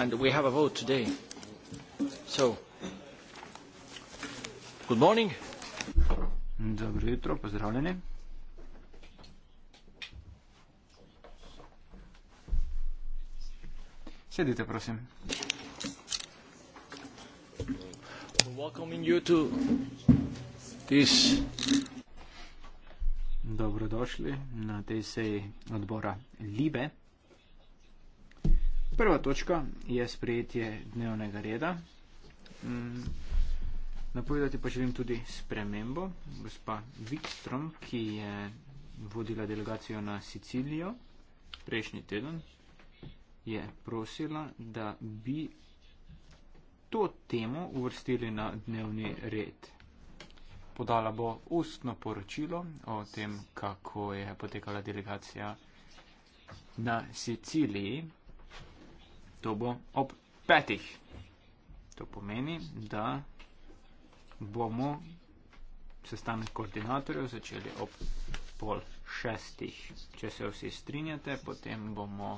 and we have a vote today. So, good morning. Dobro jutro, pozdravljeni. Sedite, prosim. Welcoming you to this. Dobrodošli na tej seji odbora Libe. Prva točka je sprejetje dnevnega reda. Mm. Napovedati pa želim tudi spremembo. Gospa Wikstrom, ki je vodila delegacijo na Sicilijo prejšnji teden, je prosila, da bi to temo uvrstili na dnevni red. Podala bo ustno poročilo o tem, kako je potekala delegacija na Siciliji to bo ob petih. To pomeni, da bomo sestanek koordinatorjev začeli ob pol šestih. Če se vsi strinjate, potem bomo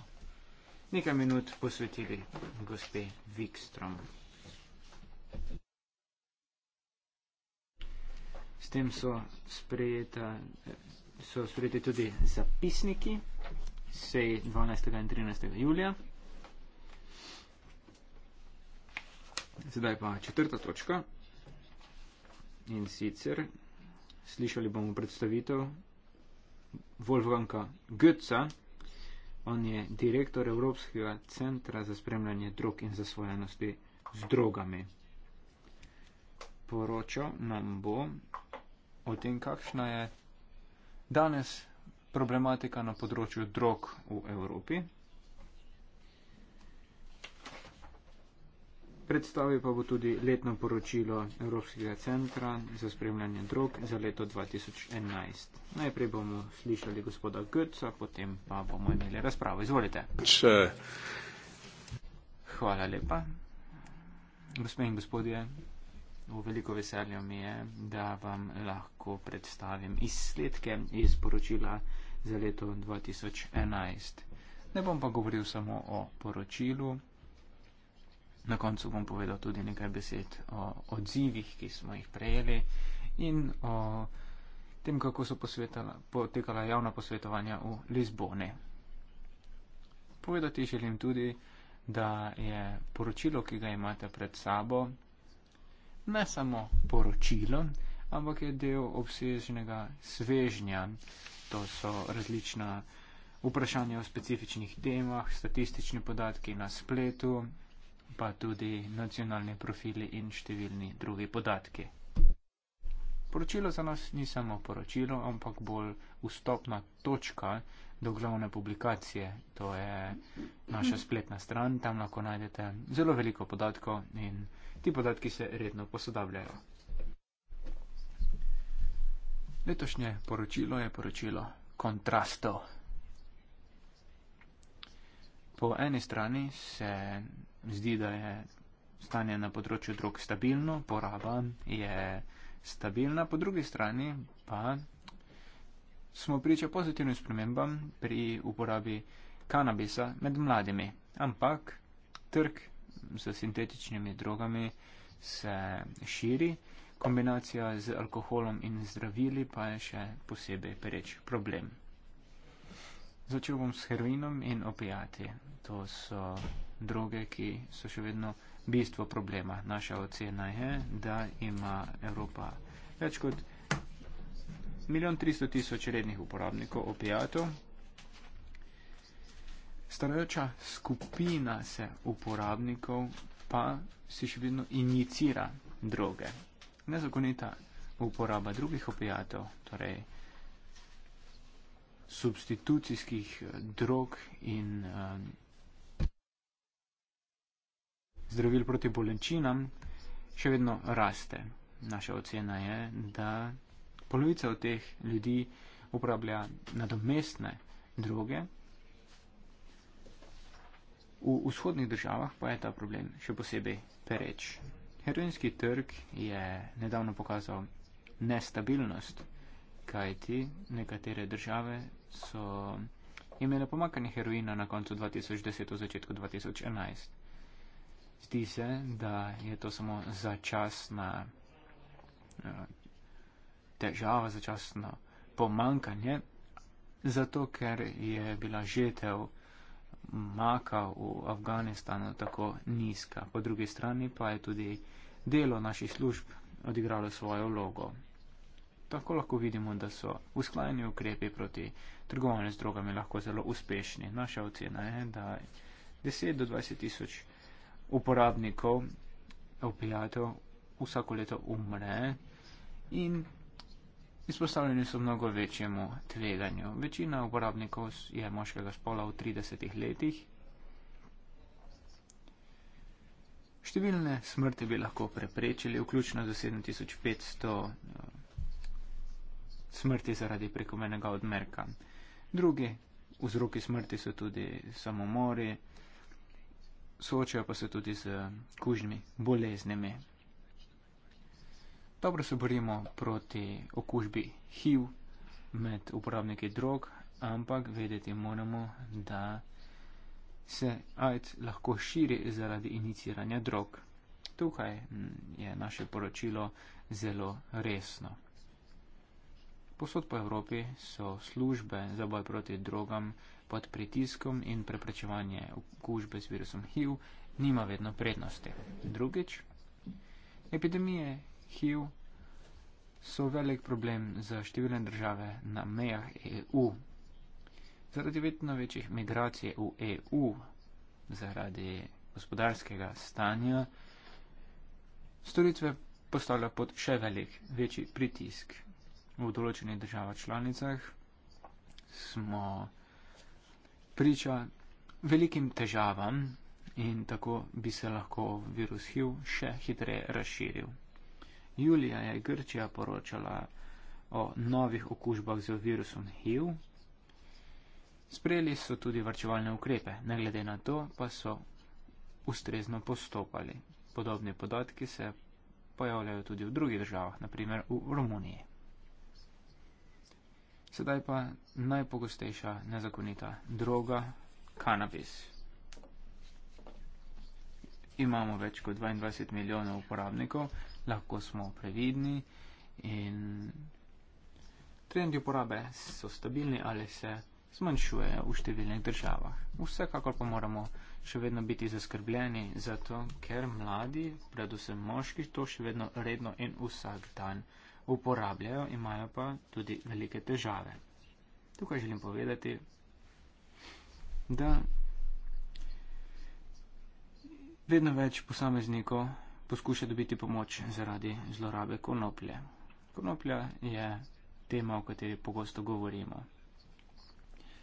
nekaj minut posvetili gospe Vikstrom. S tem so sprejeta. So sprejeti tudi zapisniki sej 12. in 13. julija. Zdaj pa četrta točka. In sicer slišali bomo predstavitev Wolfganga Götza. On je direktor Evropskega centra za spremljanje drog in zasvojenosti z drogami. Poročal nam bo o tem, kakšna je danes problematika na področju drog v Evropi. Predstavil pa bo tudi letno poročilo Evropskega centra za spremljanje drog za leto 2011. Najprej bomo slišali gospoda Götca, potem pa bomo imeli razpravo. Izvolite. Če... Hvala lepa. Gospe in gospodje, v veliko veselje mi je, da vam lahko predstavim izsledke iz poročila za leto 2011. Ne bom pa govoril samo o poročilu. Na koncu bom povedal tudi nekaj besed o odzivih, ki smo jih prejeli in o tem, kako so potekala javna posvetovanja v Lizbone. Povedati želim tudi, da je poročilo, ki ga imate pred sabo, ne samo poročilo, ampak je del obsežnega svežnja. To so različna vprašanja o specifičnih temah, statistični podatki na spletu, pa tudi nacionalni profili in številni drugi podatki. Poročilo za nas ni samo poročilo, ampak bolj vstopna točka do glavne publikacije. To je naša spletna stran, tam lahko najdete zelo veliko podatkov in ti podatki se redno posodabljajo. Letošnje poročilo je poročilo kontrastov. Po eni strani se zdi, da je stanje na področju drog stabilno, poraba je stabilna, po drugi strani pa smo priča pozitivnim spremembam pri uporabi kanabisa med mladimi. Ampak trg z sintetičnimi drogami se širi, kombinacija z alkoholom in zdravili pa je še posebej pereč problem. Začel bom s heroinom in opijati. To so droge, ki so še vedno bistvo problema. Naša ocena je, da ima Evropa več kot 1 300 tisoč rednih uporabnikov opijatov. Starajoča skupina se uporabnikov pa si še vedno inicira droge. Nezakonita uporaba drugih opijatov, torej substitucijskih drog in um, zdravil proti bolečinam, še vedno raste. Naša ocena je, da polovica od teh ljudi uporablja nadomestne droge. V vzhodnih državah pa je ta problem še posebej pereč. Heroinski trg je nedavno pokazal nestabilnost, kajti nekatere države so imele pomakanje heroina na koncu 2010, v začetku 2011. Zdi se, da je to samo začasna eh, težava, začasno pomankanje, zato ker je bila žetev maka v Afganistanu tako nizka. Po drugi strani pa je tudi delo naših služb odigralo svojo vlogo. Tako lahko vidimo, da so usklajeni ukrepi proti trgovanju z drogami lahko zelo uspešni. Naša ocena je, da 10 do 20 tisoč uporabnikov opijatov vsako leto umre in izpostavljeni so mnogo večjemu tveganju. Večina uporabnikov je moškega spola v 30 letih. Številne smrti bi lahko preprečili, vključno z 7500 eh, smrti zaradi prekomenega odmerka. Drugi vzroki smrti so tudi samomori soočajo pa se tudi z kužnimi boleznimi. Dobro se borimo proti okužbi HIV med uporabniki drog, ampak vedeti moramo, da se AIDS lahko širi zaradi iniciranja drog. Tukaj mm, je naše poročilo zelo resno. Posod po Evropi so službe za boj proti drogam pod pritiskom in preprečevanje okužbe z virusom HIV nima vedno prednosti. Drugič, epidemije HIV so velik problem za številne države na mejah EU. Zaradi vedno večjih migracij v EU, zaradi gospodarskega stanja, storitve postavlja pod še velik večji pritisk v določenih državah članicah smo priča velikim težavam in tako bi se lahko virus HIV še hitreje razširil. Julija je Grčija poročala o novih okužbah z virusom HIV. Sprejeli so tudi varčevalne ukrepe, ne glede na to pa so ustrezno postopali. Podobni podatki se pojavljajo tudi v drugih državah, naprimer v Romuniji. Sedaj pa najpogostejša nezakonita droga - kanabis. Imamo več kot 22 milijonov uporabnikov, lahko smo previdni in trendi uporabe so stabilni ali se zmanjšujejo v številnih državah. Vsekakor pa moramo še vedno biti zaskrbljeni zato, ker mladi, predvsem moški, to še vedno redno in vsak dan uporabljajo, imajo pa tudi velike težave. Tukaj želim povedati, da vedno več posameznikov poskuša dobiti pomoč zaradi zlorabe konoplje. Konoplja je tema, o kateri pogosto govorimo.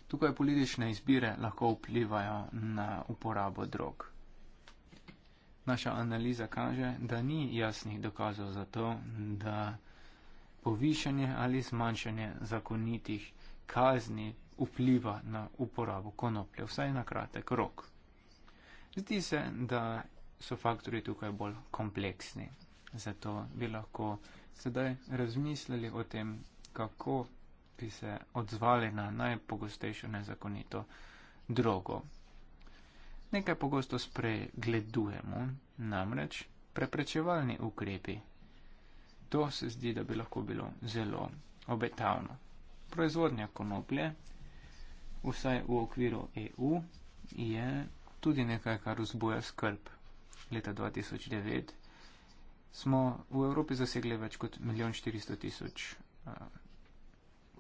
Tukaj politične izbire lahko vplivajo na uporabo drog. Naša analiza kaže, da ni jasnih dokazov za to, da povišanje ali zmanjšanje zakonitih kazni vpliva na uporabo konoplje, vsaj na kratek rok. Zdi se, da so faktori tukaj bolj kompleksni. Zato bi lahko sedaj razmislili o tem, kako bi se odzvali na najpogostejšo nezakonito drogo. Nekaj pogosto spregledujemo, namreč preprečevalni ukrepi to se zdi, da bi lahko bilo zelo obetavno. Proizvodnja konoplje, vsaj v okviru EU, je tudi nekaj, kar vzbuja skrb. Leta 2009 smo v Evropi zasegli več kot 1 400 tisoč eh,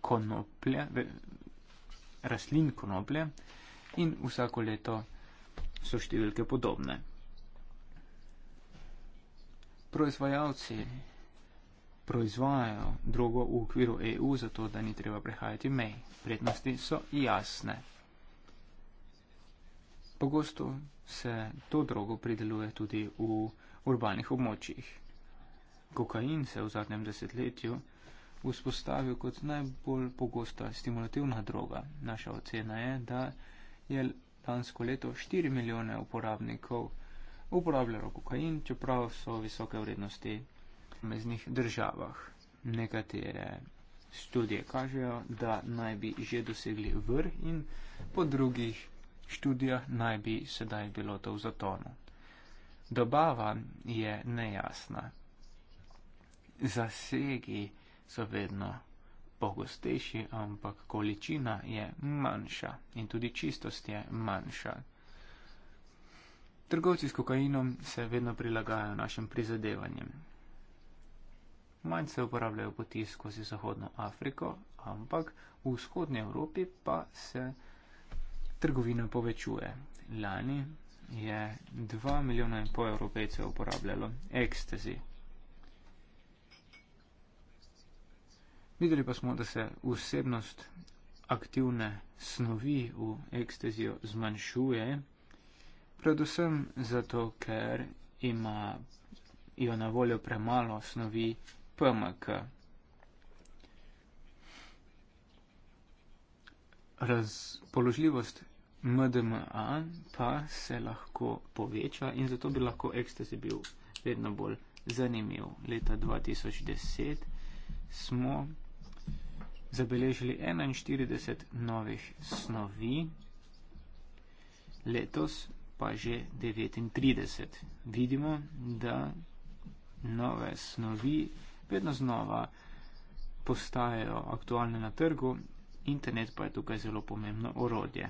konoplje, rastlin konoplje in vsako leto so številke podobne. Proizvajalci proizvajajo drogo v okviru EU, zato da ni treba prehajati mej. Prednosti so jasne. Pogosto se to drogo prideluje tudi v urbanih območjih. Kokain se je v zadnjem desetletju vzpostavil kot najbolj pogosta stimulativna droga. Naša ocena je, da je lansko leto 4 milijone uporabnikov uporabljalo kokain, čeprav so visoke vrednosti posameznih državah. Nekatere študije kažejo, da naj bi že dosegli vrh in po drugih študijah naj bi sedaj bilo to v zatonu. Dobava je nejasna. Zasegi so vedno pogostejši, ampak količina je manjša in tudi čistost je manjša. Trgovci s kokainom se vedno prilagajajo našim prizadevanjem manj se uporabljajo poti skozi Zahodno Afriko, ampak v vzhodnji Evropi pa se trgovina povečuje. Lani je 2 milijona in pol evropejcev uporabljalo ekstazi. Videli pa smo, da se vsebnost aktivne snovi v ekstazijo zmanjšuje, predvsem zato, ker ima jo na voljo premalo snovi PMK. Razpoložljivost MDMA pa se lahko poveča in zato bi lahko ekstasi bil vedno bolj zanimiv. Leta 2010 smo zabeležili 41 novih snovi, letos pa že 39. Vidimo, da nove snovi vedno znova postajajo aktualne na trgu, internet pa je tukaj zelo pomembno orodje.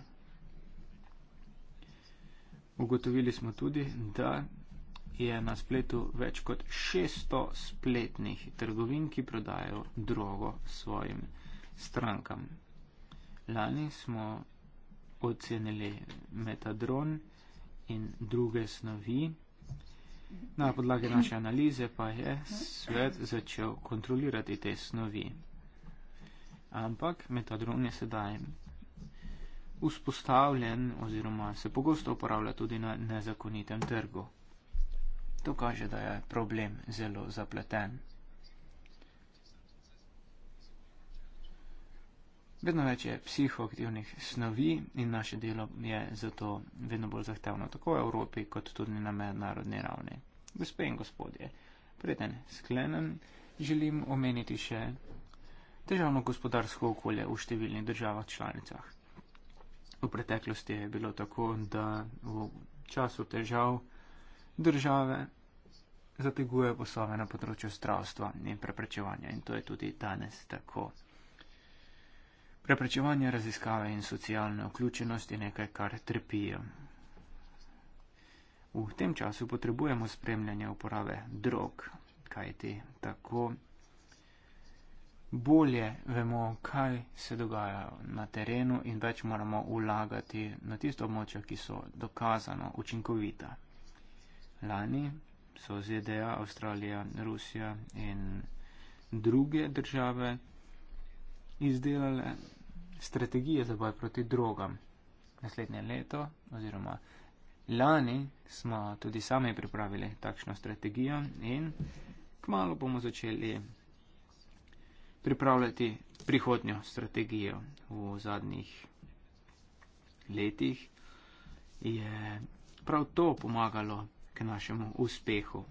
Ugotovili smo tudi, da je na spletu več kot 600 spletnih trgovin, ki prodajajo drogo svojim strankam. Lani smo ocenili metadron in druge snovi. Na podlagi naše analize pa je svet začel kontrolirati te snovi. Ampak metadron je sedaj vzpostavljen oziroma se pogosto uporablja tudi na nezakonitem trgu. To kaže, da je problem zelo zapleten. Vedno več je psihoaktivnih snovi in naše delo je zato vedno bolj zahtevno tako v Evropi kot tudi na mednarodni ravni. Gospe in gospodje, preden sklenem, želim omeniti še težavno gospodarsko okolje v številnih državah članicah. V preteklosti je bilo tako, da v času težav države zateguje posove na področju zdravstva in preprečevanja in to je tudi danes tako. Preprečevanje raziskave in socialne vključenosti je nekaj, kar trpijo. V tem času potrebujemo spremljanje uporabe drog, kajti tako bolje vemo, kaj se dogaja na terenu in več moramo vlagati na tisto območje, ki so dokazano učinkovita. Lani so ZDA, Avstralija, Rusija in druge države izdelale strategije za boj proti drogam. Naslednje leto oziroma lani smo tudi sami pripravili takšno strategijo in kmalo bomo začeli pripravljati prihodnjo strategijo. V zadnjih letih je prav to pomagalo k našemu uspehu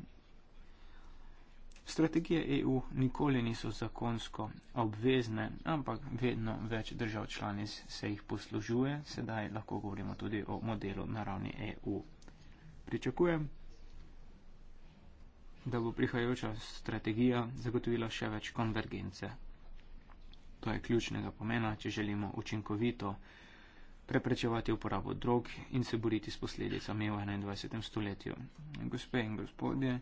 Strategije EU nikoli niso zakonsko obvezne, ampak vedno več držav članic se jih poslužuje, sedaj lahko govorimo tudi o modelu na ravni EU. Pričakujem, da bo prihajajoča strategija zagotovila še več konvergence. To je ključnega pomena, če želimo učinkovito preprečevati uporabo drog in se boriti s posledicami v 21. stoletju. Gospe in gospodje,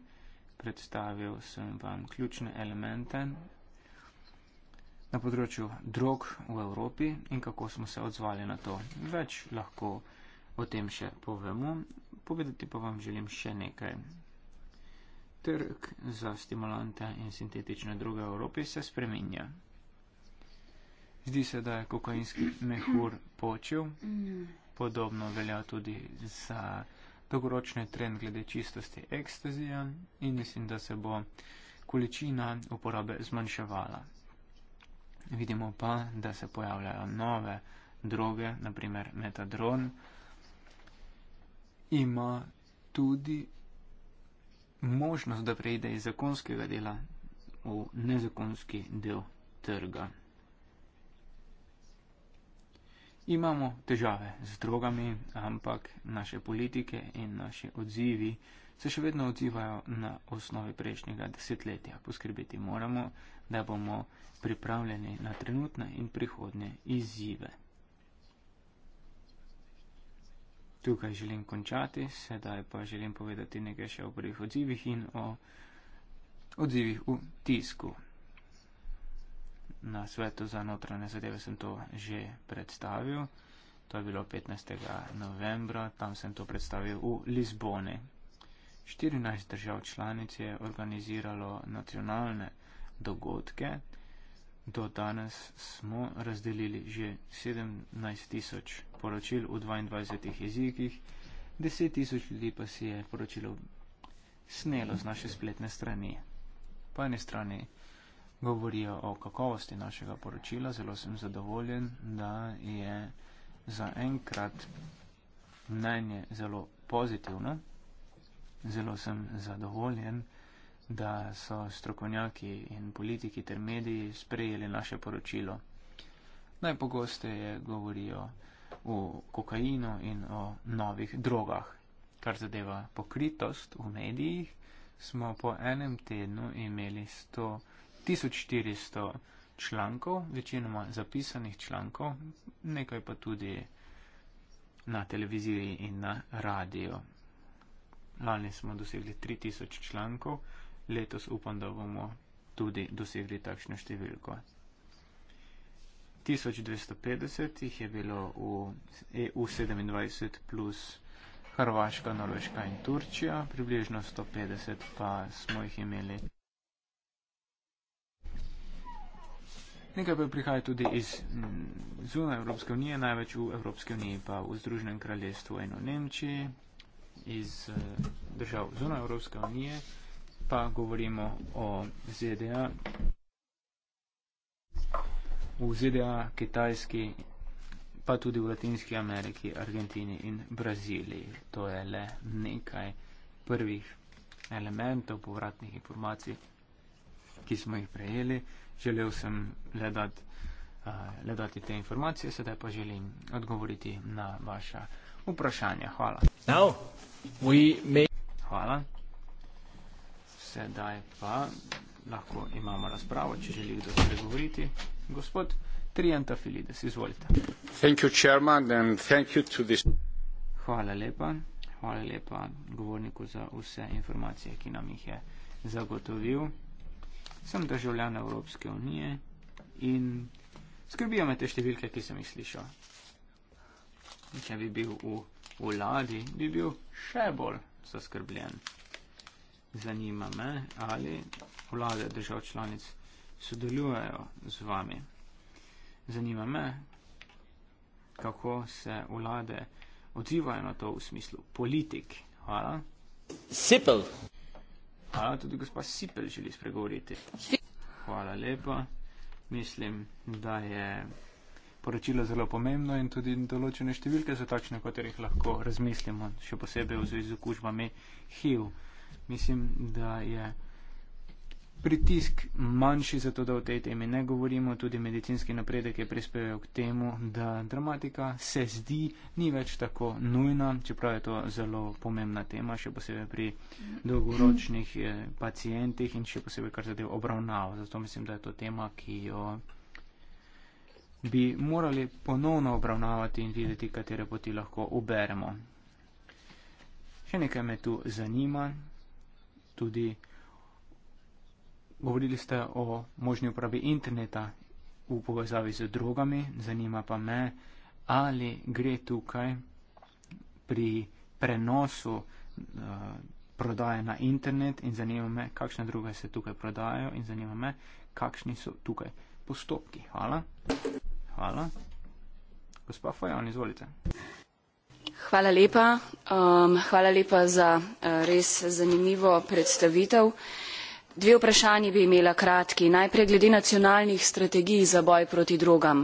predstavil sem vam ključne elemente na področju drog v Evropi in kako smo se odzvali na to. Več lahko o tem še povemo, povedati pa vam želim še nekaj. Trg za stimulante in sintetične druge v Evropi se spreminja. Zdi se, da je kokainski mehur počil, podobno velja tudi za dolgoročni trend glede čistosti ekstazija in mislim, da se bo količina uporabe zmanjševala. Vidimo pa, da se pojavljajo nove droge, naprimer metadron, ima tudi možnost, da prejde iz zakonskega dela v nezakonski del trga imamo težave z drogami, ampak naše politike in naši odzivi se še vedno odzivajo na osnovi prejšnjega desetletja. Poskrbeti moramo, da bomo pripravljeni na trenutne in prihodne izzive. Tukaj želim končati, sedaj pa želim povedati nekaj še o prvih odzivih in o odzivih v tisku na svetu za notranje zadeve sem to že predstavil. To je bilo 15. novembra, tam sem to predstavil v Lizboni. 14 držav članic je organiziralo nacionalne dogodke. Do danes smo razdelili že 17 tisoč poročil v 22 jezikih, 10 tisoč ljudi pa si je poročilo snelo z naše spletne strani. Pa ene strani govorijo o kakovosti našega poročila. Zelo sem zadovoljen, da je zaenkrat mnenje zelo pozitivno. Zelo sem zadovoljen, da so strokovnjaki in politiki ter mediji sprejeli naše poročilo. Najpogosteje govorijo o kokainu in o novih drogah. Kar zadeva pokritost v medijih, smo po enem tednu imeli 100 1400 člankov, večinoma zapisanih člankov, nekaj pa tudi na televiziji in na radiju. Lani smo dosegli 3000 člankov, letos upam, da bomo tudi dosegli takšno številko. 1250 jih je bilo v EU27 plus Hrvaška, Norveška in Turčija, približno 150 pa smo jih imeli. Nekaj pa prihaja tudi iz mm, zunaj Evropske unije, največ v Evropske unije pa v Združenem kraljestvu in v Nemčiji, iz eh, držav zunaj Evropske unije pa govorimo o ZDA. V ZDA, Kitajski, pa tudi v Latinski Ameriki, Argentini in Braziliji. To je le nekaj prvih elementov povratnih informacij, ki smo jih prejeli želel sem le dati, uh, le dati te informacije, sedaj pa želim odgovoriti na vaša vprašanja. Hvala. Now, may... Hvala. Sedaj pa lahko imamo razpravo, če želi kdo spregovoriti. Gospod Trianta Filides, izvolite. You, chairman, this... Hvala lepa. Hvala lepa govorniku za vse informacije, ki nam jih je zagotovil sem državljan Evropske unije in skrbijo me te številke, ki sem jih slišal. Če bi bil v vladi, bi bil še bolj zaskrbljen. Zanima me, ali vlade držav članic sodelujejo z vami. Zanima me, kako se vlade odzivajo na to v smislu politik. Hvala. Sipel. A, tudi gospa Sipel želi spregovoriti. Hvala lepa. Mislim, da je poročilo zelo pomembno in tudi določene številke so takšne, katerih lahko razmislimo, še posebej v zvezi z okužbami HIV. Mislim, da je pritisk manjši, zato da o tej temi ne govorimo. Tudi medicinski napredek je prispeval k temu, da dramatika se zdi ni več tako nujna, čeprav je to zelo pomembna tema, še posebej pri dolgoročnih eh, pacijentih in še posebej kar zadev obravnav. Zato mislim, da je to tema, ki jo bi morali ponovno obravnavati in videti, katere poti lahko uberemo. Še nekaj me tu zanima, tudi Govorili ste o možni uporabi interneta v povezavi z drogami, zanima pa me, ali gre tukaj pri prenosu uh, prodaje na internet in zanima me, kakšne druge se tukaj prodajo in zanima me, kakšni so tukaj postopki. Hvala. Hvala. Gospa Fajon, izvolite. Hvala lepa. Um, hvala lepa za uh, res zanimivo predstavitev. Uh, dve vprašanji bi imela kratki najprej glede nacionalnih strategij za boj proti drogam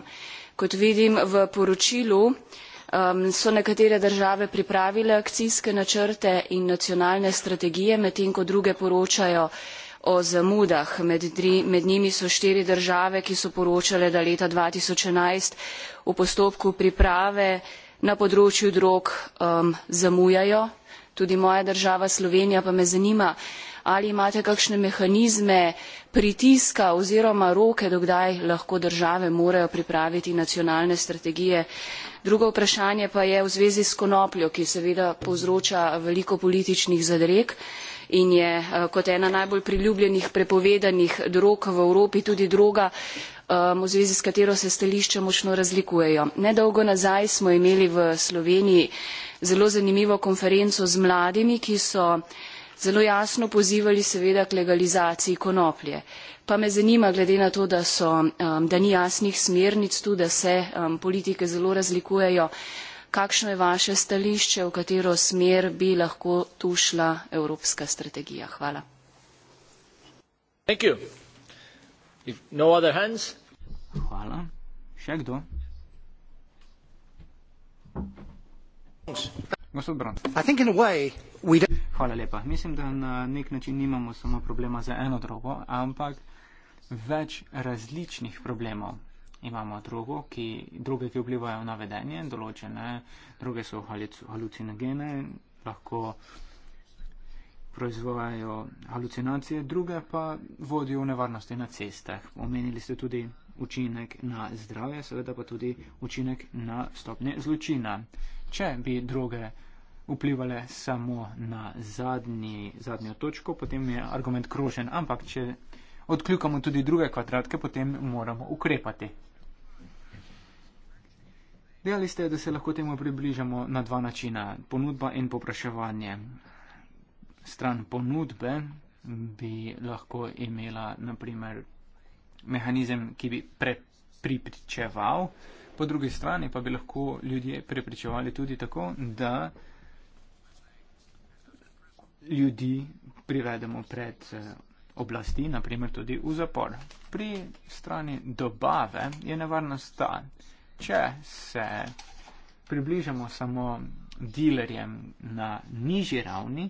kot vidim v poročilu um, so nekatere države pripravile akcijske načrte in nacionalne strategije medtem ko druge poročajo o zamudah med, dri, med njimi so štiri države ki so poročale da leta dva tisoč enajst v postopku priprave na področju drog um, zamujajo tudi moja država slovenija pa me zanima ali imate kakšne mehanizme pritiska oziroma roke, do kdaj lahko države morajo pripraviti nacionalne strategije. Drugo vprašanje pa je v zvezi s konopljo, ki seveda povzroča veliko političnih zadrek in je eh, kot ena najbolj priljubljenih prepovedanih drog v Evropi tudi droga, ehm, v zvezi s katero se stališče močno razlikujejo. Nedolgo nazaj smo imeli v Sloveniji zelo zanimivo konferenco z mladimi, ki so zelo jasno pozivali seveda k legalizaciji konoplje. Pa me zanima, glede na to, da, so, um, da ni jasnih smernic tu, da se um, politike zelo razlikujejo, kakšno je vaše stališče, v katero smer bi lahko tu šla evropska strategija. Hvala. No Hvala. Še kdo? Gospod Brant. Hvala lepa. Mislim, da na nek način nimamo samo problema za eno drogo, ampak več različnih problemov. Imamo drugo, ki, druge, ki vplivajo na vedenje, določene, druge so halucinogene, lahko proizvajajo halucinacije, druge pa vodijo v nevarnosti na cestah. Omenili ste tudi učinek na zdravje, seveda pa tudi učinek na stopnje zločina. Če bi druge vplivale samo na zadnji, zadnjo točko, potem je argument krožen. Ampak, če odkljukamo tudi druge kvadratke, potem moramo ukrepati. Dejali ste, da se lahko temu približamo na dva načina, ponudba in popraševanje. Stran ponudbe bi lahko imela naprimer mehanizem, ki bi prepričeval, po drugi strani pa bi lahko ljudje prepričevali tudi tako, da ljudi privedemo pred eh, oblasti, naprimer tudi v zapor. Pri strani dobave je nevarnost ta, če se približamo samo dilerjem na nižji ravni,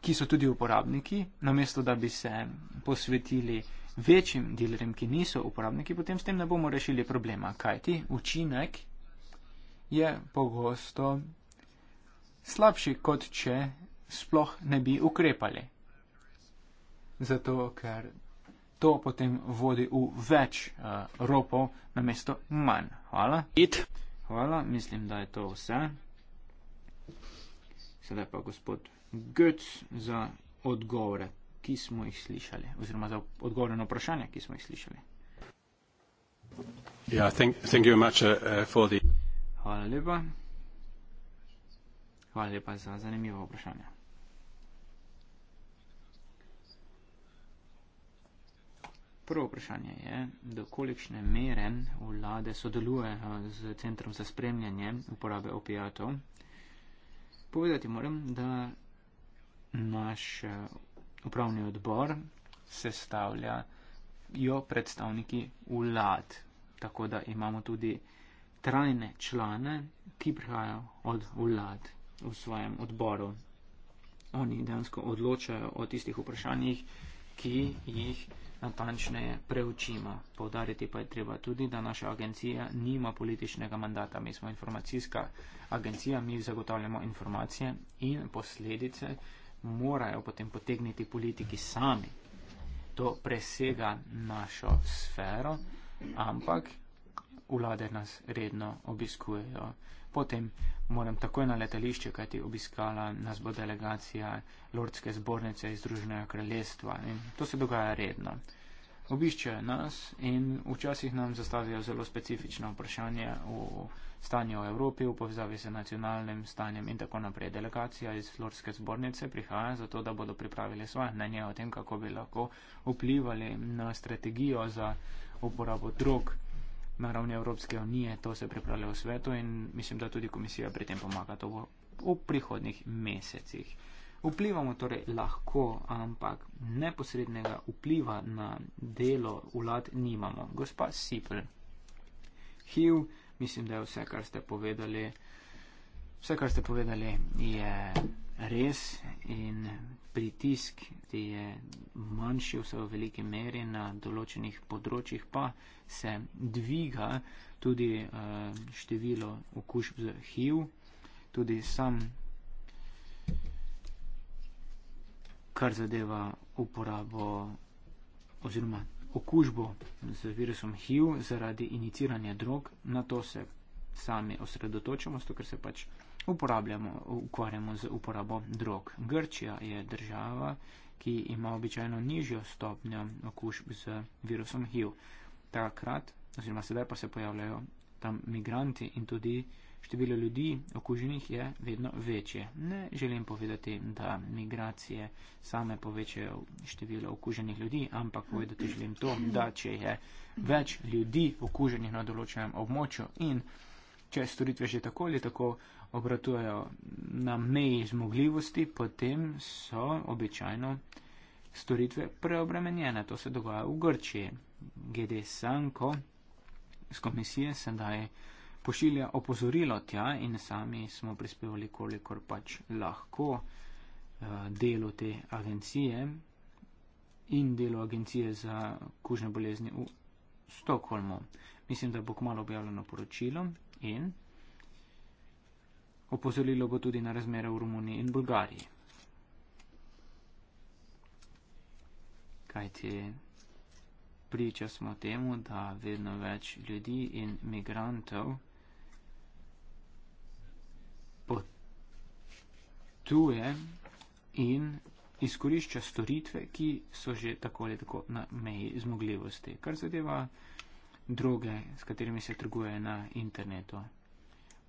ki so tudi uporabniki, namesto da bi se posvetili večjim dilerjem, ki niso uporabniki, potem s tem ne bomo rešili problema, kajti učinek je pogosto slabši, kot če sploh ne bi ukrepali. Zato, ker to potem vodi v več uh, ropov na mesto manj. Hvala. It. Hvala, mislim, da je to vse. Sedaj pa gospod Götz za odgovore, ki smo jih slišali, oziroma za odgovore na vprašanja, ki smo jih slišali. Yeah, thank, thank you much uh, uh, for the. Hvala lepa. Hvala lepa za zanimivo vprašanje. Prvo vprašanje je, do kolikšne mere vlade sodeluje eh, z Centrom za spremljanje uporabe opijatov. Povedati moram, da naš eh, upravni odbor sestavlja jo predstavniki vlad, tako da imamo tudi trajne člane, ki prihajajo od vlad v svojem odboru. Oni dejansko odločajo o tistih vprašanjih, ki jih natančneje preučimo. Povdariti pa je treba tudi, da naša agencija nima političnega mandata. Mi smo informacijska agencija, mi zagotavljamo informacije in posledice morajo potem potegniti politiki sami. To presega našo sfero, ampak vlade nas redno obiskujejo. Potem moram takoj na letališče, kajti obiskala nas bo delegacija Lordske zbornice iz Združenega kraljestva in to se dogaja redno. Obiščejo nas in včasih nam zastavijo zelo specifično vprašanje o stanju v Evropi v povezavi z nacionalnim stanjem in tako naprej. Delegacija iz Lordske zbornice prihaja zato, da bodo pripravili svoje mnenje o tem, kako bi lahko vplivali na strategijo za uporabo drog na ravni Evropske unije to se pripravlja v svetu in mislim, da tudi komisija pri tem pomaga. To bo v prihodnih mesecih. Vplivamo torej lahko, ampak neposrednega vpliva na delo vlad nimamo. Gospa Sipl, HIV, mislim, da je vse, kar ste povedali, vse, kar ste povedali, je res in pritisk je manjši vse v veliki meri na določenih področjih, pa se dviga tudi eh, število okužb z HIV. Tudi sam, kar zadeva uporabo oziroma okužbo z virusom HIV zaradi iniciranja drog, na to se sami osredotočamo, zato ker se pač ukvarjamo z uporabo drog. Grčija je država, ki ima običajno nižjo stopnjo okužb z virusom HIV. Takrat, oziroma sedaj pa se pojavljajo tam migranti in tudi število ljudi okuženih je vedno večje. Ne želim povedati, da migracije same povečajo število okuženih ljudi, ampak povedati želim to, da če je več ljudi okuženih na določenem območju in če storitve že tako ali tako obratujejo na meji zmogljivosti, potem so običajno storitve preobremenjene. To se dogaja v Grčiji. GD Sanko z komisije sedaj pošilja opozorilo tja in sami smo prispevali, kolikor pač lahko eh, delo te agencije in delo agencije za kužne bolezni v Stokholmu. Mislim, da bo kmalo objavljeno poročilo, in opozorilo bo tudi na razmere v Romuniji in Bolgariji. Kajti priča smo temu, da vedno več ljudi in migrantov potuje in izkorišča storitve, ki so že tako ali tako na meji zmogljivosti. Kar zadeva druge, s katerimi se trguje na internetu.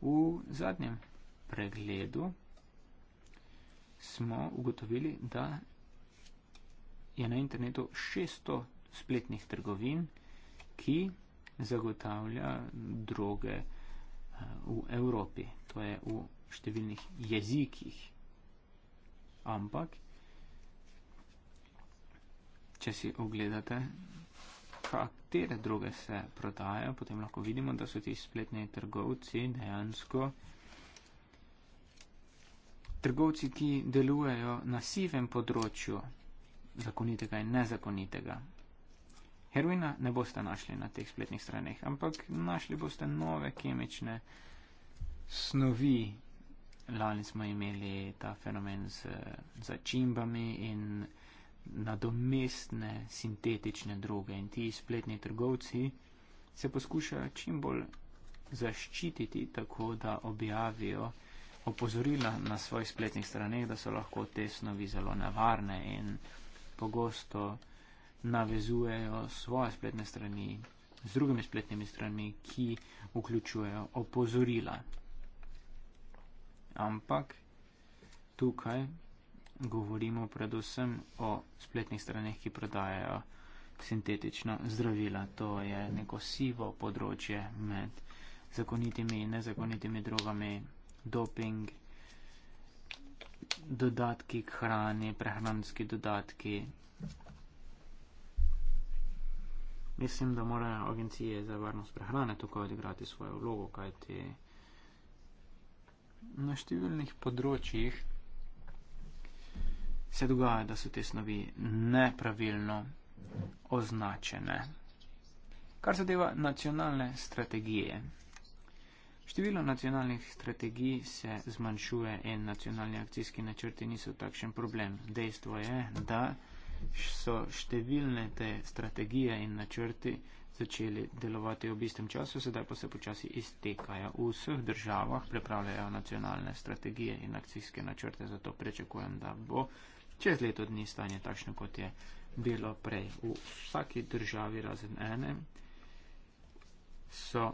V zadnjem pregledu smo ugotovili, da je na internetu 600 spletnih trgovin, ki zagotavlja droge eh, v Evropi, to je v številnih jezikih. Ampak, če si ogledate katere druge se prodajajo, potem lahko vidimo, da so ti spletni trgovci dejansko trgovci, ki delujejo na sivem področju zakonitega in nezakonitega. Heroina ne boste našli na teh spletnih straneh, ampak našli boste nove kemične snovi. Lani smo imeli ta fenomen z začimbami in nadomestne sintetične droge in ti spletni trgovci se poskušajo čim bolj zaščititi tako, da objavijo opozorila na svojih spletnih straneh, da so lahko te snovi zelo nevarne in pogosto navezujejo svoje spletne strani z drugimi spletnimi strani, ki vključujejo opozorila. Ampak tukaj govorimo predvsem o spletnih straneh, ki prodajajo sintetična zdravila. To je neko sivo področje med zakonitimi in nezakonitimi drogami, doping, dodatki k hrani, prehranski dodatki. Mislim, da morajo agencije za varnost prehrane tukaj odigrati svojo vlogo, kajti na številnih področjih se dogaja, da so te snovi nepravilno označene. Kar zadeva nacionalne strategije. Število nacionalnih strategij se zmanjšuje in nacionalni akcijski načrti niso takšen problem. Dejstvo je, da so številne te strategije in načrti začeli delovati v istem času, sedaj pa se počasi iztekajo. V vseh državah prepravljajo nacionalne strategije in akcijske načrte, zato prečakujem, da bo čez leto dni stanje takšno, kot je bilo prej. V vsaki državi razen ene so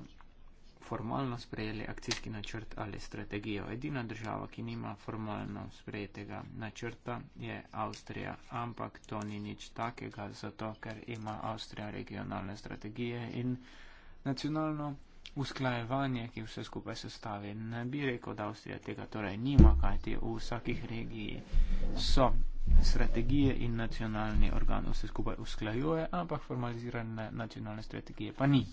formalno sprejeli akcijski načrt ali strategijo. Edina država, ki nima formalno sprejetega načrta, je Avstrija, ampak to ni nič takega, zato ker ima Avstrija regionalne strategije in nacionalno usklajevanje, ki vse skupaj sestavi. Ne bi rekel, da Avstrija tega torej nima, kajti v vsakih regiji so strategije in nacionalni organ vse skupaj usklajuje, ampak formalizirane nacionalne strategije pa ni.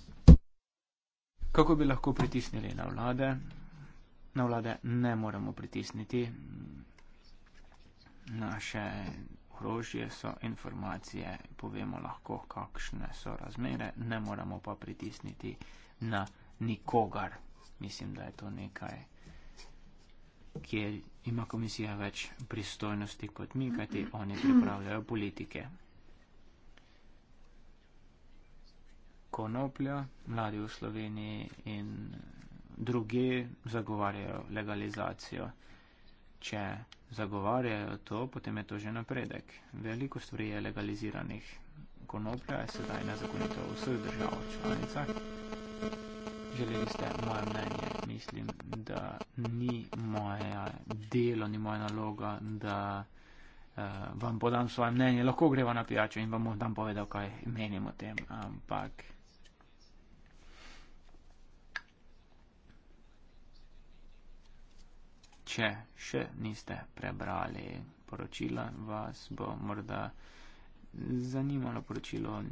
Kako bi lahko pritisnili na vlade? Na vlade ne moremo pritisniti. Naše orožje so informacije, povemo lahko, kakšne so razmere, ne moremo pa pritisniti na nikogar. Mislim, da je to nekaj kjer ima komisija več pristojnosti kot mi, kajti oni pripravljajo politike. Konoplja, mladi v Sloveniji in drugi zagovarjajo legalizacijo. Če zagovarjajo to, potem je to že napredek. Veliko stvari je legaliziranih. Konoplja je sedaj nezakonito v vseh državah članicah želeli ste moje mnenje. Mislim, da ni moje delo, ni moja naloga, da uh, vam podam svoje mnenje. Lahko greva na pijačo in vam bom povedal, kaj menim o tem. Ampak. Če še niste prebrali poročila, vas bo morda zanimalo poročilo. Uh,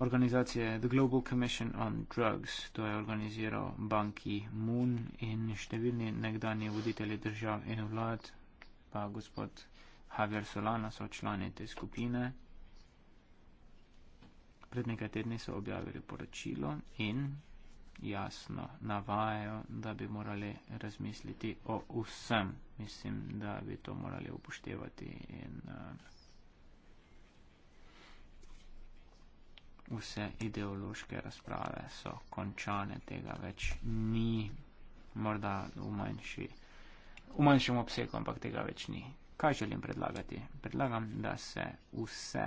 organizacije The Global Commission on Drugs, to je organiziral banki Moon in številni nekdani voditelji držav in vlad, pa gospod Javier Solana so člani te skupine. Pred nekaj tedni so objavili poročilo in jasno navajajo, da bi morali razmisliti o vsem. Mislim, da bi to morali upoštevati in. Uh, vse ideološke razprave so končane, tega več ni, morda v, manjši, v manjšem obsegu, ampak tega več ni. Kaj želim predlagati? Predlagam, da se vse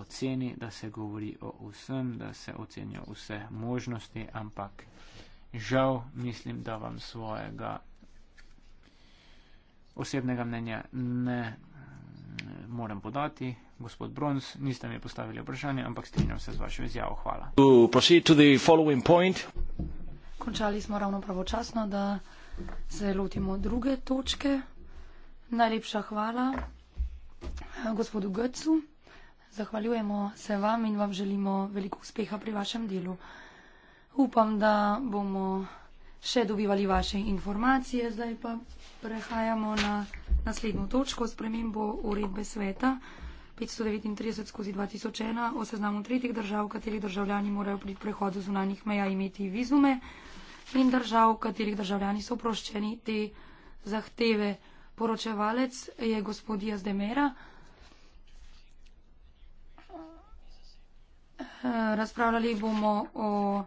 oceni, da se govori o vsem, da se ocenijo vse možnosti, ampak žal mislim, da vam svojega osebnega mnenja ne morem podati, gospod Brons, niste mi postavili vprašanje, ampak strinjam se z vašo izjavo. Hvala. Končali smo ravno pravočasno, da se lotimo druge točke. Najlepša hvala eh, gospodu Götzu. Zahvaljujemo se vam in vam želimo veliko uspeha pri vašem delu. Upam, da bomo še dobivali vaše informacije. Zdaj pa prehajamo na naslednjo točko, spremembo uredbe sveta. 539 skozi 2001 o seznamu tretjih držav, katerih državljani morajo pri prehodu zunanjih meja imeti vizume in držav, katerih državljani so oproščeni te zahteve. Poročevalec je gospod Jaz Demera. Razpravljali bomo o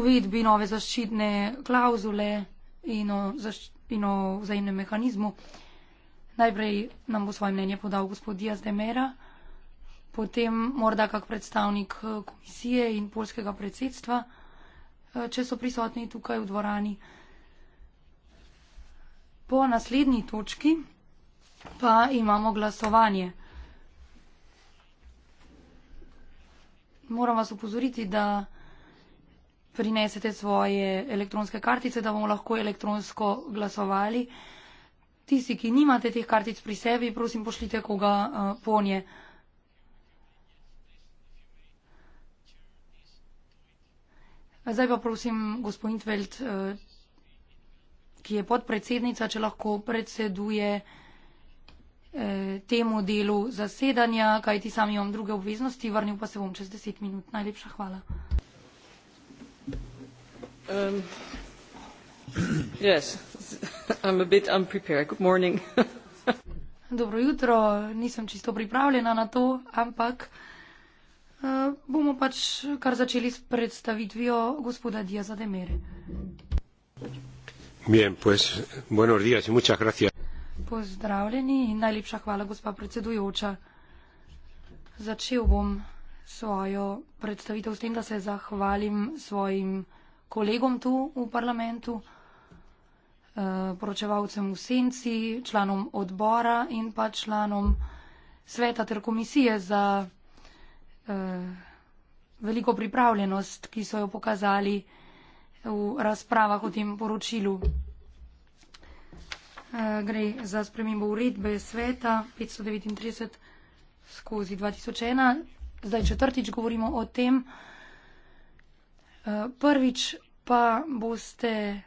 uvedbi nove zaščitne klauzule in o, zašč... in o vzajemnem mehanizmu. Najprej nam bo svoje mnenje podal gospod Diaz de Mera, potem morda kak predstavnik eh, komisije in polskega predsedstva, eh, če so prisotni tukaj v dvorani. Po naslednji točki pa imamo glasovanje. Moram vas upozoriti, da prinesete svoje elektronske kartice, da bomo lahko elektronsko glasovali. Tisti, ki nimate teh kartic pri sebi, prosim, pošljite koga uh, po nje. Zdaj pa prosim, gospod Intveld, uh, ki je podpredsednica, če lahko predseduje uh, temu delu zasedanja, kaj ti sami imam druge obveznosti, vrnil pa se bom čez deset minut. Najlepša hvala. Um, yes. I'm a bit unprepared. Good morning. Dobro jutro, nisem čisto pripravljena na to, ampak uh, bomo pač kar začeli s predstavitvijo gospoda Diaza de Mere. Bien, pues, buenos días y muchas gracias. Pozdravljeni in najlepša hvala, gospa predsedujoča. Začel bom svojo predstavitev s tem, da se zahvalim svojim kolegom tu v parlamentu poročevalcem v senci, članom odbora in pa članom sveta ter komisije za eh, veliko pripravljenost, ki so jo pokazali v razpravah o tem poročilu. Eh, gre za spremembo uredbe sveta 539 skozi 2001. Zdaj četrtič govorimo o tem. Eh, prvič pa boste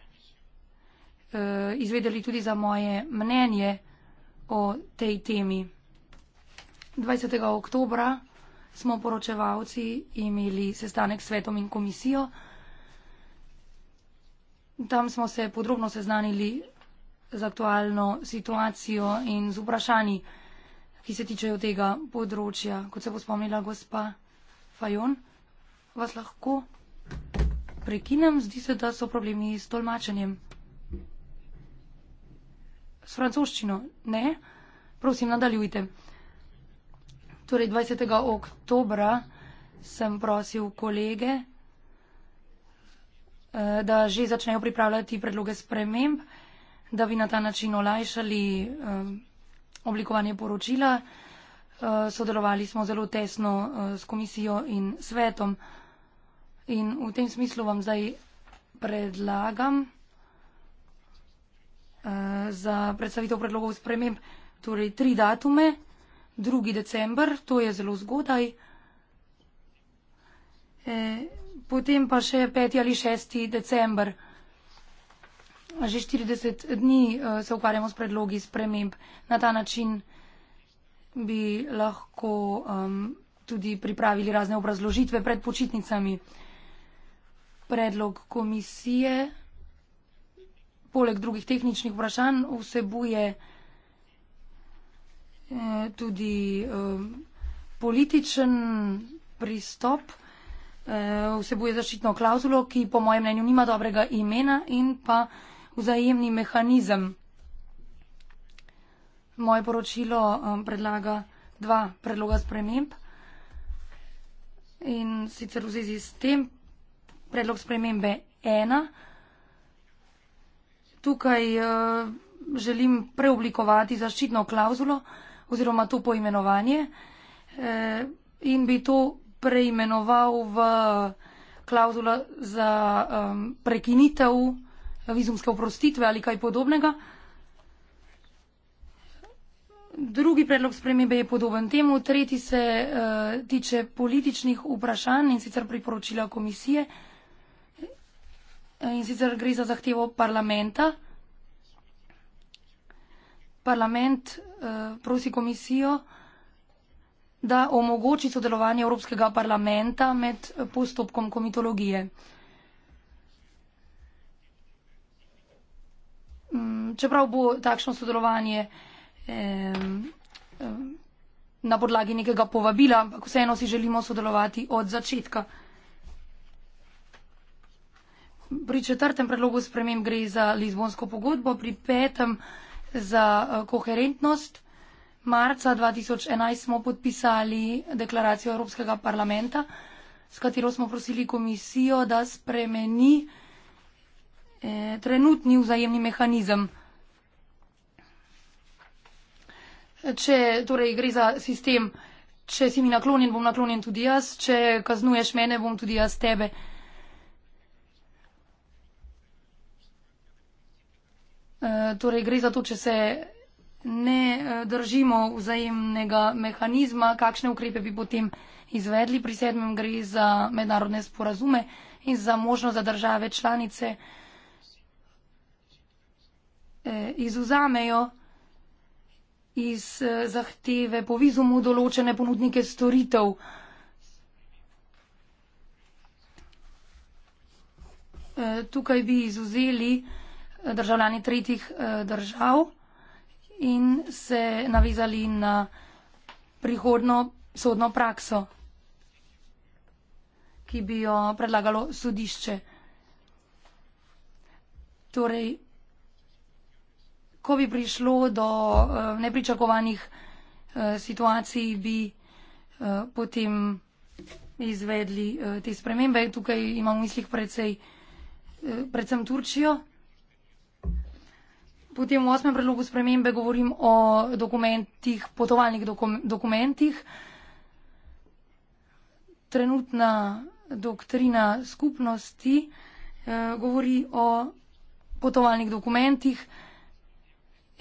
Eh, izvedeli tudi za moje mnenje o tej temi. 20. oktobra smo poročevalci imeli sestanek s svetom in komisijo. Tam smo se podrobno seznanili z aktualno situacijo in z vprašanji, ki se tičejo tega področja. Kot se bo spomnila gospa Fajon, vas lahko prekinem, zdi se, da so problemi s tolmačenjem s francoščino. Ne, prosim, nadaljujte. Torej, 20. oktobra sem prosil kolege, eh, da že začnejo pripravljati predloge sprememb, da bi na ta način olajšali eh, oblikovanje poročila. Eh, sodelovali smo zelo tesno s komisijo in svetom. In v tem smislu vam zdaj predlagam. Eh, za predstavitev predlogov sprememb. Torej, tri datume. 2. december, to je zelo zgodaj. E, potem pa še 5. ali 6. december. Že 40 dni e, se ukvarjamo s predlogi sprememb. Na ta način bi lahko um, tudi pripravili razne obrazložitve pred počitnicami. Predlog komisije poleg drugih tehničnih vprašanj vsebuje eh, tudi eh, političen pristop, eh, vsebuje zaščitno klauzulo, ki po mojem mnenju nima dobrega imena in pa vzajemni mehanizem. Moje poročilo predlaga dva predloga sprememb in sicer v zvezi s tem predlog spremembe ena tukaj eh, želim preoblikovati zaščitno klauzulo oziroma to poimenovanje eh, in bi to preimenoval v klauzulo za prekinitev vizumske oprostitve ali kaj podobnega. Drugi predlog spremembe je podoben temu, tretji se uh, tiče političnih vprašanj in sicer priporočila komisije in sicer gre za zahtevo parlamenta. Parlament uh, prosi komisijo, da omogoči sodelovanje Evropskega parlamenta med postopkom komitologije. Mm, čeprav bo takšno sodelovanje eh, na podlagi nekega povabila, ampak vseeno si želimo sodelovati od začetka pri četrtem predlogu sprememb gre za Lizbonsko pogodbo, pri petem za eh, koherentnost. Marca 2011 smo podpisali deklaracijo Evropskega parlamenta, s katero smo prosili komisijo, da spremeni eh, trenutni vzajemni mehanizem. Če torej gre za sistem, če si mi naklonjen, bom naklonjen tudi jaz, če kaznuješ mene, bom tudi jaz tebe. Eh, Eh, torej gre za to, če se ne eh, držimo vzajemnega mehanizma, kakšne ukrepe bi potem izvedli. Pri sedmem gre za mednarodne sporazume in za možnost za države članice eh, izuzamejo iz zahteve po vizumu določene ponudnike storitev. Tukaj bi izuzeli državljani tretjih eh, držav in se navezali na prihodno sodno prakso, ki bi jo predlagalo sodišče. Torej, ko bi prišlo do eh, nepričakovanih eh, situacij, bi potem izvedli te spremembe. Tukaj imam v mislih predvsem Turčijo potem v osmem predlogu spremembe govorim o dokumentih, potovalnih dokum, dokumentih. Trenutna doktrina skupnosti eh, govori o potovalnih dokumentih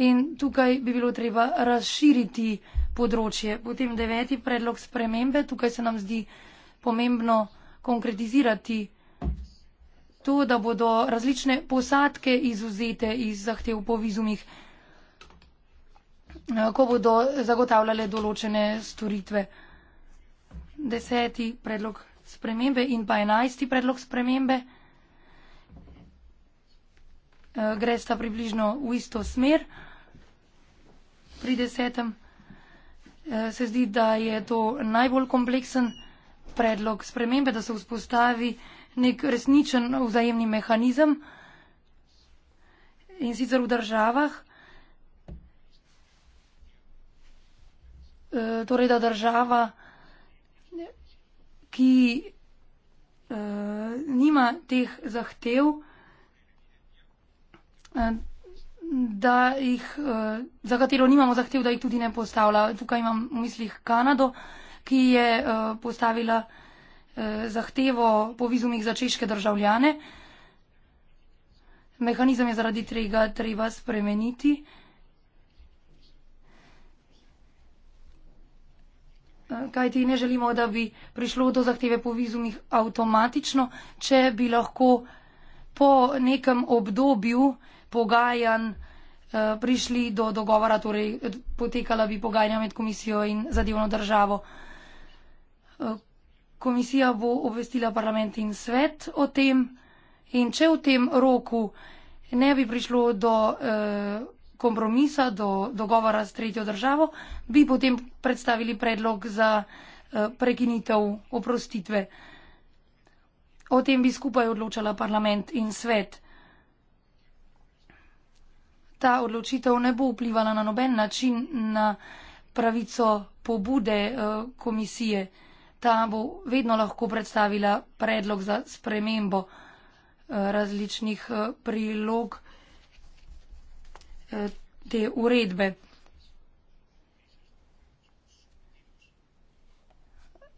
in tukaj bi bilo treba razširiti področje. Potem deveti predlog spremembe, tukaj se nam zdi pomembno konkretizirati področje to, da bodo različne posadke izuzete iz zahtev po vizumih, eh, ko bodo zagotavljale določene storitve. Deseti predlog spremembe in pa enajsti predlog spremembe eh, gre sta približno v isto smer. Pri desetem eh, se zdi, da je to najbolj kompleksen predlog spremembe, da se vzpostavi nek resničen vzajemni mehanizem in sicer v državah. Eh, torej, da država, ki uh, nima teh zahtev, eh, da jih, uh, za katero nimamo zahtev, da jih tudi ne postavlja. Tukaj imam v mislih Kanado, ki je uh, postavila uh, Eh, zahtevo po vizumih za češke državljane. Mehanizem je zaradi tega treba spremeniti. Eh, Kaj ti ne želimo, da bi prišlo do zahteve po vizumih avtomatično, če bi lahko po nekem obdobju pogajanj eh, prišli do dogovora, torej potekala bi pogajanja med komisijo in zadevno državo. Komisija bo obvestila parlament in svet o tem in če v tem roku ne bi prišlo do eh, kompromisa, do dogovora s tretjo državo, bi potem predstavili predlog za eh, prekinitev oprostitve. O tem bi skupaj odločala parlament in svet. Ta odločitev ne bo vplivala na noben način na pravico pobude eh, komisije ta bo vedno lahko predstavila predlog za spremembo eh, različnih eh, prilog eh, te uredbe.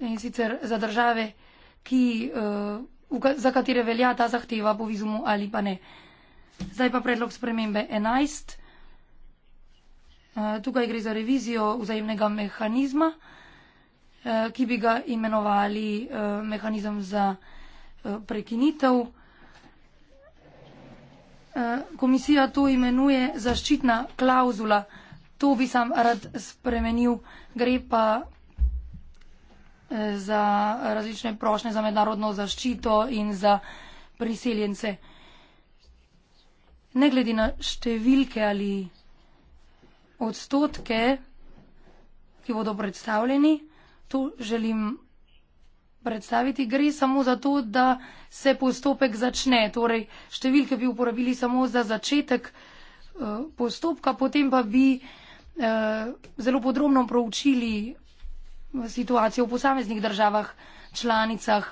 In sicer za države, ki, za katere velja ta zahteva po vizumu ali pa ne. Zdaj pa predlog spremembe 11. Tukaj gre za revizijo vzajemnega mehanizma. Eh, ki bi ga imenovali eh, mehanizem za eh, prekinitev. Komisija to imenuje zaščitna klauzula. To bi sam rad spremenil. Gre pa za različne prošnje za mednarodno zaščito in za priseljence. Ne glede na številke ali odstotke, ki bodo predstavljeni, tu želim predstaviti, gre samo za to, da se postopek začne. Torej, številke bi uporabili samo za začetek eh, postopka, potem pa bi eh, zelo podrobno proučili eh, situacijo v posameznih državah, članicah.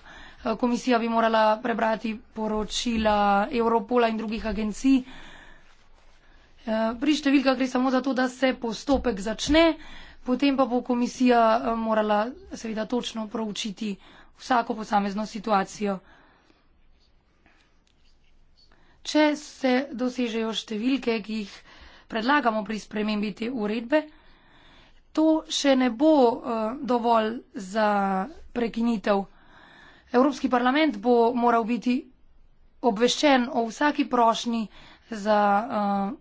Komisija bi morala prebrati poročila Europola in drugih agencij. Pri številkah gre samo za to, da se postopek začne. Potem pa bo komisija eh, morala seveda točno proučiti vsako posamezno situacijo. Če se dosežejo številke, ki jih predlagamo pri spremembi te uredbe, to še ne bo eh, dovolj za prekinitev. Evropski parlament bo moral biti obveščen o vsaki prošnji za uh,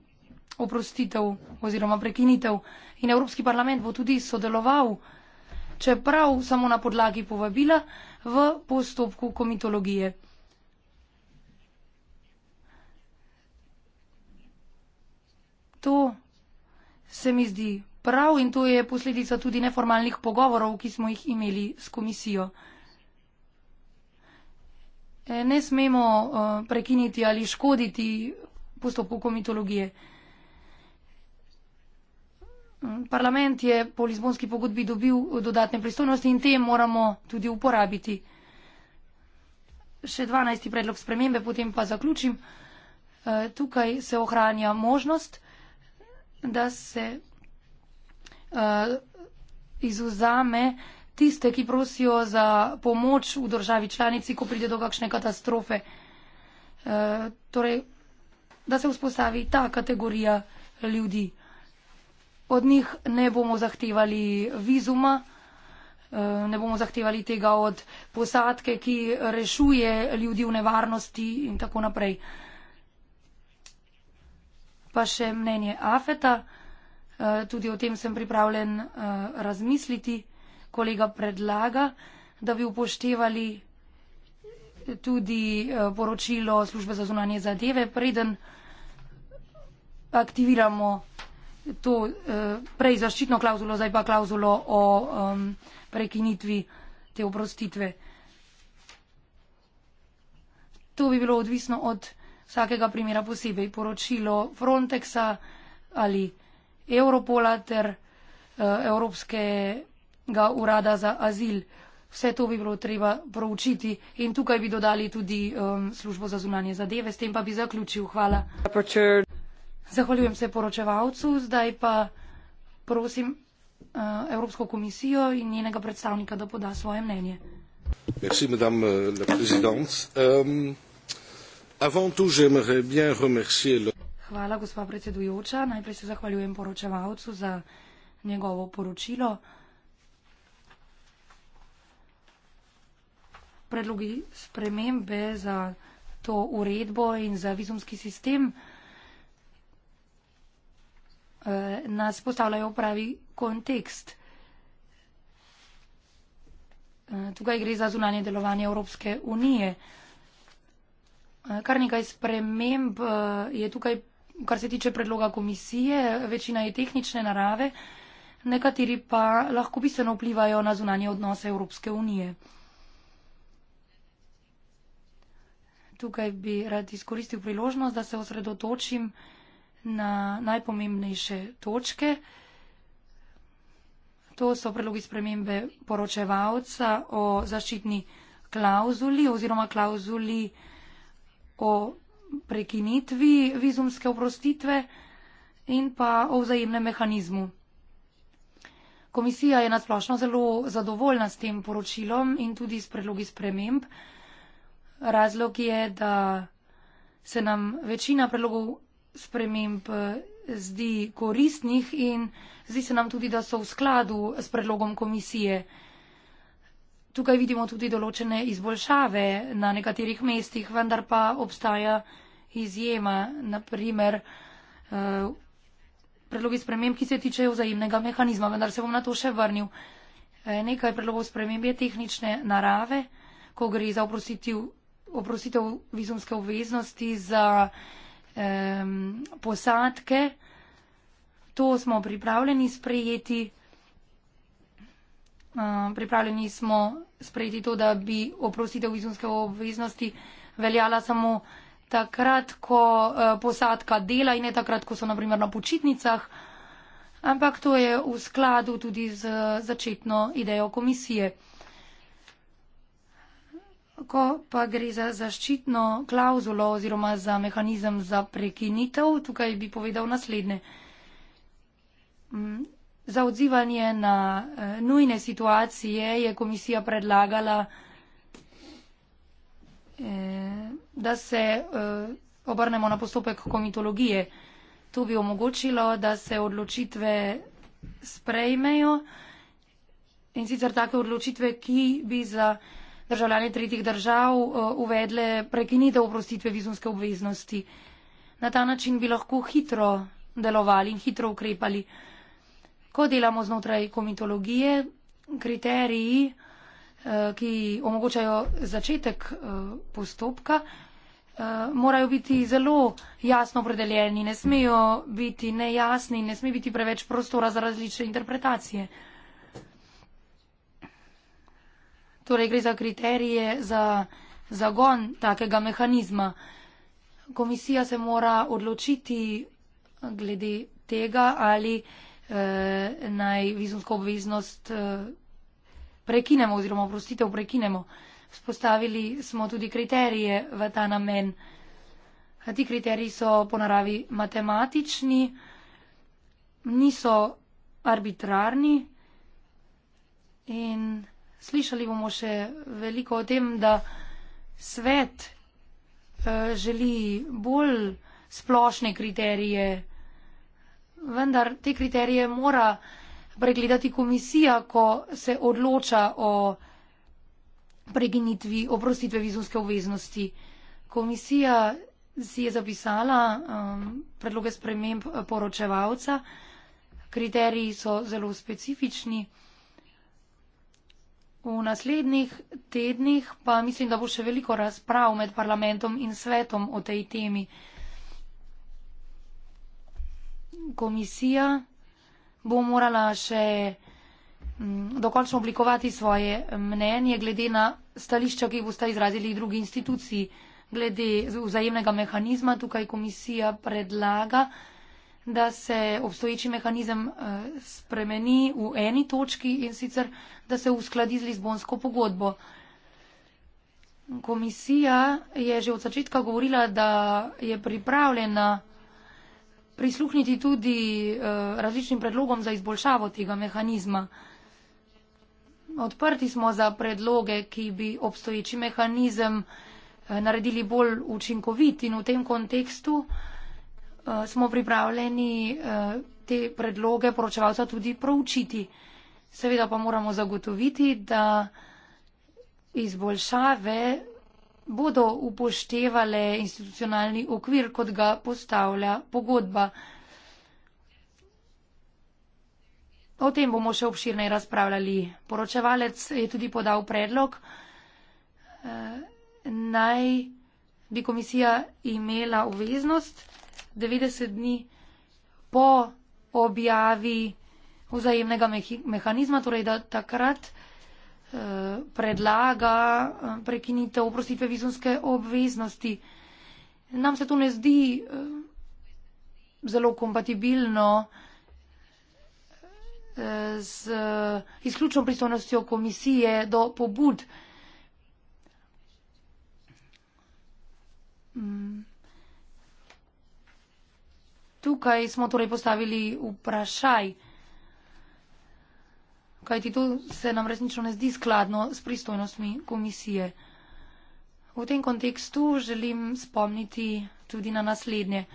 oprostitev oziroma prekinitev uh, in Evropski parlament bo tudi sodeloval, čeprav samo na podlagi povabila v postopku komitologije. To se mi zdi prav in to je posledica tudi neformalnih pogovorov, ki smo jih imeli s komisijo. Ne smemo eh, prekiniti ali škoditi postopku komitologije. Parlament je po Lizbonski pogodbi dobil dodatne pristojnosti in te moramo tudi uporabiti. Še dvanajsti predlog spremembe, potem pa zaključim. E, tukaj se ohranja možnost, da se e, izuzame tiste, ki prosijo za pomoč v državi članici, ko pride do kakšne katastrofe. E, torej, da se vzpostavi ta kategorija ljudi od njih ne bomo zahtevali vizuma, eh, ne bomo zahtevali tega od posadke, ki rešuje ljudi v nevarnosti in tako naprej. Pa še mnenje Afeta, eh, tudi o tem sem pripravljen eh, razmisliti, kolega predlaga, da bi upoštevali tudi poročilo službe za zunanje zadeve, preden aktiviramo to eh, prej zaščitno klauzulo, zdaj pa klauzulo o um, prekinitvi te oprostitve. To bi bilo odvisno od vsakega primera posebej. Poročilo Frontexa ali Europola ter uh, Evropskega urada za azil. Vse to bi bilo treba proučiti in tukaj bi dodali tudi um, službo za zunanje zadeve. S tem pa bi zaključil. Hvala. Zahvaljujem se poročevalcu, zdaj pa prosim uh, Evropsko komisijo in njenega predstavnika, da poda svoje mnenje. Merci, madame eh, la présidente. Um, avant tout, j'aimerais bien remercier le... Hvala, gospa predsedujoča. Najprej se zahvaljujem poročevalcu za njegovo poročilo. Predlogi spremembe za to uredbo in za vizumski sistem. Eh, nas postavljajo v pravi kontekst. Eh, tukaj gre za zunanje delovanje Evropske unije. Eh, kar nekaj sprememb je tukaj, kar se tiče predloga komisije, večina je tehnične narave, nekateri pa lahko bistveno vplivajo na zunanje odnose Evropske unije. Tukaj bi rad izkoristil priložnost, da se osredotočim na najpomembnejše točke. To so predlogi spremembe poročevalca o zaščitni klauzuli oziroma klauzuli o prekinitvi vizumske oprostitve in pa o vzajemnem mehanizmu. Komisija je nasplošno zelo zadovoljna s tem poročilom in tudi s predlogi sprememb. Razlog je, da se nam večina predlogov sprememb eh, zdi koristnih in zdi se nam tudi, da so v skladu s predlogom komisije. Tukaj vidimo tudi določene izboljšave na nekaterih mestih, vendar pa obstaja izjema, naprimer eh, predlogi sprememb, ki se tičejo vzajemnega mehanizma, vendar se bom na to še vrnil. Eh, nekaj predlogov sprememb je tehnične narave, ko gre za oprositev, oprositev vizumske obveznosti za um, posadke. To smo pripravljeni sprejeti. Uh, pripravljeni smo sprejeti to, da bi oprostitev vizumske obveznosti veljala samo takrat, ko uh, posadka dela in ne takrat, ko so naprimer na počitnicah, ampak to je v skladu tudi z začetno idejo komisije. Ko pa gre za zaščitno klauzulo oziroma za mehanizem za prekinitev, tukaj bi povedal naslednje. Mm, za odzivanje na eh, nujne situacije je komisija predlagala, eh, da se eh, obrnemo na postopek komitologije. To bi omogočilo, da se odločitve sprejmejo in sicer take odločitve, ki bi za državljane tretjih držav eh, uvedle prekinitev oprostitve vizumske obveznosti. Na ta način bi lahko hitro delovali in hitro ukrepali. Ko delamo znotraj komitologije, kriteriji, eh, ki omogočajo začetek eh, postopka, morajo biti zelo jasno opredeljeni, ne smejo biti nejasni, ne sme biti preveč prostora za različne interpretacije. Torej, gre za kriterije za zagon takega mehanizma. Komisija se mora odločiti glede tega, ali eh, naj vizumsko obveznost eh, prekinemo oziroma oprostitev prekinemo. Spostavili smo tudi kriterije v ta namen. Ti kriteriji so po naravi matematični, niso arbitrarni in slišali bomo še veliko o tem, da svet eh, želi bolj splošne kriterije, vendar te kriterije mora pregledati komisija, ko se odloča o preginitvi, oprostitve vizumske obveznosti. Komisija si je zapisala um, predloge sprememb eh, poročevalca, kriteriji so zelo specifični. V naslednjih tednih pa mislim, da bo še veliko razprav med parlamentom in svetom o tej temi. Komisija bo morala še mm, dokončno oblikovati svoje mnenje glede na stališča, ki boste izrazili drugi instituciji. Glede vzajemnega mehanizma tukaj komisija predlaga, da se obstoječi mehanizem eh, spremeni v eni točki in sicer, da se uskladi z Lizbonsko pogodbo. Komisija je že od začetka govorila, da je pripravljena prisluhniti tudi eh, različnim predlogom za izboljšavo tega mehanizma. Odprti smo za predloge, ki bi obstoječi mehanizem eh, naredili bolj učinkovit in v tem kontekstu Eh, smo pripravljeni eh, te predloge poročevalca tudi proučiti. Seveda pa moramo zagotoviti, da izboljšave bodo upoštevale institucionalni okvir, kot ga postavlja pogodba. O tem bomo še obširneje razpravljali. Poročevalec je tudi podal predlog eh, naj bi komisija imela obveznost 90 dni po objavi vzajemnega mehanizma, torej da takrat eh, predlaga eh, prekinitev oprostitve vizumske obveznosti. Nam se to ne zdi eh, zelo kompatibilno z izključno pristojnostjo komisije do pobud Mm. Tukaj smo torej postavili vprašaj, kajti to se nam resnično ne zdi skladno s pristojnostmi komisije. V tem kontekstu želim spomniti tudi na naslednje.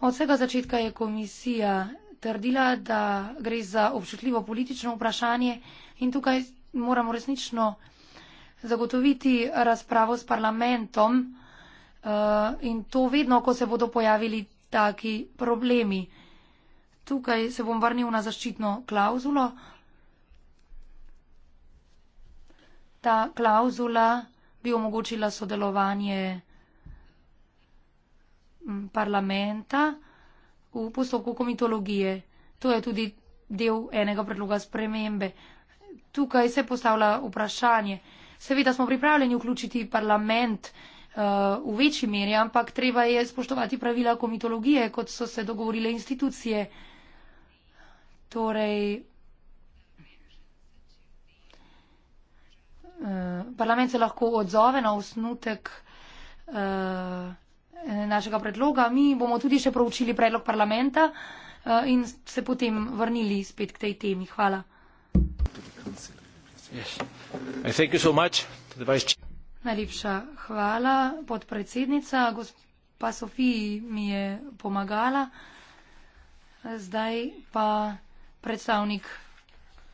Od vsega začetka je komisija trdila, da gre za občutljivo politično vprašanje in tukaj moramo resnično zagotoviti razpravo s parlamentom. Uh, in to vedno, ko se bodo pojavili taki problemi. Tukaj se bom vrnil na zaščitno klauzulo. Ta klauzula bi omogočila sodelovanje mm, parlamenta v postopku komitologije. To je tudi del enega predloga spremembe. Tukaj se postavlja vprašanje. Seveda smo pripravljeni vključiti parlament. Uh, Eh, v večji meri, ampak treba je spoštovati pravila komitologije, kot so se dogovorile institucije. Torej, eh, parlament se lahko odzove na osnutek eh, našega predloga. Mi bomo tudi še proučili predlog parlamenta in se potem vrnili spet k tej temi. Hvala. Yes. Thank you so much. The vice Najlepša hvala, podpredsednica. Gospa Sofiji mi je pomagala. Zdaj pa predstavnik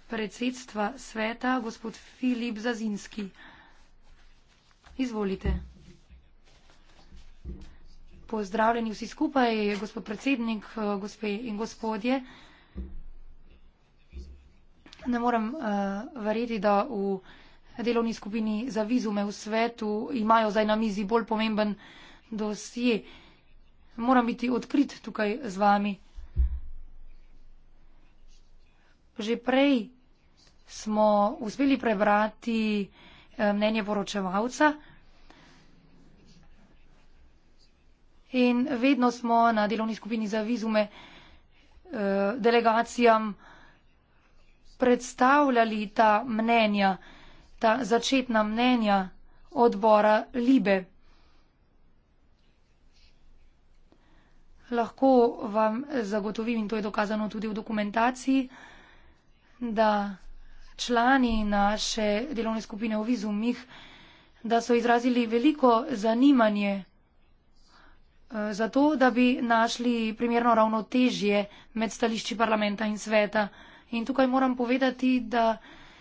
predsedstva sveta, gospod Filip Zazinski. Izvolite. Pozdravljeni vsi skupaj, gospod predsednik, gospe in gospodje. Ne morem uh, verjeti, da v delovni skupini za vizume v svetu imajo zdaj na mizi bolj pomemben dosje. Moram biti odkrit tukaj z vami. Že prej smo uspeli prebrati eh, mnenje poročevalca in vedno smo na delovni skupini za vizume eh, delegacijam predstavljali ta mnenja ta začetna mnenja odbora Libe. Lahko vam zagotovim, in to je dokazano tudi v dokumentaciji, da člani naše delovne skupine v Vizumih, da so izrazili veliko zanimanje eh, za to, da bi našli primerno ravnotežje med stališči parlamenta in sveta. In tukaj moram povedati, da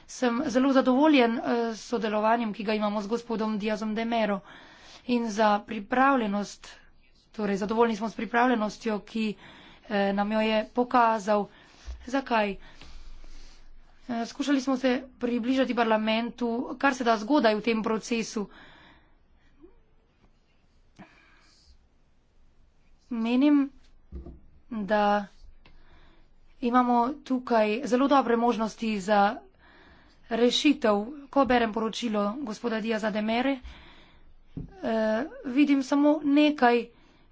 sem zelo zadovoljen eh, s sodelovanjem, ki ga imamo z gospodom Diazom Demero in za pripravljenost, torej zadovoljni smo s pripravljenostjo, ki eh, nam jo je pokazal. Zakaj? Eh, skušali smo se približati parlamentu, kar se da zgodaj v tem procesu. Menim, da imamo tukaj zelo dobre možnosti za rešitev, ko berem poročilo gospoda Diaza de Mere, eh, vidim samo nekaj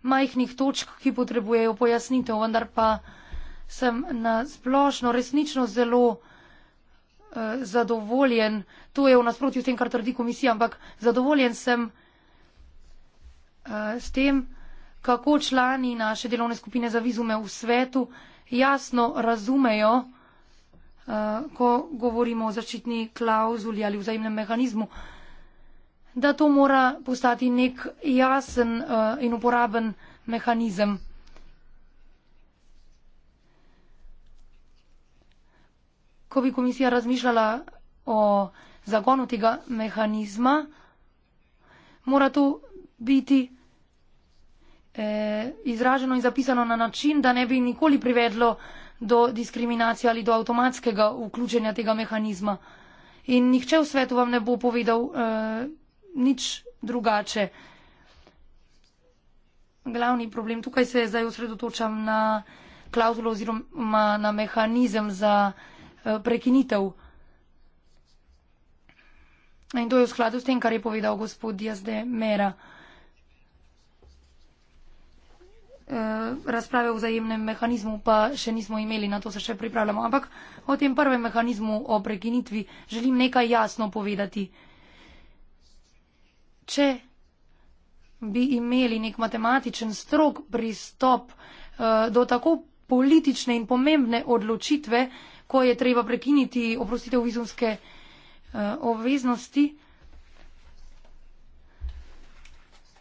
majhnih točk, ki potrebujejo pojasnitev, vendar pa sem na splošno resnično zelo eh, zadovoljen, to je v nasprotju s tem, kar trdi komisija, ampak zadovoljen sem eh, s tem, kako člani naše delovne skupine za vizume v svetu jasno razumejo, Eh, ko govorimo o začitni klauzuli ali vzajemnem mehanizmu, da to mora postati nek jasen eh, in uporaben mehanizem. Ko bi komisija razmišljala o zagonu tega mehanizma, mora to biti eh, izraženo in zapisano na način, da ne bi nikoli privedlo eh, do diskriminacije ali do avtomatskega vključenja tega mehanizma. In nihče v svetu vam ne bo povedal eh, nič drugače. Glavni problem tukaj se zdaj osredotočam na klauzulo oziroma na mehanizem za eh, prekinitev. In to je v skladu s tem, kar je povedal gospod Jazde Mera. Eh, razprave o vzajemnem mehanizmu pa še nismo imeli, na to se še pripravljamo. Ampak o tem prvem mehanizmu o prekinitvi želim nekaj jasno povedati. Če bi imeli nek matematičen strok pristop eh, do tako politične in pomembne odločitve, ko je treba prekiniti oprostitev vizumske eh, obveznosti,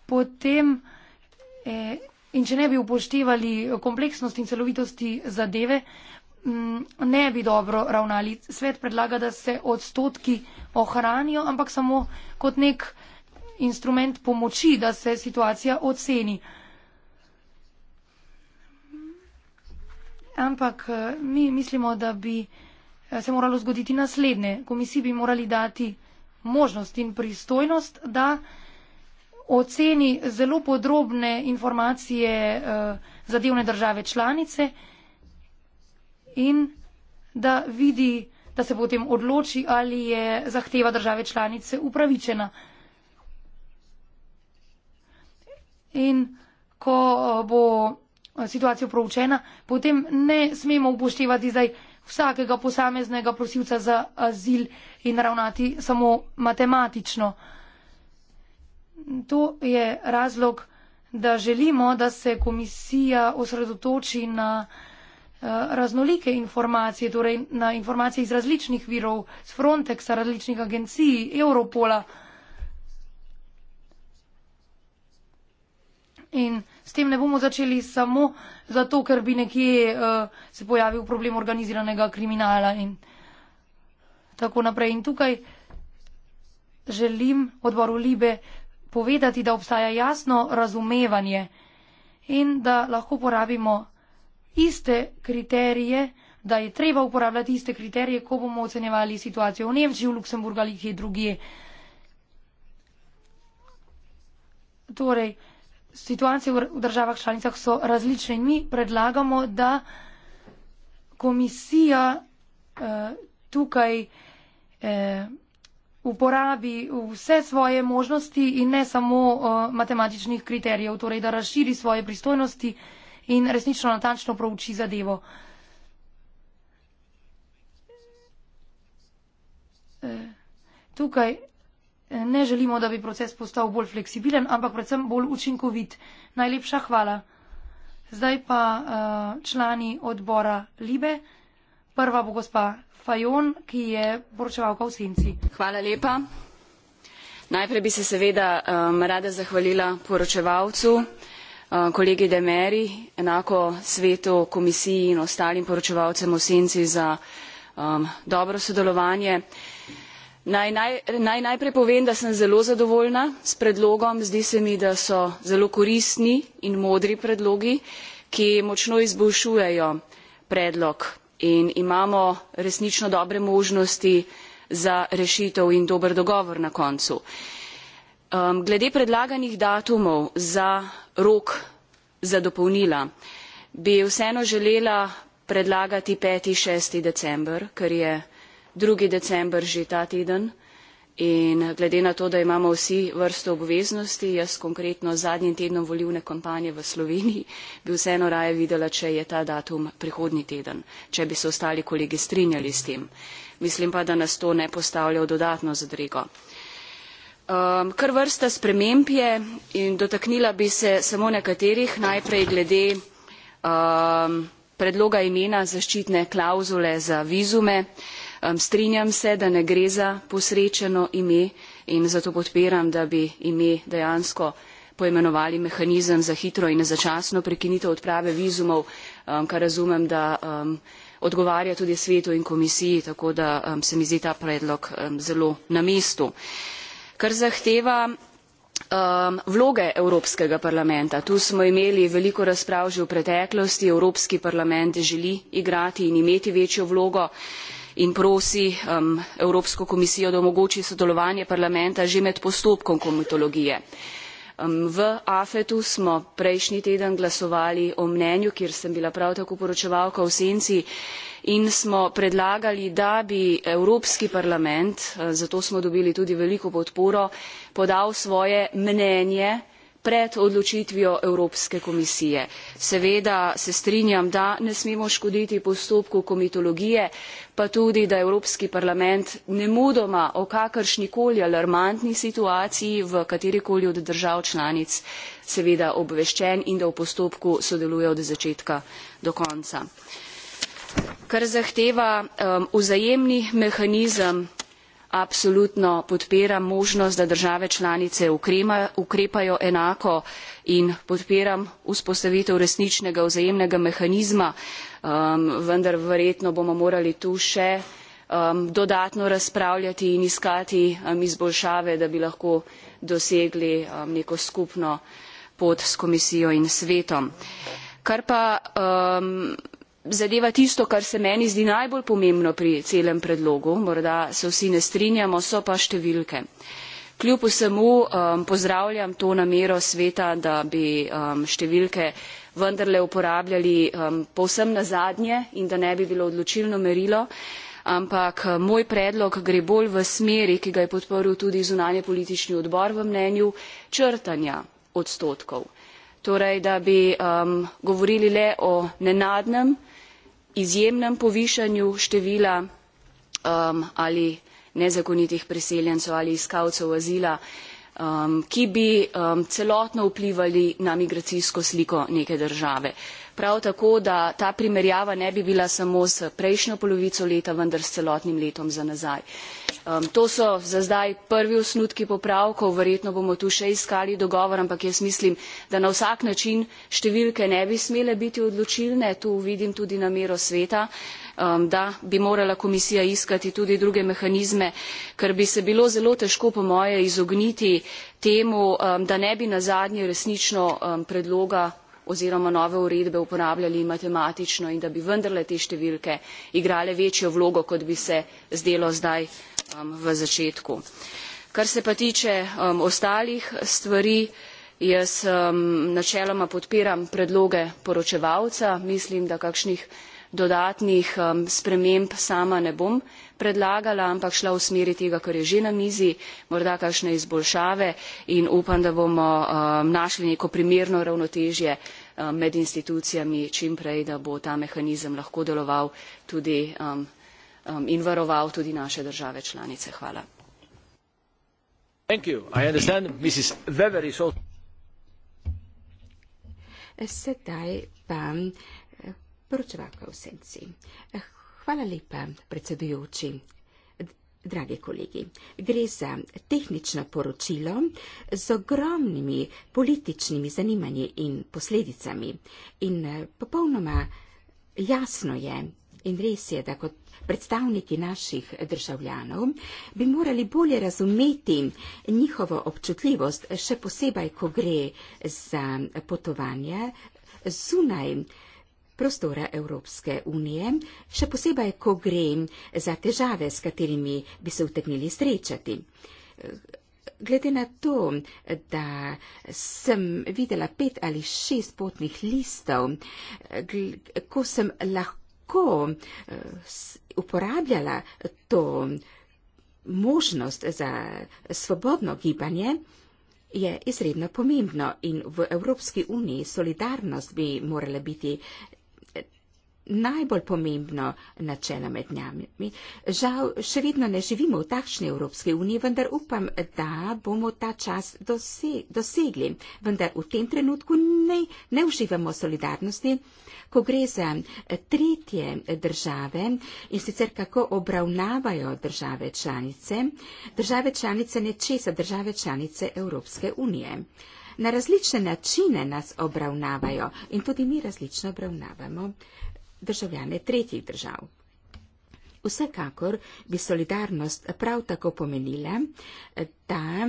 potem eh, In če ne bi upoštevali kompleksnosti in celovitosti zadeve, mm, ne bi dobro ravnali. Svet predlaga, da se odstotki ohranijo, ampak samo kot nek instrument pomoči, da se situacija oceni. Ampak eh, mi mislimo, da bi eh, se moralo zgoditi naslednje. Komisiji bi morali dati možnost in pristojnost, da oceni zelo podrobne informacije uh, zadevne države članice in da vidi, da se potem odloči, ali je zahteva države članice upravičena. In ko eh, bo eh, situacija proučena, potem ne smemo upoštevati zdaj vsakega posameznega prosilca za azil in ravnati samo matematično. Uh, to je razlog, da želimo, da se komisija osredotoči na eh, raznolike informacije, torej na informacije iz različnih virov, z Frontexa, različnih agencij, Europola. In s tem ne bomo začeli samo zato, ker bi nekje uh, se pojavil problem organiziranega kriminala in tako naprej. In tukaj želim odboru Libe povedati, da obstaja jasno razumevanje in da lahko uporabimo iste kriterije, da je treba uporabljati iste kriterije, ko bomo ocenjevali situacijo v Nemčiji, v Luksemburgu ali kje drugje. Torej, situacije v državah članicah so različne in mi predlagamo, da komisija eh, tukaj eh, uporabi vse svoje možnosti in ne samo uh, matematičnih kriterijev, torej da razširi svoje pristojnosti in resnično natančno prouči zadevo. E, tukaj e, ne želimo, da bi proces postal bolj fleksibilen, ampak predvsem bolj učinkovit. Najlepša hvala. Zdaj pa e, člani odbora Libe. Prva bo gospa Fajon, ki je poročevalka v Senci. Hvala lepa. Najprej bi se seveda um, rada zahvalila poročevalcu, um, kolegi Demeri, enako svetu, komisiji in ostalim poročevalcem v Senci za um, dobro sodelovanje. Naj, naj, naj najprej povem, da sem zelo zadovoljna s predlogom. Zdi se mi, da so zelo koristni in modri predlogi, ki močno izboljšujejo predlog in imamo resnično dobre možnosti za rešitev in dober dogovor na koncu. Um, glede predlaganih datumov za rok za dopolnila bi vseeno želela predlagati pet šest december ker je drugi december že ta teden In eh, glede na to, da imamo vsi vrsto obveznosti, jaz konkretno z zadnjim tednom volivne kampanje v Sloveniji bi vseeno raje videla, če je ta datum prihodni teden, če bi se ostali kolegi strinjali s tem. Mislim pa, da nas to ne postavlja v dodatno zadrego. Um, kar vrsta sprememb je in dotaknila bi se samo nekaterih, najprej glede um, predloga imena zaščitne klauzule za vizume. Uh, strinjam se da ne gre za posrečeno ime in zato podpiram da bi ime dejansko poimenovali mehanizem za hitro in začasno prekinitev odprave vizumov kar razumem da odgovarja tudi svetu in komisiji tako da se mi zdi ta predlog zelo na mestu. kar zahteva vloge evropskega parlamenta tu smo imeli veliko razprav že v preteklosti evropski parlament želi igrati in imeti večjo vlogo in prosi um, Evropsko komisijo, da omogoči sodelovanje parlamenta že med postopkom komitologije. Um, v AFET-u smo prejšnji teden glasovali o mnenju, kjer sem bila prav tako poročevalka v senci in smo predlagali, da bi Evropski parlament, uh, zato smo dobili tudi veliko podporo, podal svoje mnenje pred odločitvijo Evropske komisije. Seveda se strinjam, da ne smemo škoditi postopku komitologije, pa tudi da Evropski parlament nemudoma o kakršnikoli alarmantni situaciji v katerikoli od držav članic seveda obveščen in da v postopku sodeluje od začetka do konca. Kar zahteva um, vzajemni mehanizem absolutno podpiram možnost da države članice ukrepajo enako in podpiram vzpostavitev resničnega vzajemnega mehanizma um, vendar verjetno bomo morali tu še um, dodatno razpravljati in iskati um, izboljšave da bi lahko dosegli neko skupno pot s komisijo in svetom. kar pa zadeva tisto kar se meni zdi najbolj pomembno pri celem predlogu morda se vsi ne strinjamo so pa številke. kljub vsemu um, pozdravljam to namero sveta da bi um, številke vendarle uporabljali um, povsem nazadnje in da ne bi bilo odločilno merilo ampak uh, moj predlog gre bolj v smeri ki ga je podporil tudi zunanje politični odbor v mnenju črtanja odstotkov torej da bi um, govorili le o nenadnem izjemnem povišanju števila um, ali nezakonitih priseljencev ali iskalcev azila, um, ki bi um, celotno vplivali na migracijsko sliko neke države prav tako da ta primerjava ne bi bila samo s prejšnjo polovico leta vendar s celotnim letom za nazaj. Um, to so za zdaj prvi osnutki popravkov verjetno bomo tu še iskali dogovor ampak jaz mislim da na vsak način številke ne bi smele biti odločilne tu vidim tudi namero sveta um, da bi morala komisija iskati tudi druge mehanizme ker bi se bilo zelo težko po moje izogniti temu um, da ne bi nazadnje resnično predloga oziroma nove uredbe uporabljali matematično in da bi vendarle te številke igrale večjo vlogo kot bi se zdelo zdaj um, v začetku. Kar se pa tiče um, ostalih stvari, jaz um, načeloma podpiram predloge poročevalca, mislim, da kakšnih dodatnih um, sprememb sama ne bom predlagala ampak šla v smeri tega kar je že na mizi morda kakšne izboljšave in upam da bomo um, našli neko primerno ravnotežje um, med institucijami čimprej da bo ta mehanizem lahko deloval tudi um, um, in varoval tudi naše države članice. Hvala. Thank you. I understand Mrs. Weber is also... Sedaj pa eh, poročevalka v senci. Eh, Hvala lepa, predsedujoči. Dragi kolegi, gre za tehnično poročilo z ogromnimi političnimi zanimanji in posledicami. In eh, popolnoma jasno je in res je, da kot predstavniki naših državljanov bi morali bolje razumeti njihovo občutljivost, še posebej, ko gre za potovanje zunaj prostora Evropske unije, še posebej, ko gre za težave, s katerimi bi se utegnili srečati. Glede na to, da sem videla pet ali šest potnih listov, ko sem lahko eh, uporabljala to možnost za svobodno gibanje, je izredno pomembno in v Evropski uniji solidarnost bi morala biti najbolj pomembno načelo med nami. Žal, še vedno ne živimo v takšni Evropski uniji, vendar upam, da bomo ta čas dosegli. Vendar v tem trenutku ne, ne uživamo solidarnosti, ko gre za tretje države in sicer kako obravnavajo države članice, države članice nečesa, države članice Evropske unije. Na različne načine nas obravnavajo in tudi mi različno obravnavamo državljane tretjih držav. Vsekakor bi solidarnost prav tako pomenila, da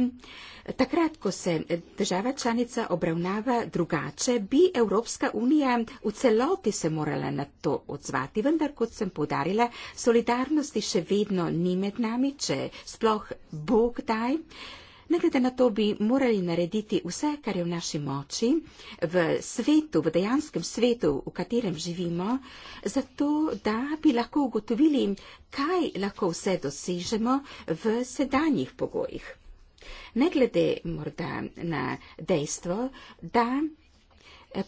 takrat, ko se država članica obravnava drugače, bi Evropska unija v celoti se morala na to odzvati, vendar kot sem podarila, solidarnosti še vedno ni med nami, če sploh Bog daj. Ne glede na to bi morali narediti vse, kar je v naši moči, v svetu, v dejanskem svetu, v katerem živimo, zato da bi lahko ugotovili, kaj lahko vse dosežemo v sedanjih pogojih. Ne glede morda na dejstvo, da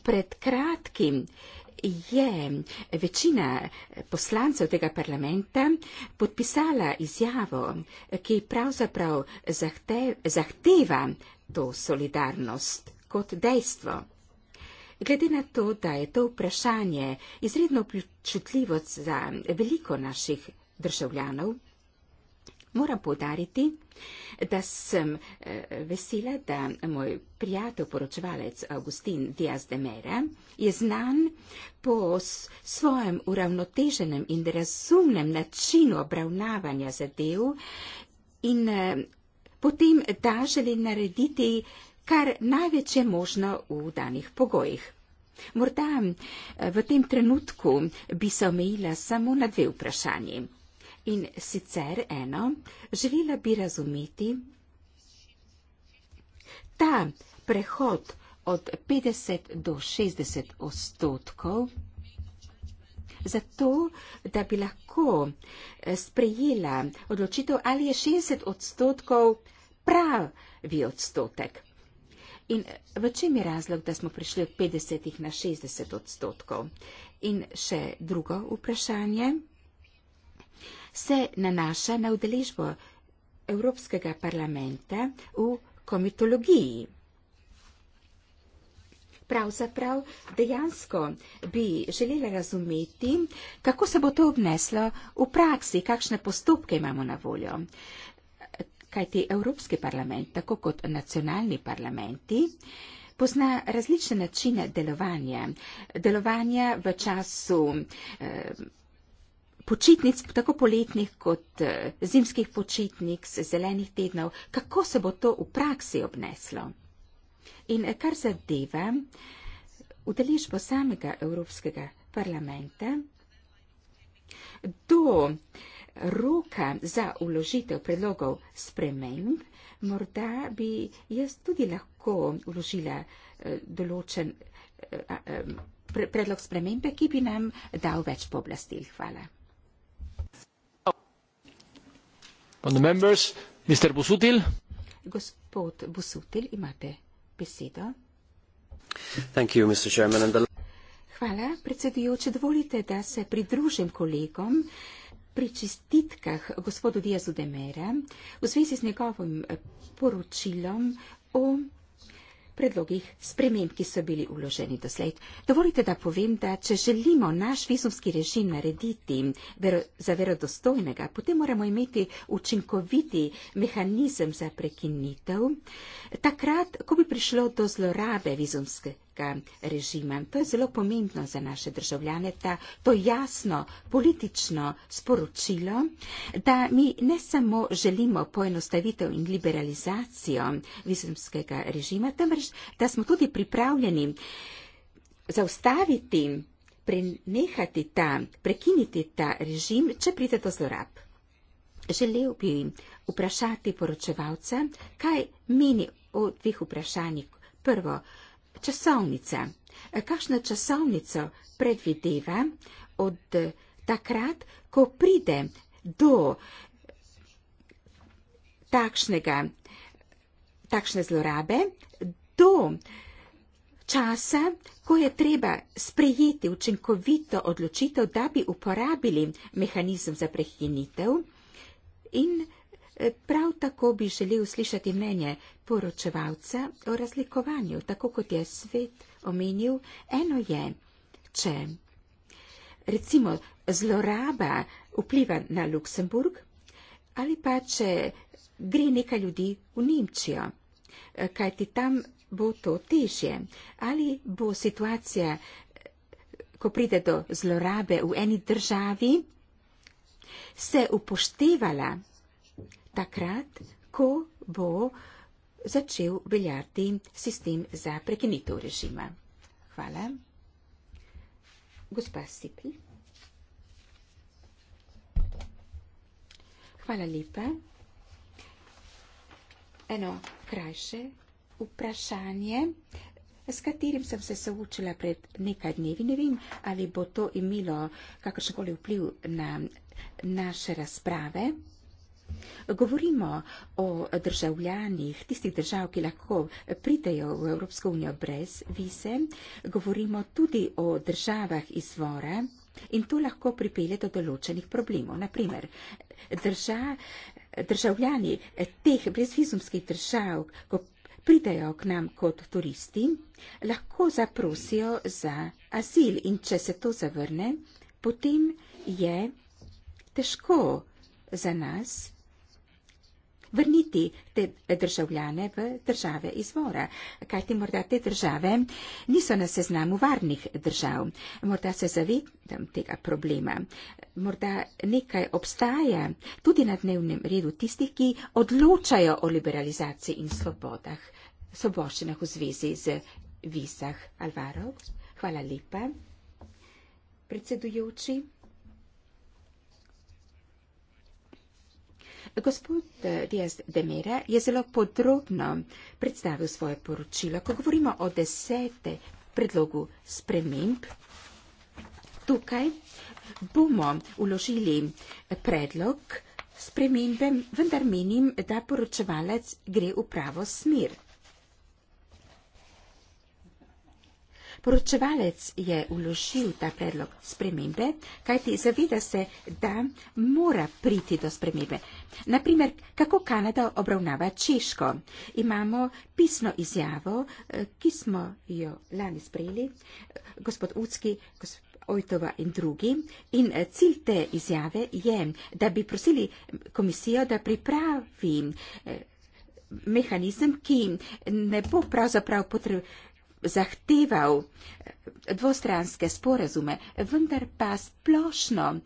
pred kratkim je večina poslancev tega parlamenta podpisala izjavo, ki pravzaprav zahte, zahteva to solidarnost kot dejstvo. Glede na to, da je to vprašanje izredno občutljivo za veliko naših državljanov, Moram povdariti, da sem eh, vesela, da moj prijatelj poročevalec Agustin Diaz de Mera je znan po svojem uravnoteženem in razumnem načinu obravnavanja zadev in eh, potem da želi narediti kar največje možno v danih pogojih. Morda eh, v tem trenutku bi se omejila samo na dve vprašanji. In sicer eno, želela bi razumeti ta prehod od 50 do 60 odstotkov, zato da bi lahko eh, sprejela odločitev, ali je 60 odstotkov pravi odstotek. In eh, v čem je razlog, da smo prišli od 50 na 60 odstotkov? In še drugo vprašanje se nanaša na udeležbo Evropskega parlamenta v komitologiji. Pravzaprav dejansko bi želela razumeti, kako se bo to obneslo v praksi, kakšne postopke imamo na voljo. Kajti Evropski parlament, tako kot nacionalni parlamenti, pozna različne načine delovanja. Delovanja v času eh, počitnic, tako poletnih kot eh, zimskih počitnic, zelenih tednov, kako se bo to v praksi obneslo. In eh, kar zadeva eh, udeležbo samega Evropskega parlamenta, do roka za uložitev predlogov sprememb, morda bi jaz tudi lahko uložila določen predlog spremembe, ki bi nam dal več pooblastil. Hvala. gospod busuttil imate besedo. Hvala, predsedujoči, dovolite, da se pridružim kolegom pri čestitkah gospodu Diazu Demera v zvezi z njegovim poročilom o predlogih sprememb, ki so bili uloženi doslej. Dovolite, da povem, da če želimo naš vizumski režim narediti vero, za verodostojnega, potem moramo imeti učinkoviti mehanizem za prekinitev, takrat, ko bi prišlo do zlorabe vizumske tega režima. In to je zelo pomembno za naše državljane, ta to jasno politično sporočilo, da mi ne samo želimo poenostavitev in liberalizacijo vizumskega režima, temveč da smo tudi pripravljeni zaustaviti, prenehati ta, prekiniti ta režim, če pride do zlorab. Želel bi vprašati poročevalca, kaj meni o dveh vprašanjih. Prvo, časovnice. Kakšno časovnico predvideva od takrat, ko pride do takšnega, takšne zlorabe, do časa, ko je treba sprejeti učinkovito odločitev, da bi uporabili mehanizem za prehinitev in Prav tako bi želel slišati mnenje poročevalca o razlikovanju, tako kot je svet omenil. Eno je, če recimo zloraba vpliva na Luksemburg ali pa če gre nekaj ljudi v Nemčijo, kajti tam bo to težje ali bo situacija, ko pride do zlorabe v eni državi, se upoštevala takrat, ko bo začel veljati sistem za prekinitev režima. Hvala. Gospa Sipil. Hvala lepa. Eno krajše vprašanje, s katerim sem se soočila pred nekaj dnevi. Ne vem, ali bo to imelo kakršenkoli vpliv na naše razprave. Govorimo o državljanih tistih držav, ki lahko pridejo v Evropsko unijo brez vize. Govorimo tudi o državah izvora in to lahko pripelje do določenih problemov. Naprimer, držav, državljani teh brezvizumskih držav, ko pridejo k nam kot turisti, lahko zaprosijo za azil in če se to zavrne, potem je težko za nas vrniti te državljane v države izvora. Kaj ti morda te države niso na seznamu varnih držav? Morda se zavedam tega problema. Morda nekaj obstaja tudi na dnevnem redu tistih, ki odločajo o liberalizaciji in svobodah, svoboščinah v zvezi z vizah Alvaro. Hvala lepa. Predsedujoči. Gospod eh, Dias de Mere je zelo podrobno predstavil svoje poročilo. Ko govorimo o desete predlogu sprememb, tukaj bomo uložili eh, predlog spremembe, vendar menim, da poročevalec gre v pravo smer. Poročevalec je uložil ta predlog spremembe, kajti zaveda se, da mora priti do spremembe. Naprimer, kako Kanada obravnava Češko. Imamo pisno izjavo, eh, ki smo jo lani sprejeli, eh, gospod Ucki, gospod Ojtova in drugi. In eh, cilj te izjave je, da bi prosili komisijo, da pripravi mehanizem, ki ne bo pravzaprav potreben zahteval eh, dvostranske sporazume, vendar pa splošno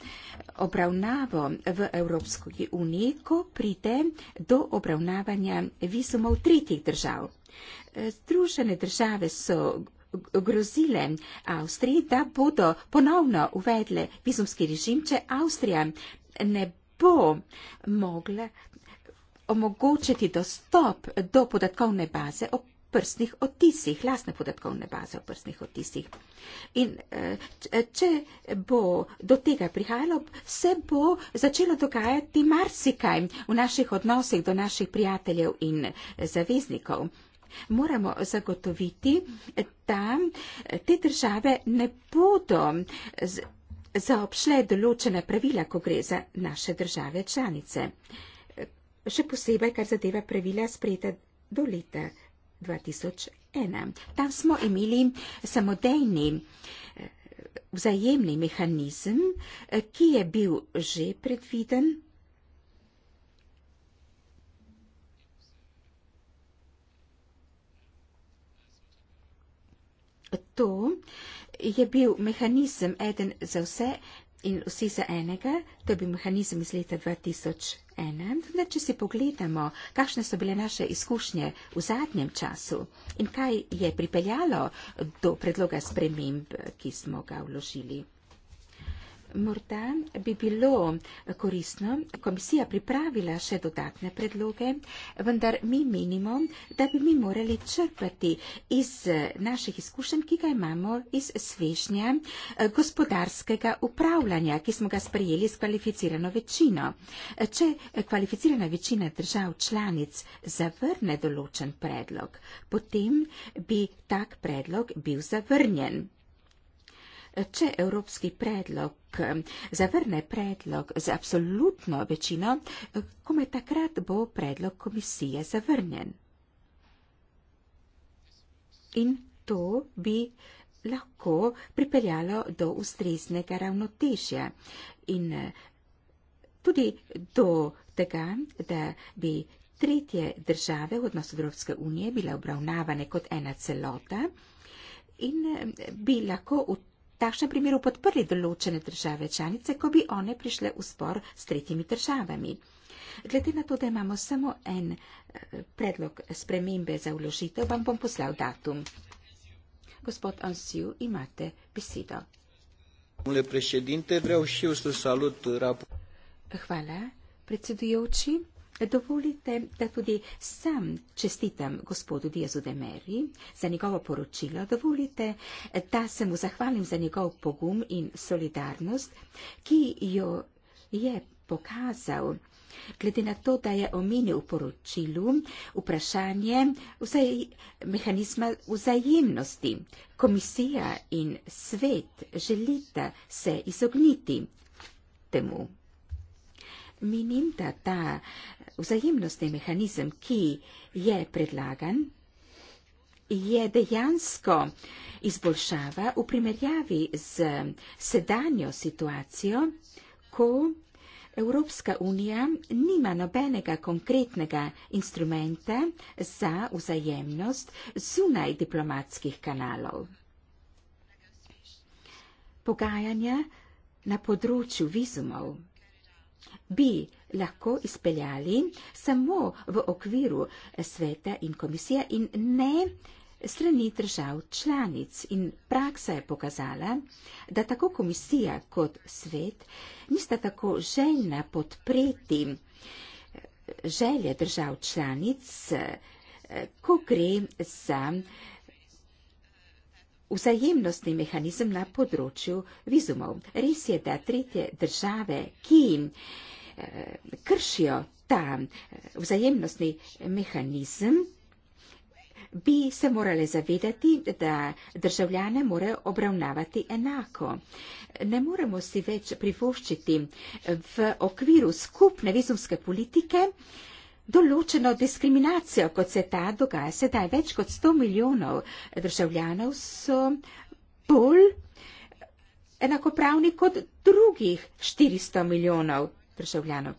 obravnavo v Evropski uniji, ko pride do obravnavanja vizumov tretjih držav. Eh, Združene države so grozile Avstriji, da bodo ponovno uvedle vizumski režim, če Avstrija ne bo mogla omogočiti dostop do podatkovne baze o prstnih odtisih, lastne podatkovne baze o prstnih odtisih. In eh, če bo do tega prihajalo, se bo začelo dogajati marsikaj v naših odnosih do naših prijateljev in zaveznikov. Moramo zagotoviti, da eh, te države ne bodo zaopšle določene pravila, ko gre za naše države članice. Še posebej, kar zadeva pravila sprejeta do leta 2020. 2001. Tam smo imeli samodejni eh, vzajemni mehanizem, eh, ki je bil že predviden. To je bil mehanizem eden za vse In vsi za enega, to je bil mehanizem iz leta 2001. Če si pogledamo, kakšne so bile naše izkušnje v zadnjem času in kaj je pripeljalo do predloga sprememb, ki smo ga vložili. Morda bi bilo koristno komisija pripravila še dodatne predloge, vendar mi menimo, da bi mi morali črpati iz naših izkušenj, ki ga imamo iz svežnja eh, gospodarskega upravljanja, ki smo ga sprejeli s kvalificirano večino. Eh, Če kvalificirana večina držav članic zavrne določen predlog, potem bi tak predlog bil zavrnjen. Če evropski predlog eh, zavrne predlog z absolutno večino, eh, kome takrat bo predlog komisije zavrnjen? In to bi lahko pripeljalo do ustreznega ravnotežja in eh, tudi do tega, da bi tretje države v odnosu Evropske unije bile obravnavane kot ena celota in bi lahko v takšnem primeru podprli določene države članice, ko bi one prišle v spor s tretjimi državami. Glede na to, da imamo samo en eh, predlog spremembe za uložitev, vam bom poslal datum. Gospod Ansiu, imate besedo. Hvala, predsedujoči. Dovolite, da tudi sam čestitam gospodu Diazu de Meri za njegovo poročilo. Dovolite, da se mu zahvalim za njegov pogum in solidarnost, ki jo je pokazal, glede na to, da je omenil v poročilu vprašanje vzaj, mehanizma vzajemnosti. Komisija in svet želita se izogniti temu. Menim, da ta vzajemnostni mehanizem, ki je predlagan, je dejansko izboljšava v primerjavi z sedanjo situacijo, ko Evropska unija nima nobenega konkretnega instrumenta za vzajemnost zunaj diplomatskih kanalov. Pogajanja na področju vizumov bi lahko izpeljali samo v okviru sveta in komisije in ne strani držav članic. In praksa je pokazala, da tako komisija kot svet nista tako željna podpreti eh, želje držav članic, eh, ko gre za eh, vzajemnostni mehanizem na področju vizumov. Res je, da tretje države, ki eh, kršijo ta eh, vzajemnostni mehanizem, bi se morali zavedati, da državljane morajo obravnavati enako. Ne moremo si več privoščiti v okviru skupne vizumske politike, eh, določeno diskriminacijo, kot se ta dogaja. Sedaj več kot 100 milijonov državljanov so bolj enakopravni kot drugih 400 milijonov državljanov.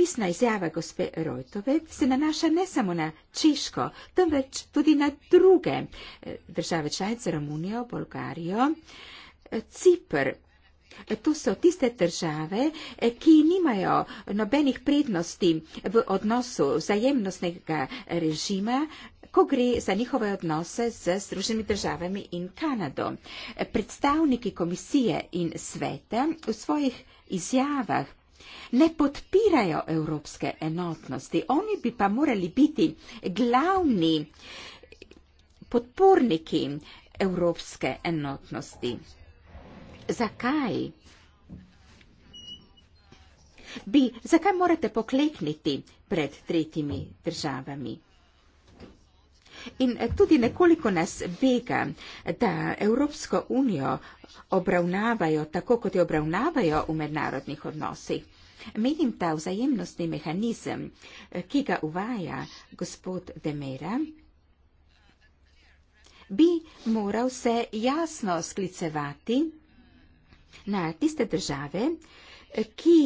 Pisna izjava gospe Rojtove se nanaša ne samo na Češko, temveč tudi na druge eh, države članice, Romunijo, Bolgarijo, eh, Cipr, E, to so tiste države, e, ki nimajo nobenih prednosti v odnosu vzajemnostnega režima, ko gre za njihove odnose z Združenimi državami in Kanado. E, predstavniki komisije in sveta v svojih izjavah ne podpirajo evropske enotnosti. Oni bi pa morali biti glavni podporniki evropske enotnosti zakaj? Bi, zakaj morate poklekniti pred tretjimi državami? In eh, tudi nekoliko nas bega, da Evropsko unijo obravnavajo tako, kot jo obravnavajo v mednarodnih odnosih. Menim ta vzajemnostni mehanizem, eh, ki ga uvaja gospod Demera, bi moral se jasno sklicevati na tiste države, ki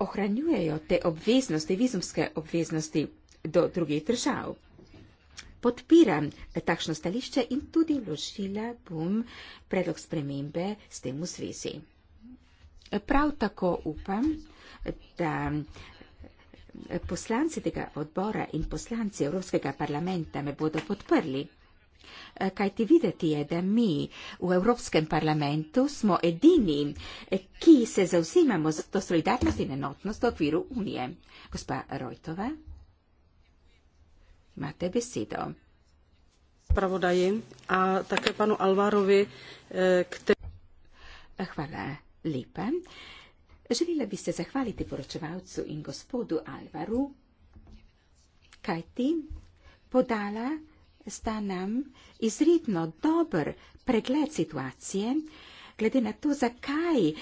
ohranjujejo te obveznosti, vizumske obveznosti do drugih držav. Podpiram takšno stališče in tudi vložila bom predlog spremembe s tem v zvezi. Prav tako upam, da poslanci tega odbora in poslanci Evropskega parlamenta me bodo podprli. Eh, kajti videti je, da mi v Evropskem parlamentu smo edini, eh, ki se zauzimamo za to solidarnost in enotnost v okviru Unije. Gospa Rojtova, imate besedo. Pravodaji a také panu Alvarovi, eh, který... Hvala lepa. Želela bi se zahvaliti poročevalcu in gospodu Alvaru, kajti podala sta nam izredno dober pregled situacije, glede na to, zakaj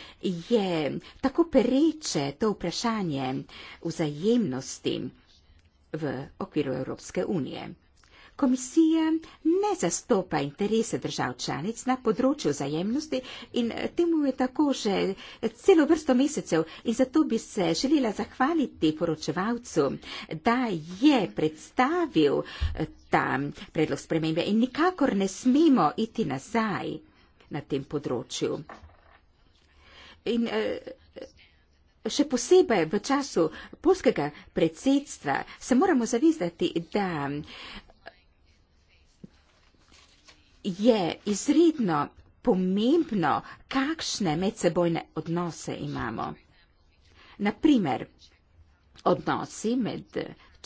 je tako pereče to vprašanje vzajemnosti v okviru Evropske unije komisije ne zastopa interese držav članic na področju zajemnosti in temu je tako že celo vrsto mesecev in zato bi se želela zahvaliti poročevalcu, da je predstavil eh, ta predlog spremembe in nikakor ne smemo iti nazaj na tem področju. In eh, še posebej v času polskega predsedstva se moramo zavizati, da je izredno pomembno, kakšne medsebojne odnose imamo. Naprimer, odnosi med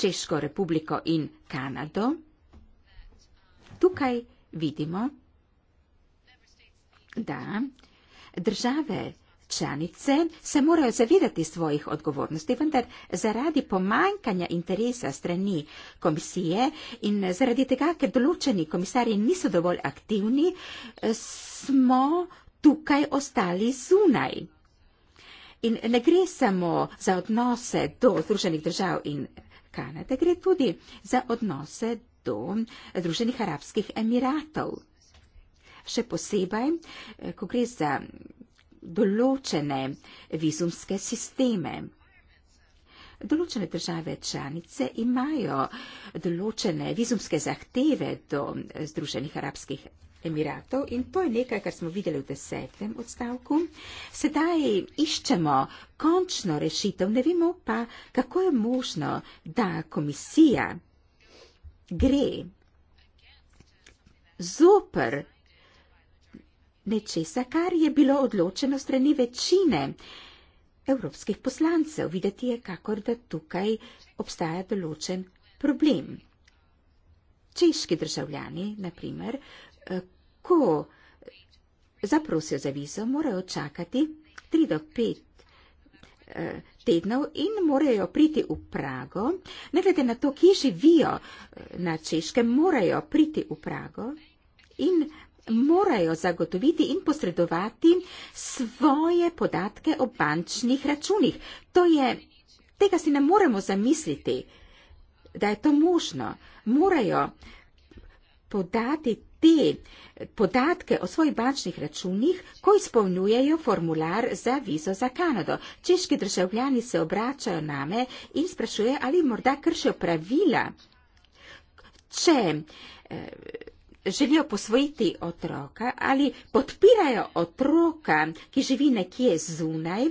Češko republiko in Kanado. Tukaj vidimo, da države Članice se morajo zavedati svojih odgovornosti, vendar zaradi pomankanja interesa strani komisije in zaradi tega, ker določeni komisarji niso dovolj aktivni, smo tukaj ostali zunaj. In ne gre samo za odnose do Združenih držav in Kanade, gre tudi za odnose do Združenih arabskih emiratov. Še posebej, ko gre za določene vizumske sisteme. Določene države članice imajo določene vizumske zahteve do Združenih arabskih emiratov in to je nekaj, kar smo videli v desetem odstavku. Sedaj iščemo končno rešitev, ne vemo pa, kako je možno, da komisija gre zoper nečesa, kar je bilo odločeno strani večine evropskih poslancev. Videti je, kakor da tukaj obstaja določen problem. Češki državljani, naprimer, eh, ko zaprosijo za vizo, morajo čakati 3 do 5 eh, tednov in morajo priti v Prago, ne glede na to, kje živijo eh, na Češkem, morajo priti v Prago in morajo zagotoviti in posredovati svoje podatke o bančnih računih. To je, tega si ne moremo zamisliti, da je to možno. Morajo podati te podatke o svojih bančnih računih, ko izpolnjujejo formular za vizo za Kanado. Češki državljani se obračajo name in sprašujejo, ali morda kršijo pravila. Če eh, želijo posvojiti otroka ali podpirajo otroka, ki živi nekje zunaj,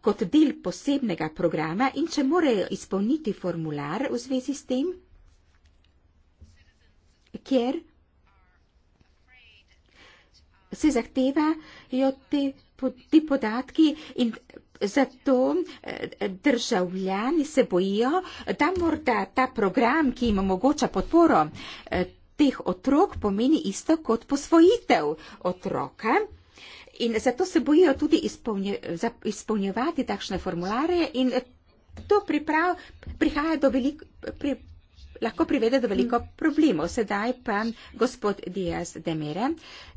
kot del posebnega programa in če morejo izpolniti formular v zvezi s tem, kjer se zahtevajo te, ti podatki in zato eh, državljani se bojijo, da morda ta program, ki jim omogoča podporo, eh, teh otrok pomeni isto kot posvojitev otroka. In zato se bojijo tudi izpolnje, izpolnjevati takšne formulare in to priprav prihaja do veliko, pri, lahko privede do veliko problemov. Sedaj pa gospod Diaz de Mere,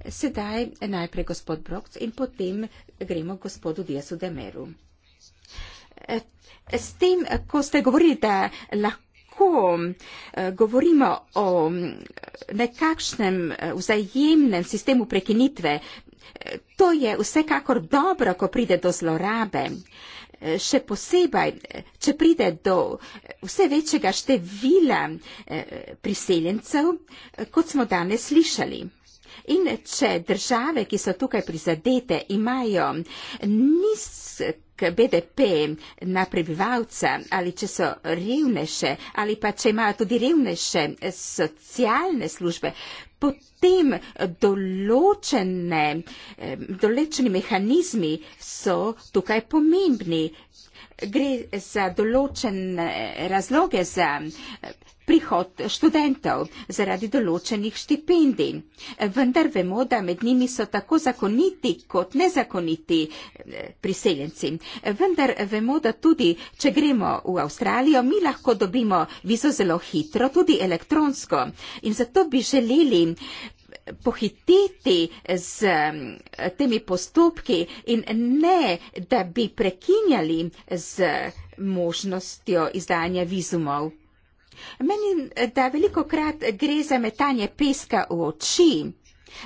sedaj najprej gospod Brokc in potem gremo gospodu Diazu de Meru. S tem, ko ste govorili, da lahko lahko eh, govorimo o nekakšnem eh, vzajemnem sistemu prekinitve. Eh, to je vsekakor dobro, ko pride do zlorabe. Še posebej, če pride do vse večjega števila priseljencev, kot smo danes slišali. In če države, ki so tukaj prizadete, imajo nizke BDP na prebivalca ali če so revnejše ali pa če imajo tudi revnejše eh, socialne službe, potem določene, eh, določeni mehanizmi so tukaj pomembni. Gre za določene razloge, za prihod študentov zaradi določenih štipendij. Vendar vemo, da med njimi so tako zakoniti kot nezakoniti eh, priseljenci. Vendar vemo, da tudi, če gremo v Avstralijo, mi lahko dobimo vizo zelo hitro, tudi elektronsko. In zato bi želeli eh, pohititi z eh, temi postopki in ne, da bi prekinjali z možnostjo izdajanja vizumov. Menim, da veliko krat gre za metanje peska v oči.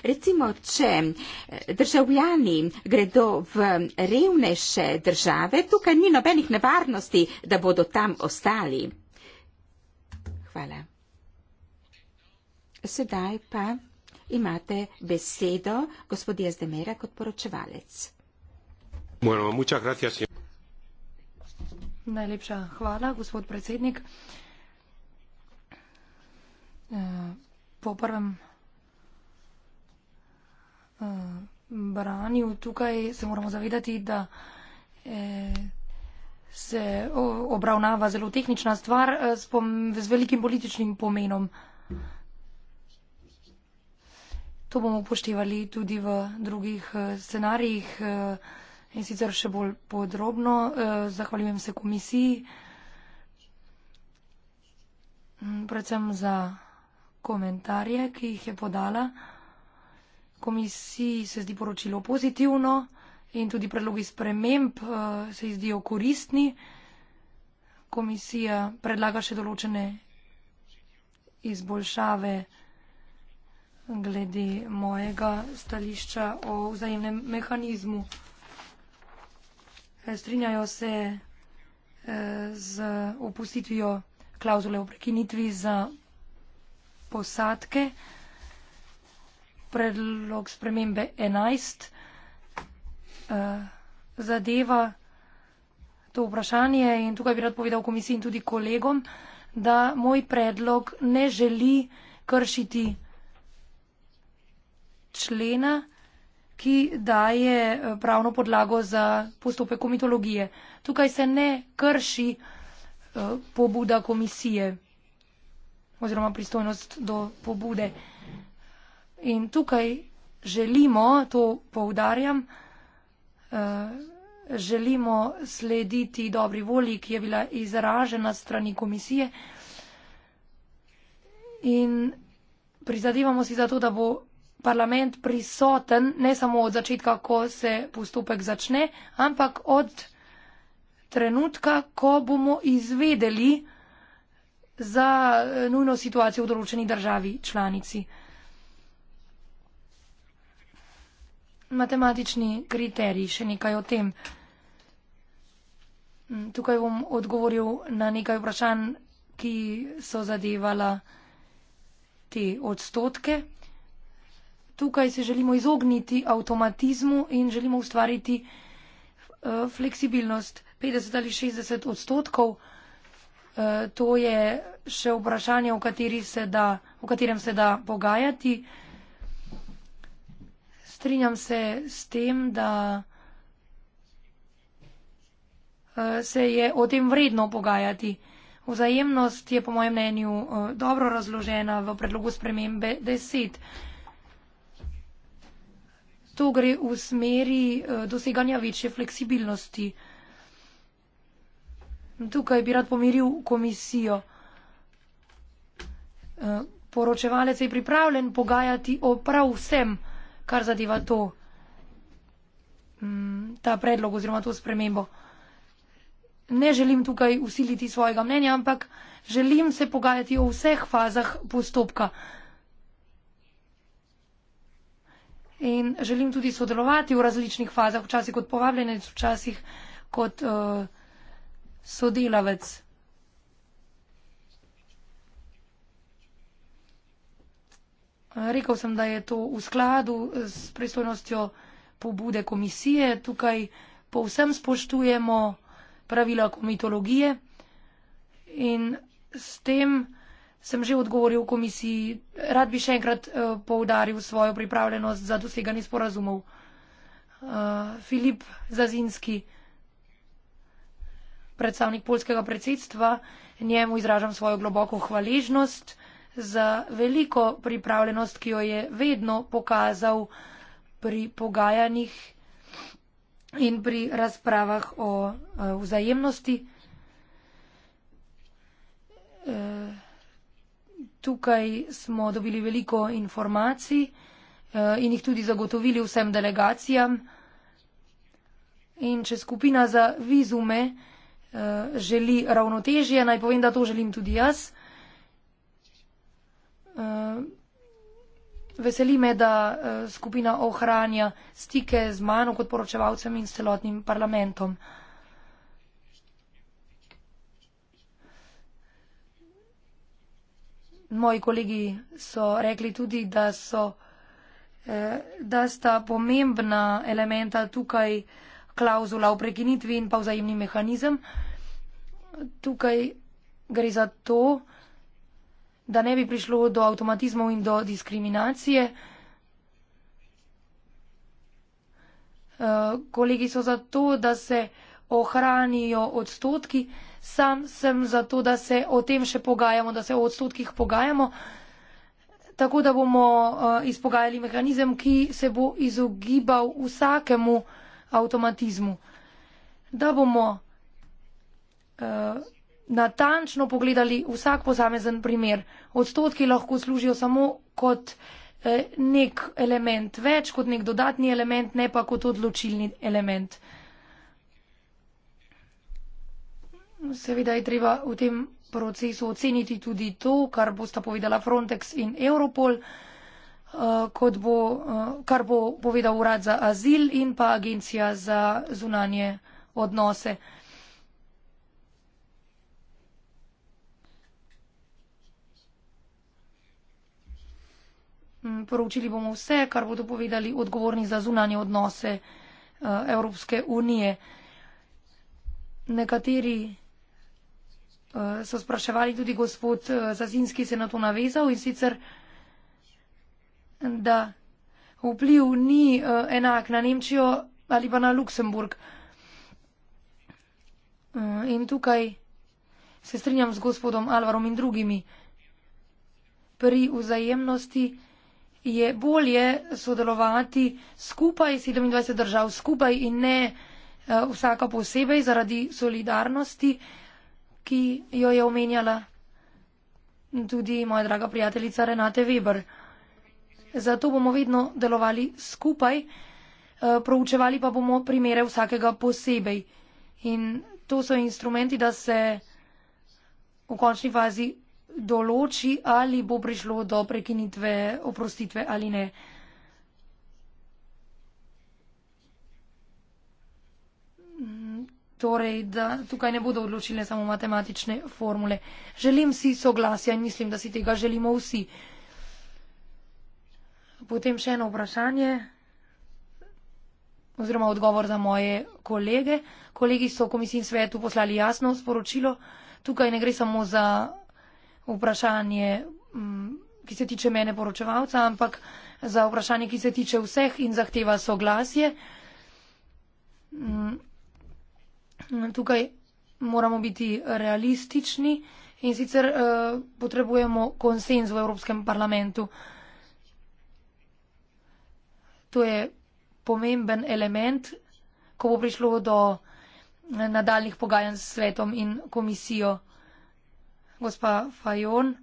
Recimo, če eh, državljani gredo v revnejše države, tukaj ni nobenih nevarnosti, da bodo tam ostali. Hvala. Sedaj pa imate besedo gospod Jazdemera kot poročevalec. Bueno, Najlepša hvala, gospod predsednik. Uh, po prvem uh, branju tukaj se moramo zavedati, da eh, se obravnava zelo tehnična stvar eh, s, pom, z velikim političnim pomenom. To bomo upoštevali tudi v drugih eh, scenarijih eh, in sicer še bolj podrobno. Eh, zahvaljujem se komisiji. Predvsem za komentarje, ki jih je podala. Komisiji se zdi poročilo pozitivno in tudi predlogi sprememb uh, se zdijo koristni. Komisija predlaga še določene izboljšave glede mojega stališča o vzajemnem mehanizmu. Eh, strinjajo se eh, z opustitvijo klauzule o prekinitvi za posadke, predlog spremembe 11, eh, zadeva to vprašanje in tukaj bi rad povedal komisiji in tudi kolegom, da moj predlog ne želi kršiti člena, ki daje eh, pravno podlago za postopek komitologije. Tukaj se ne krši eh, pobuda komisije oziroma pristojnost do pobude. In tukaj želimo, to poudarjam, eh, želimo slediti dobri volji, ki je bila izražena strani komisije in prizadevamo si za to, da bo parlament prisoten ne samo od začetka, ko se postopek začne, ampak od trenutka, ko bomo izvedeli, za eh, nujno situacijo v določeni državi članici. Matematični kriteriji, še nekaj o tem. Mm, tukaj bom odgovoril na nekaj vprašanj, ki so zadevala te odstotke. Tukaj se želimo izogniti avtomatizmu in želimo ustvariti uh, fleksibilnost 50 ali 60 odstotkov. Eh, to je še vprašanje, v, se da, v katerem se da pogajati. Strinjam se s tem, da eh, se je o tem vredno pogajati. Vzajemnost je po mojem mnenju eh, dobro razložena v predlogu spremembe 10. To gre v smeri doseganja večje fleksibilnosti. Tukaj bi rad pomiril komisijo. Eh, poročevalec je pripravljen pogajati o prav vsem, kar zadeva to, mm, ta predlog oziroma to spremembo. Ne želim tukaj usiliti svojega mnenja, ampak želim se pogajati o vseh fazah postopka. In želim tudi sodelovati v različnih fazah, včasih kot povabljenec, včasih kot. Uh, sodelavec. Rekel sem, da je to v skladu s pristojnostjo pobude komisije. Tukaj povsem spoštujemo pravila komitologije in s tem sem že odgovoril komisiji. Rad bi še enkrat eh, poudaril svojo pripravljenost za doseganje sporazumov. Eh, Filip Zazinski predstavnik polskega predsedstva, njemu izražam svojo globoko hvaležnost za veliko pripravljenost, ki jo je vedno pokazal pri pogajanjih in pri razpravah o e, vzajemnosti. E, tukaj smo dobili veliko informacij e, in jih tudi zagotovili vsem delegacijam. In če skupina za vizume Eh, želi ravnotežje, naj povem, da to želim tudi jaz. Eh, veseli me, da eh, skupina ohranja stike z mano kot poročevalcem in celotnim parlamentom. Moji kolegi so rekli tudi, da, so, da sta pomembna elementa tukaj klauzula o prekinitvi in pa vzajemni mehanizem. Tukaj gre za to, da ne bi prišlo do avtomatizmov in do diskriminacije. Eh, kolegi so zato, da se ohranijo odstotki. Sam sem zato, da se o tem še pogajamo, da se o odstotkih pogajamo, tako da bomo uh, izpogajali mehanizem, ki se bo izogibal vsakemu uh, avtomatizmu. Da bomo uh, natančno pogledali vsak posamezen primer. Odstotki lahko služijo samo kot uh, nek element, več kot nek dodatni element, ne pa kot odločilni element. Seveda je treba v tem procesu oceniti tudi to, kar bosta povedala Frontex in Europol. Uh, Eh, kot bo, eh, kar bo povedal Urad za azil in pa Agencija za zunanje odnose. Mm, poročili bomo vse, kar bodo povedali odgovorni za zunanje odnose eh, Evropske unije. Nekateri so spraševali, tudi gospod Zazinski se na to navezal in sicer da vpliv ni uh, enak na Nemčijo ali pa na Luksemburg. Uh, in tukaj se strinjam z gospodom Alvarom in drugimi. Pri vzajemnosti je bolje sodelovati skupaj 27 držav, skupaj in ne uh, vsaka posebej zaradi solidarnosti, ki jo je omenjala tudi moja draga prijateljica Renate Weber zato bomo vedno delovali skupaj, eh, proučevali pa bomo primere vsakega posebej. In to so instrumenti, da se v končni fazi določi, ali bo prišlo do prekinitve oprostitve ali ne. Torej, da tukaj ne bodo odločile samo matematične formule. Želim si soglasja in mislim, da si tega želimo vsi. Potem še eno vprašanje oziroma odgovor za moje kolege. Kolegi so v komisiji svetu poslali jasno sporočilo. Tukaj ne gre samo za vprašanje, mm, ki se tiče mene poročevalca, ampak za vprašanje, ki se tiče vseh in zahteva soglasje. Mm, tukaj moramo biti realistični in sicer eh, potrebujemo konsens v Evropskem parlamentu. Eh, To je pomemben element, ko bo prišlo do nadaljnih pogajanj s svetom in komisijo. Gospa Fajon,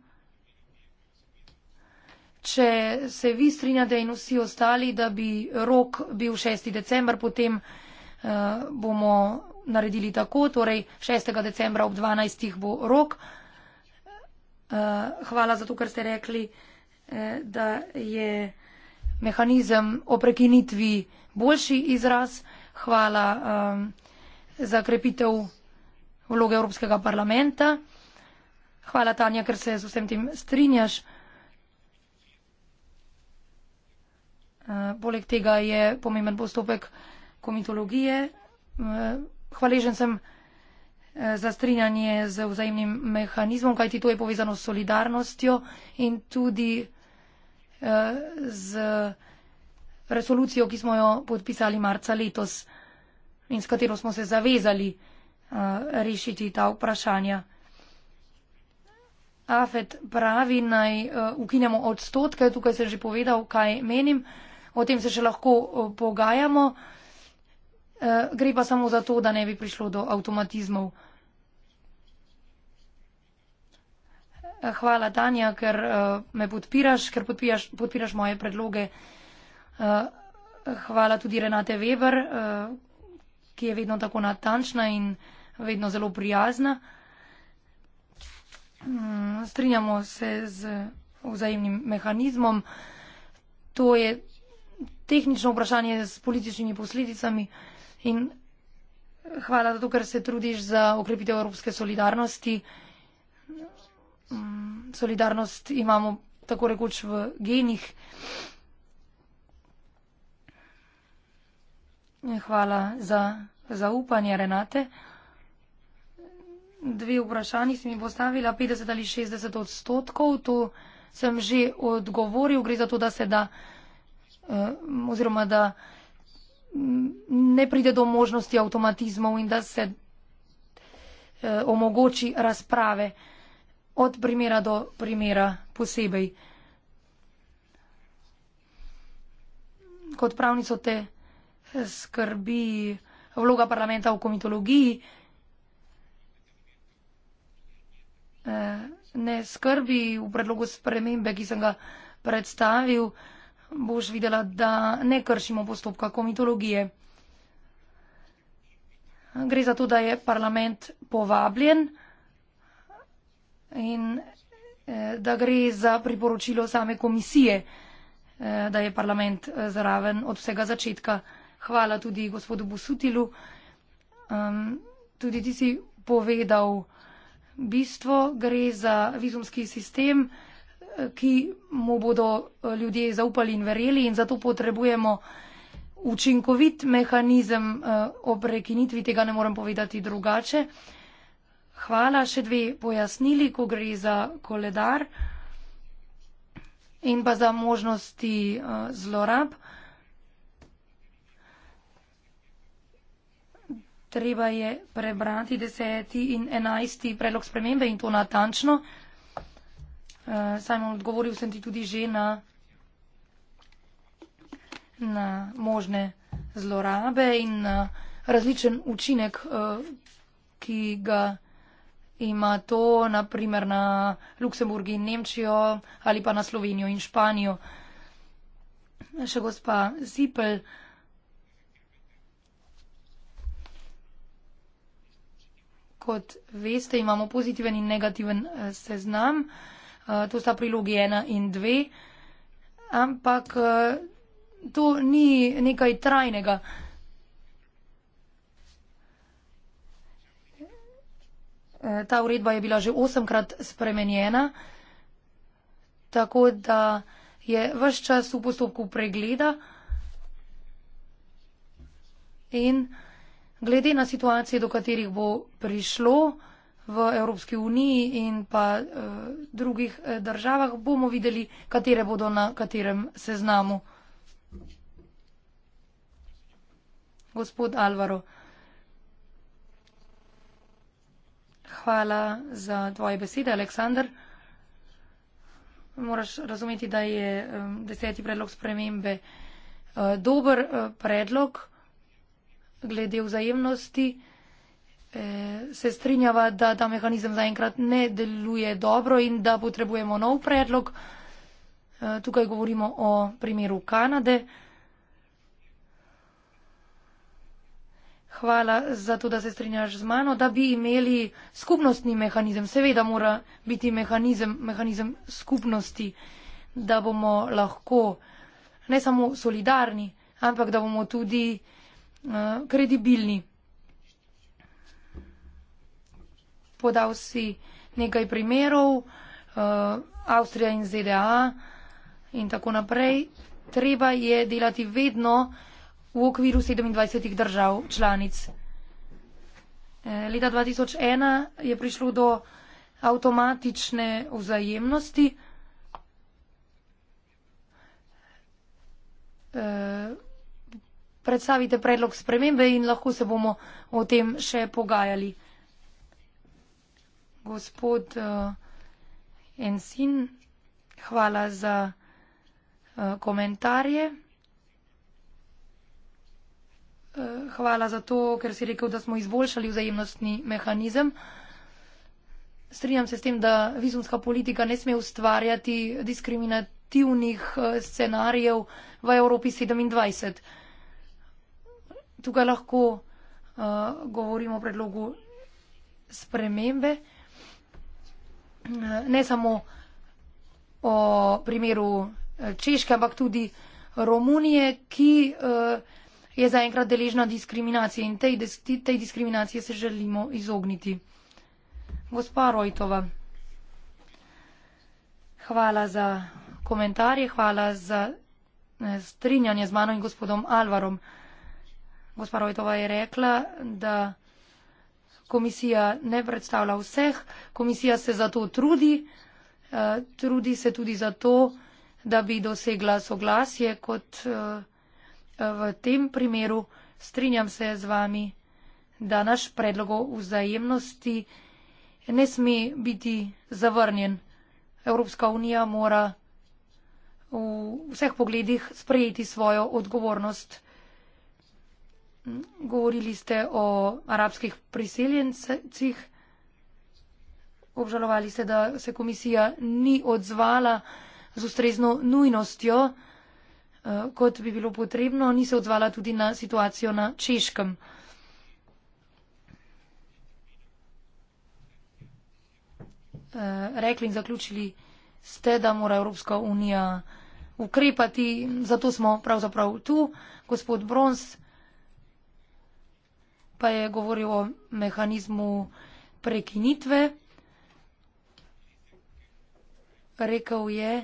če se vi strinjate in vsi ostali, da bi rok bil 6. decembar, potem uh, bomo naredili tako, torej 6. decembra ob 12. bo rok. Uh, hvala za to, kar ste rekli, eh, da je mehanizem o prekinitvi boljši izraz. Hvala um, za krepitev vloge Evropskega parlamenta. Hvala, Tanja, ker se z vsem tem strinjaš. Uh, poleg tega je pomemben postopek komitologije. Uh, hvaležen sem uh, za strinjanje z vzajemnim mehanizmom, kajti to je povezano s solidarnostjo in tudi z resolucijo, ki smo jo podpisali marca letos in s katero smo se zavezali eh, rešiti ta vprašanja. Afet pravi, naj eh, ukinemo odstotke, tukaj sem že povedal, kaj menim, o tem se še lahko eh, pogajamo, gre pa samo za to, da ne bi prišlo do avtomatizmov. Hvala, Tanja, ker uh, me podpiraš, ker podpiraš, podpiraš moje predloge. Uh, hvala tudi Renate Weber, uh, ki je vedno tako natančna in vedno zelo prijazna. Um, strinjamo se z vzajemnim mehanizmom. To je tehnično vprašanje s političnimi posledicami in hvala zato, ker se trudiš za okrepitev evropske solidarnosti mm, solidarnost imamo tako rekoč v genih. Hvala za zaupanje, Renate. Dve vprašanji si mi postavila, 50 ali 60 odstotkov, to sem že odgovoril, gre za to, da se da, eh, oziroma da mm, ne pride do možnosti avtomatizmov in da se eh, omogoči razprave od primera do primera posebej. Kot pravnico te skrbi vloga parlamenta v komitologiji. Eh, ne skrbi v predlogu spremembe, ki sem ga predstavil, boš videla, da ne kršimo postopka komitologije. Gre za to, da je parlament povabljen in eh, da gre za priporočilo same komisije, eh, da je parlament eh, zraven od vsega začetka. Hvala tudi gospodu Busutilu. Um, tudi ti si povedal bistvo, gre za vizumski sistem, eh, ki mu bodo eh, ljudje zaupali in verjeli in zato potrebujemo učinkovit mehanizem eh, o prekinitvi, tega ne morem povedati drugače. Eh, Hvala. Še dve pojasnili, ko gre za koledar in pa za možnosti uh, zlorab. Treba je prebrati deseti in enajsti predlog spremembe in to natančno. Uh, eh, Samo odgovoril sem ti tudi že na, na možne zlorabe in na različen učinek, uh, ki ga ima to naprimer na Luksemburg in Nemčijo ali pa na Slovenijo in Španijo. Še gospa Zipel. Kot veste, imamo pozitiven in negativen eh, seznam. Eh, to sta prilogi ena in dve. Ampak eh, to ni nekaj trajnega. Ta uredba je bila že osemkrat spremenjena, tako da je vse čas v postopku pregleda. In glede na situacije, do katerih bo prišlo v Evropski uniji in pa eh, drugih eh, državah, bomo videli, katere bodo na katerem seznamu. Gospod Alvaro. Hvala za tvoje besede, Aleksandr. Moraš razumeti, da je um, deseti predlog spremembe uh, dober uh, predlog glede vzajemnosti. Eh, se strinjava, da ta mehanizem zaenkrat ne deluje dobro in da potrebujemo nov predlog. Eh, tukaj govorimo o primeru Kanade. Hvala za to, da se strinjaš z mano, da bi imeli skupnostni mehanizem. Seveda mora biti mehanizem, mehanizem skupnosti, da bomo lahko ne samo solidarni, ampak da bomo tudi uh, kredibilni. Podal si nekaj primerov, uh, Avstrija in ZDA in tako naprej. Treba je delati vedno v okviru 27 držav članic. Eh, leta 2001 je prišlo do avtomatične vzajemnosti. Eh, predstavite predlog spremembe in lahko se bomo o tem še pogajali. Gospod uh, Ensin, hvala za uh, komentarje. Eh, hvala za to, ker si rekel, da smo izboljšali vzajemnostni mehanizem. Strinjam se s tem, da vizumska politika ne sme ustvarjati diskriminativnih eh, scenarijev v Evropi 27. Tukaj lahko uh, govorimo o predlogu spremembe, ne samo o primeru Češke, ampak tudi Romunije, ki. Uh, je zaenkrat deležna diskriminacije in tej, tej diskriminaciji se želimo izogniti. Gospa Rojtova, hvala za komentarje, hvala za eh, strinjanje z mano in gospodom Alvarom. Gospa Rojtova je rekla, da komisija ne predstavlja vseh, komisija se zato trudi, eh, trudi se tudi zato, da bi dosegla soglasje kot. Eh, v tem primeru strinjam se z vami, da naš predlog o vzajemnosti ne sme biti zavrnjen. Evropska unija mora v vseh pogledih sprejeti svojo odgovornost. Govorili ste o arabskih priseljencih. Obžalovali ste, da se komisija ni odzvala z ustrezno nujnostjo. Eh, kot bi bilo potrebno, ni se odzvala tudi na situacijo na Češkem. Eh, rekli in zaključili ste, da mora Evropska unija ukrepati, zato smo pravzaprav tu. Gospod Brons pa je govoril o mehanizmu prekinitve. Rekel je,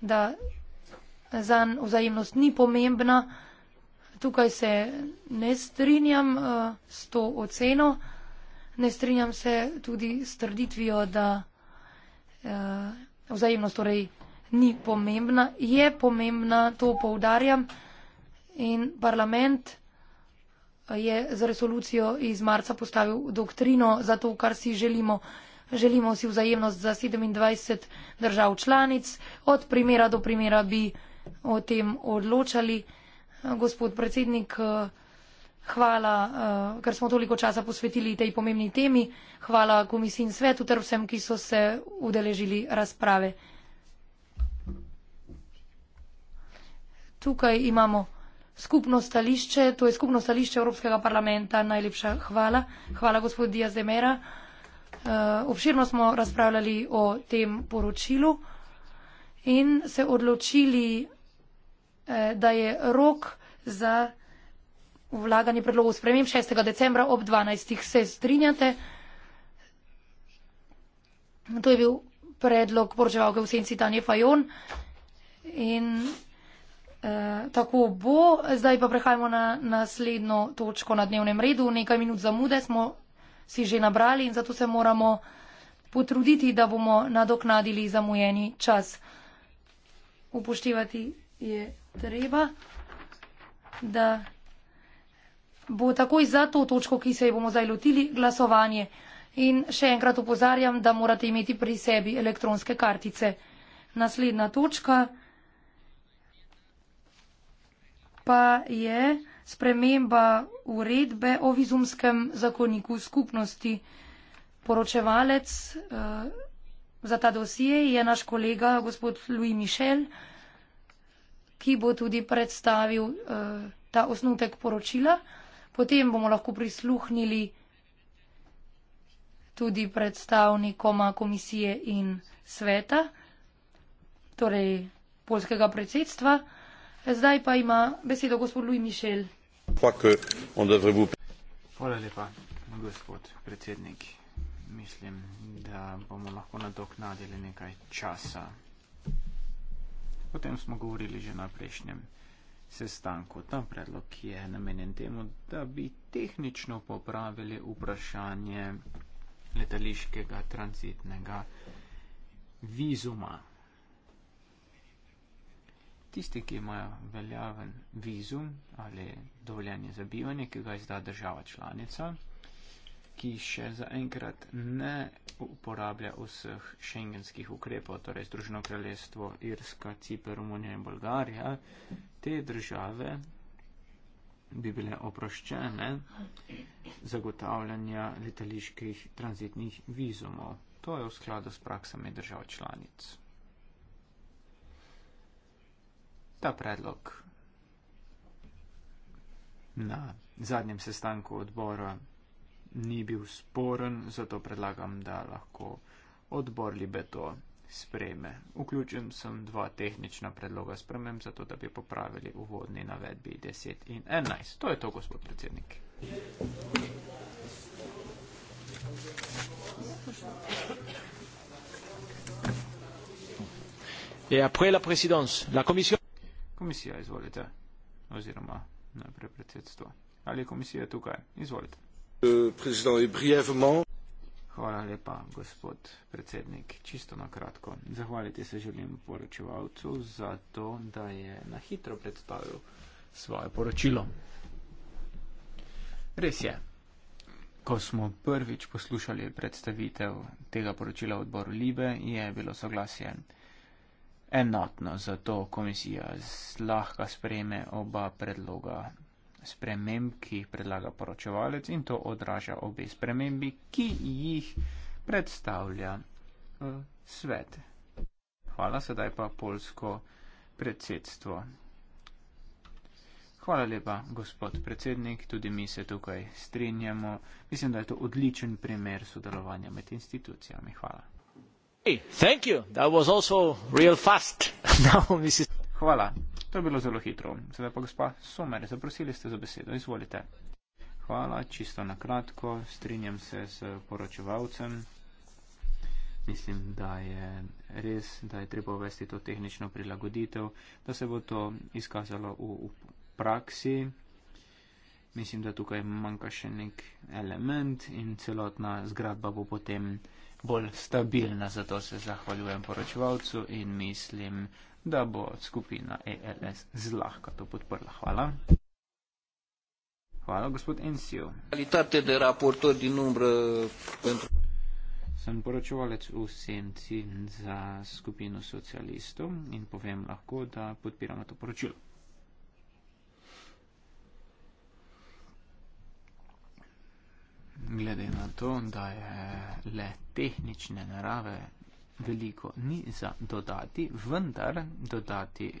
da za njo vzajemnost ni pomembna. Tukaj se ne strinjam uh, s to oceno, ne strinjam se tudi s trditvijo, da uh, vzajemnost torej ni pomembna. Je pomembna, to poudarjam. In parlament je z resolucijo iz marca postavil doktrino za to, kar si želimo. Želimo si vzajemnost za 27 držav članic. Od primera do primera bi o tem odločali. Eh, gospod predsednik, eh, hvala, eh, ker smo toliko časa posvetili tej pomembni temi. Hvala komisiji in svetu ter vsem, ki so se udeležili razprave. Tukaj imamo skupno stališče, to je skupno stališče Evropskega parlamenta. Najlepša hvala. Hvala, gospod Diaz de Mera. Uh, obširno smo razpravljali o tem poročilu in se odločili, eh, da je rok za vlaganje predlogov sprememb 6. decembra ob 12. se strinjate. To je bil predlog poročevalke v senci Tanje Fajon in eh, tako bo. Zdaj pa prehajamo na naslednjo točko na dnevnem redu. Nekaj minut zamude smo si že nabrali in zato se moramo potruditi, da bomo nadoknadili zamujeni čas upoštevati je treba, da bo takoj za to točko, ki se jo bomo zdaj lotili, glasovanje. In še enkrat upozarjam, da morate imeti pri sebi elektronske kartice. Naslednja točka pa je sprememba uredbe o vizumskem zakoniku skupnosti. Poročevalec. Uh, za ta dosije je naš kolega gospod Louis Michel, ki bo tudi predstavil uh, ta osnutek poročila. Potem bomo lahko prisluhnili tudi predstavnikoma komisije in sveta, torej polskega predsedstva. Zdaj pa ima besedo gospod Louis Michel. Hvala lepa, gospod predsednik mislim, da bomo lahko nadoknadili nekaj časa. Potem smo govorili že na prejšnjem sestanku. Ta predlog je namenjen temu, da bi tehnično popravili vprašanje letališkega transitnega vizuma. Tisti, ki imajo veljaven vizum ali dovoljenje za bivanje, ki ga izda država članica, ki še zaenkrat ne uporablja vseh šengenskih ukrepov, torej Združeno kraljestvo, Irska, Cipr, Romunija in Bolgarija, te države bi bile oproščene zagotavljanja letaliških tranzitnih vizumov. To je v skladu s praksami držav članic. Ta predlog na zadnjem sestanku odbora ni bil sporen, zato predlagam, da lahko odbor Libeto spreme. Vključen sem dva tehnična predloga spremem, zato da bi popravili uvodni navedbi 10 in 11. To je to, gospod predsednik. Komisija, izvolite. Oziroma, najprej predsedstvo. Ali komisija je tukaj? Izvolite. Euh, predsednik, je brevement. Hvala lepa, gospod predsednik. Čisto na kratko. Zahvaliti se želim poročevalcu za to, da je na hitro predstavil svoje poročilo. Res je. Ko smo prvič poslušali predstavitev tega poročila odboru Libe, je bilo soglasje enotno, zato komisija zlahka sprejme oba predloga sprememb, ki jih predlaga poročevalec in to odraža obe spremembi, ki jih predstavlja eh, svet. Hvala, sedaj pa polsko predsedstvo. Hvala lepa, gospod predsednik, tudi mi se tukaj strinjamo. Mislim, da je to odličen primer sodelovanja med institucijami. Hvala. Hey, thank you. That was also real fast. Now, Mrs. Hvala. To je bilo zelo hitro. Sedaj pa gospa Somer, zaprosili ste za besedo. Izvolite. Hvala, čisto na kratko. Strinjam se s poročevalcem. Mislim, da je res, da je treba uvesti to tehnično prilagoditev, da se bo to izkazalo v, v praksi. Mislim, da tukaj manjka še nek element in celotna zgradba bo potem bolj stabilna. Zato se zahvaljujem poročevalcu in mislim, da bo skupina ALS e zlahka to podprla. Hvala. Hvala, gospod Ensio. Sem poročevalec v senci za skupino socialistov in povem lahko, da podpiramo to poročilo. Glede na to, da je le tehnične narave veliko ni za dodati, vendar dodati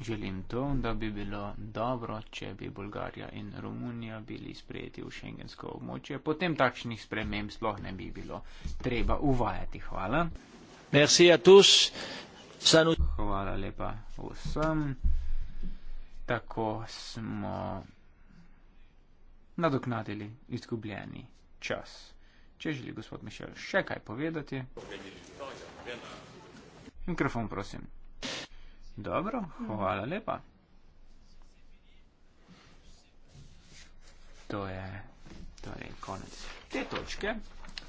želim to, da bi bilo dobro, če bi Bolgarija in Romunija bili sprejeti v šengensko območje. Potem takšnih sprememb sploh ne bi bilo treba uvajati. Hvala. Hvala lepa vsem. Tako smo nadoknadili izgubljeni čas. Če želi gospod Mišel še kaj povedati. Okay. Mikrofon, prosim. Dobro, hvala lepa. To je torej konec te točke.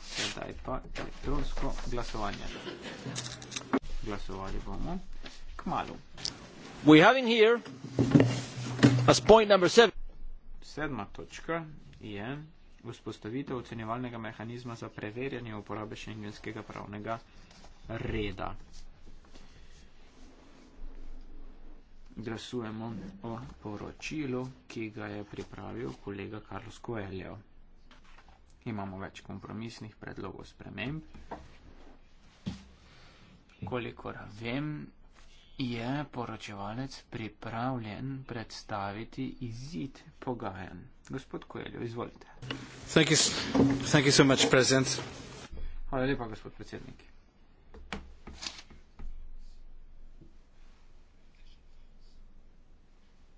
Sedaj pa elektronsko glasovanje. Glasovali bomo k malu. Sedma točka je vzpostavitev ocenjevalnega mehanizma za preverjanje uporabe šengenskega pravnega reda. Glasujemo o poročilu, ki ga je pripravil kolega Carlos Coelho. Imamo več kompromisnih predlogov sprememb. Kolikor vem, je poročevalec pripravljen predstaviti izid pogajanj. Gospod Coelho, izvolite. Thank you, thank you so much, Hvala lepa, gospod predsednik.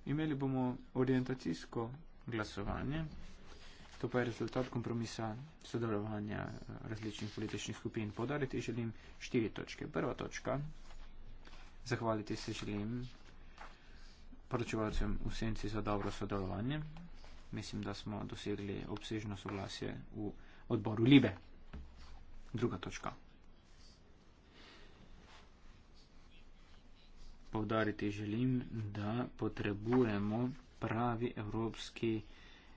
Imeli bomo orientacijsko glasovanje, to pa je rezultat kompromisa sodelovanja eh, različnih političnih skupin. Podariti želim štiri točke. Prva točka, zahvaliti se želim poročevalcem v senci za dobro sodelovanje. Mislim, da smo dosegli obsežno soglasje v odboru Libe. Druga točka. povdariti želim, da potrebujemo pravi evropski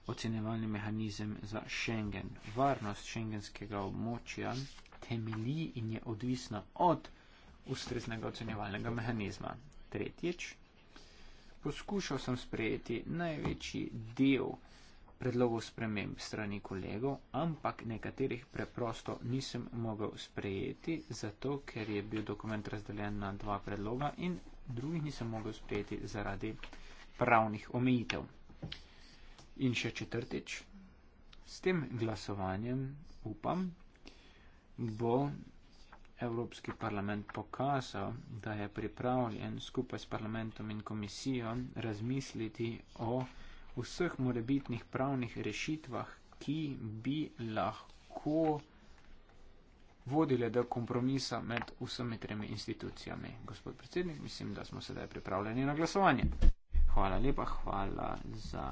ocenevalni mehanizem za Schengen. Varnost šengenskega območja temelji in je odvisna od ustreznega ocenevalnega mehanizma. Tretjič, poskušal sem sprejeti največji del predlogov sprememb strani kolegov, ampak nekaterih preprosto nisem mogel sprejeti, zato ker je bil dokument razdeljen na dva predloga in drugih nisem mogel sprejeti zaradi pravnih omejitev. In še četrtič, s tem glasovanjem upam, bo Evropski parlament pokazal, da je pripravljen skupaj s parlamentom in komisijo razmisliti o vseh morebitnih pravnih rešitvah, ki bi lahko vodile do kompromisa med vsemi tremi institucijami. Gospod predsednik, mislim, da smo sedaj pripravljeni na glasovanje. Hvala lepa, hvala za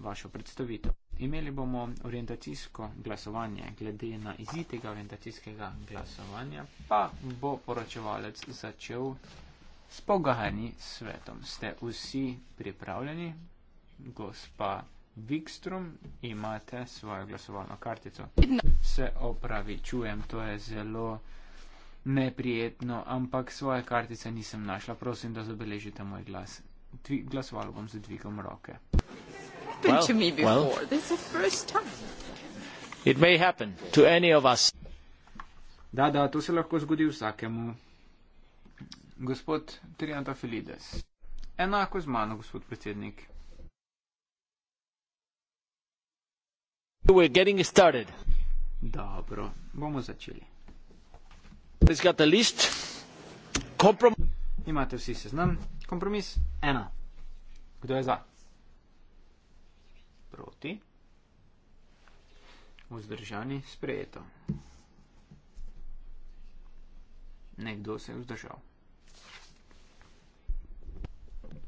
vašo predstavitev. Imeli bomo orientacijsko glasovanje glede na izitega orientacijskega glasovanja, pa bo poročevalec začel s pogajanji svetom. Ste vsi pripravljeni? Gospa Vikstrom imate svojo glasovalno kartico. Se opravičujem, to je zelo neprijetno, ampak svoje kartice nisem našla. Prosim, da zabeležite moj glas. Dvi glasoval bom z dvigom roke. Well, well. Da, da, to se lahko zgodi vsakemu. Gospod Trianta Felides. Enako z mano, gospod predsednik. We're getting started. Dobro, bomo začeli. He's got the list. Komprom Imate vsi seznam. Kompromis ena. Kdo je za? Proti. Vzdržani, sprejeto. Nekdo se je vzdržal.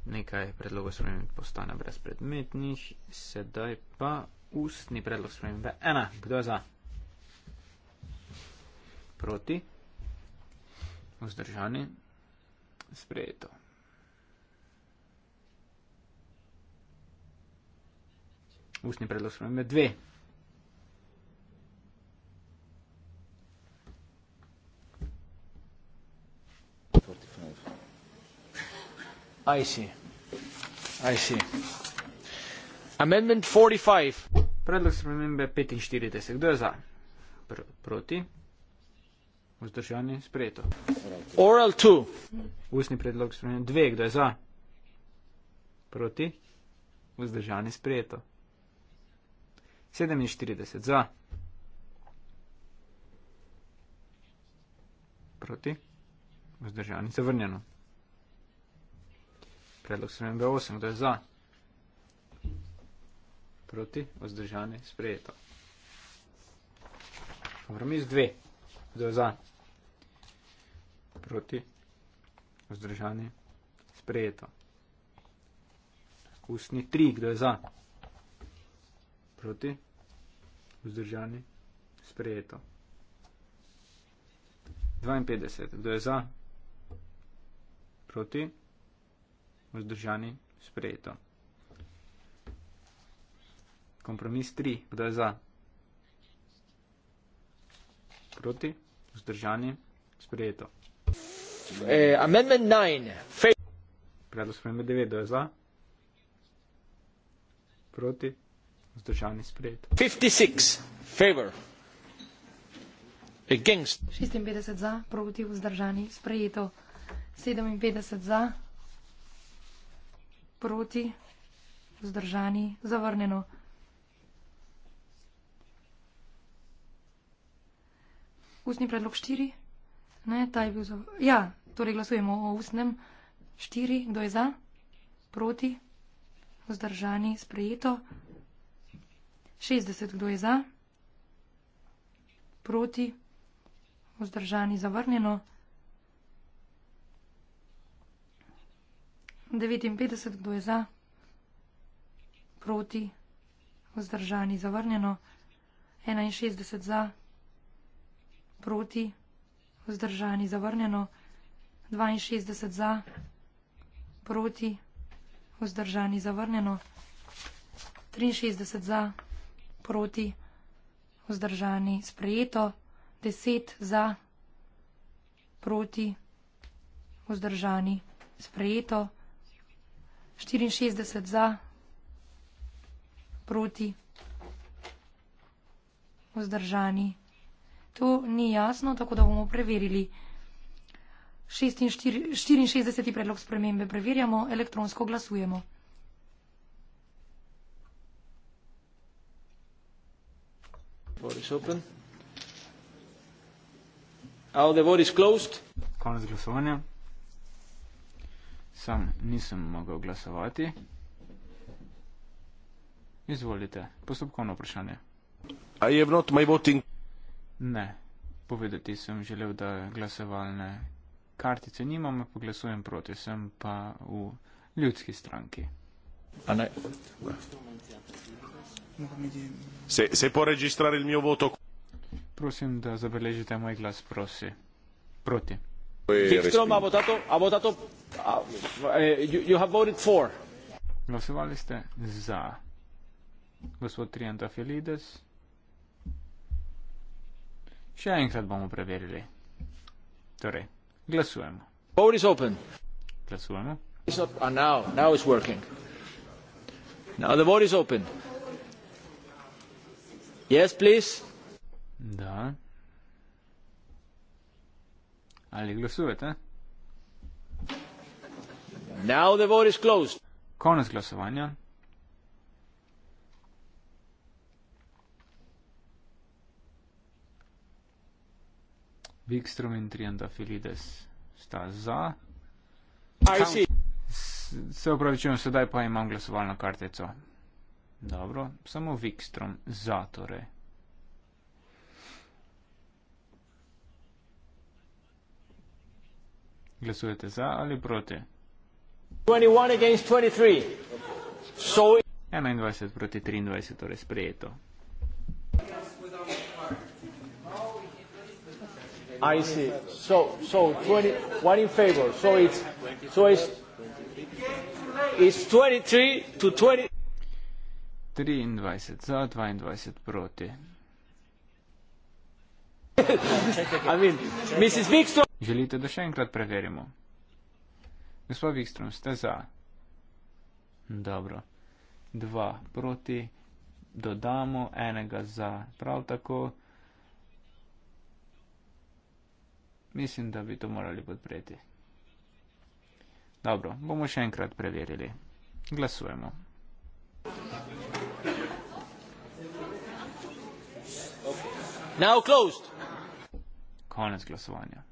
Nekaj predlogov spremenb postane brezpredmetnih, sedaj pa ustni predlog spremembe. Ena, kdo je za? Proti? Vzdržani? Sprejeto. Ustni predlog spremembe. Dve. I see. I see. Amendment 45. Predlog spremembe 45. Kdo je za? Pr proti. Vzdržanje sprejeto. Oral 2. Ustni predlog spremembe 2. Kdo je za? Proti. Vzdržanje sprejeto. 47. Za. Proti. Vzdržanje zavrnjeno. Predlog spremembe 8. Kdo je za? proti, vzdržani, sprejeto. Kompromis dve, kdo je za, proti, vzdržani, sprejeto. Ustni tri, kdo je za, proti, vzdržani, sprejeto. 52, kdo je za, proti, vzdržani, sprejeto. Kompromis 3. Kdo je za? Proti? Vzdržani? Sprejeto. Eh, amendment 9. Predlog spremembe 9. Kdo je za? Proti? Vzdržani? Sprejeto. 56. Favor. Against. 56 za, proti vzdržani, sprejeto. 57 za, proti vzdržani, zavrnjeno. ustni predlog štiri, ne, ta je bil za. Ja, torej glasujemo o ustnem štiri, kdo je za, proti, vzdržani, sprejeto. 60, kdo je za, proti, vzdržani, zavrnjeno. 59, kdo je za, proti, vzdržani, zavrnjeno. 61 za proti, vzdržani, zavrnjeno, 62 za, proti, vzdržani, zavrnjeno, 63 za, proti, vzdržani, sprejeto, 10 za, proti, vzdržani, sprejeto, 64 za, proti, vzdržani, sprejeto. To ni jasno, tako da bomo preverili. 64. predlog spremembe preverjamo, elektronsko glasujemo. Konec glasovanja. Sam nisem mogel glasovati. Izvolite, postopkovno vprašanje. Ali je vnot moj voting? Ne, povedati sem želel, da glasovalne kartice nimam, pa glasujem proti, sem pa v ljudski stranki. Se, se poregistrare il mio voto. Prosim, da zabeležite moj glas prosi. proti. Hickstrom ha votato, ha votato, uh, you, you have voted for. Glasovali ste za gospod Triantafilides. Še enkrat bomo preverili. Torej, glasujemo. Vote is open. Glasujemo. It's up, and ah, now, now it's working. Now the vote is open. Yes, please. Da. Ali glasujete? Now the vote is closed. Konec glasovanja. Vikstrom in Triandafilides sta za. Se upravičujem, sedaj pa imam glasovalno kartico. Dobro, samo Vikstrom za torej. Glasujete za ali proti? 21 proti 23. 21 proti 23, torej sprejeto. I see. So, so 20, one in favor. So it's, so it's, it's 23 to 20. 23 za, 22 proti. I mean, Mrs. Wikstrom. Želite, da še enkrat preverimo? Gospod Wikstrom, ste za? Dobro. Dva proti. Dodamo enega za prav tako. mislim, da bi to morali podpreti. Dobro, bomo še enkrat preverili. Glasujemo. Now closed. Konec glasovanja.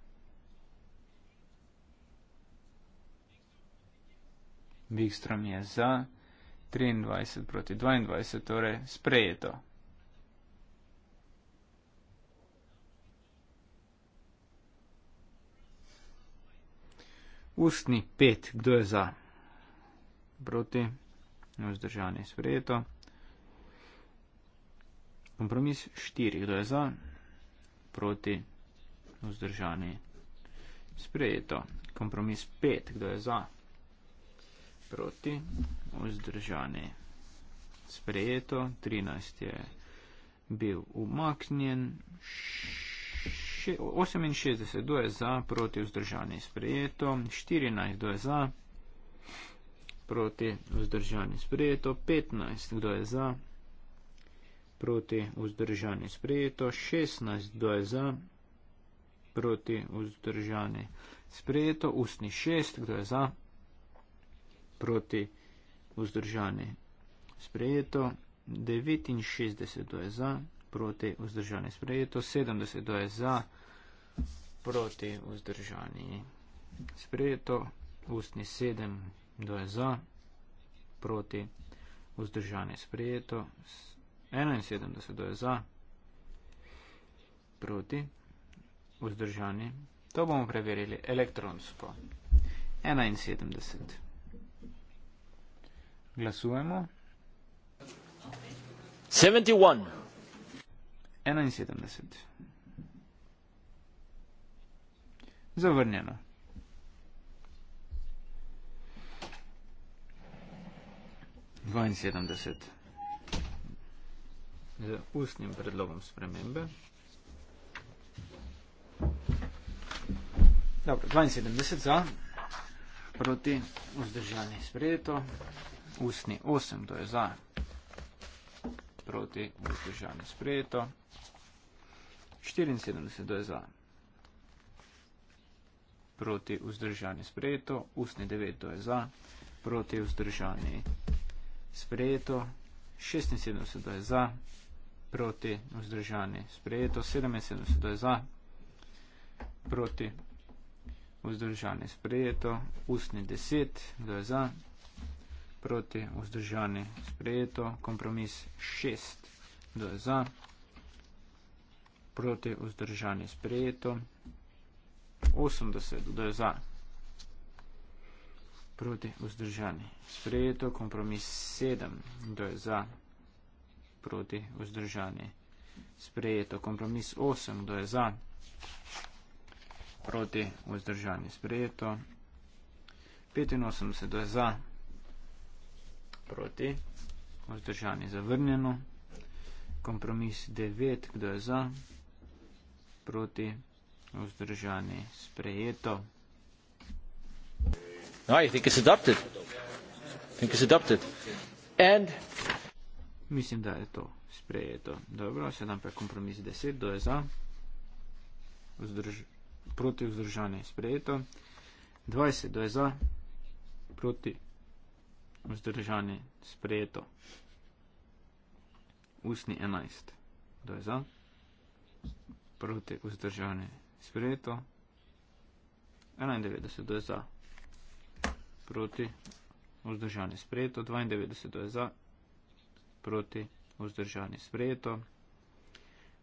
Bigstrom je za 23 proti 22, torej sprejeto. Ustni pet, kdo je za? Proti, vzdržanje sprejeto. Kompromis štiri, kdo je za? Proti, vzdržanje sprejeto. Kompromis pet, kdo je za? Proti, vzdržanje sprejeto. 13 je bil umaknjen. Š 68, kdo je za, proti vzdržani sprejeto, 14, kdo je za, proti vzdržani sprejeto, 15, kdo je za, proti vzdržani sprejeto, 16, kdo je za, proti vzdržani sprejeto, ustni 6, kdo je za, proti vzdržani sprejeto, 69, kdo je za proti vzdržani. Sprejeto 70, to je za, proti vzdržani. Sprejeto ustni 7, to je za, proti vzdržani. Sprejeto 71, to je za, proti vzdržani. To bomo preverili elektronsko. 71. Glasujemo. 71. 71. Zavrnjeno. Dvainsedemdeset. Z ustnim predlogom spremembe. Dobro, dvainsedemdeset za, proti, vzdržani sprejeto, ustni osem, to je za, proti, vzdržanje sprejeto. 74 je za, proti, vzdržanje sprejeto, ustni 9 je za, proti, vzdržanje sprejeto, 76 je za, proti, vzdržanje sprejeto, 77 je za, proti, vzdržanje sprejeto, ustni 10 je za proti, vzdržani sprejeto, kompromis 6, kdo je za, proti, vzdržani sprejeto, 80, kdo je za, proti, vzdržani sprejeto, kompromis 7, kdo je za, proti, vzdržani sprejeto, kompromis 8, kdo je za, proti, vzdržani sprejeto, 85, kdo je za, proti, vzdržani zavrnjeno, kompromis 9, kdo je za, proti, vzdržani sprejeto. No, Mislim, da je to sprejeto. Dobro, sedaj pa je kompromis 10, kdo je za, vzdrž, proti, vzdržani sprejeto, 20, kdo je za, proti vzdržani, sprejeto. Usni 11. Kdo je za? Proti vzdržani, sprejeto. 91. Kdo je za? Proti vzdržani, sprejeto. 92. Kdo je za? Proti vzdržani, sprejeto.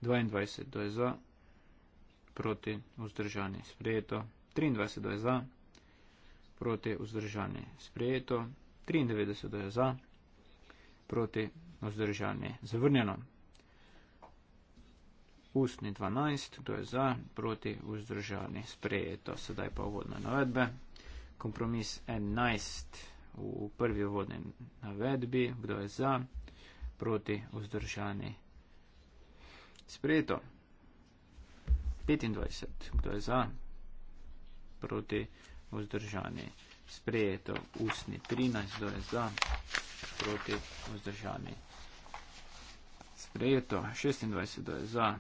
22. Kdo je za? Proti vzdržani, sprejeto. 23. Kdo je za? Proti vzdržani, sprejeto. 93 je za, proti vzdržanje zavrnjeno. Ustni 12, kdo je za, proti vzdržanje sprejeto. Sedaj pa uvodne navedbe. Kompromis 11 v prvi uvodni navedbi, kdo je za, proti vzdržanje sprejeto. 25, kdo je za, proti vzdržanje sprejeto sprejeto ustni 13, to je za, proti vzdržani. Sprejeto 26, to je za,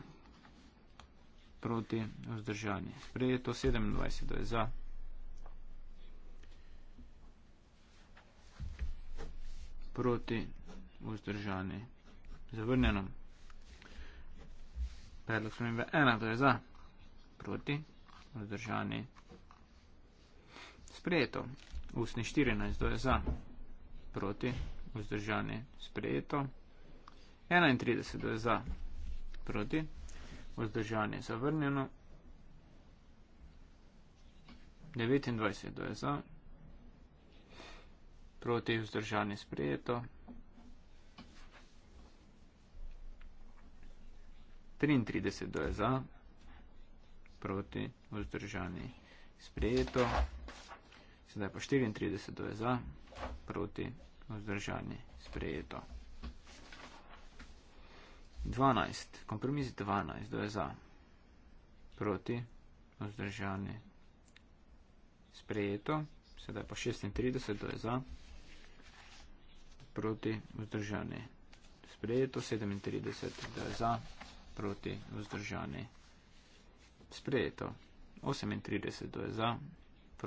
proti vzdržani. Sprejeto 27, to je za. proti vzdržani. Zavrnjeno. Predlog smo imeli ena, to je za. Proti vzdržani sprejeto. Ustni 14, to je za, proti, vzdržani, sprejeto. 31, to je za, proti, vzdržani, zavrnjeno. 29, to je za, proti, vzdržani, sprejeto. 33, to je za, proti, vzdržani, sprejeto sedaj pa 34 je za, proti vzdržanje sprejeto. 12, kompromis 12 je za, proti vzdržanje sprejeto, sedaj pa 36 je za, proti vzdržanje sprejeto, 37 je za, proti vzdržanje sprejeto, 38 je za, proti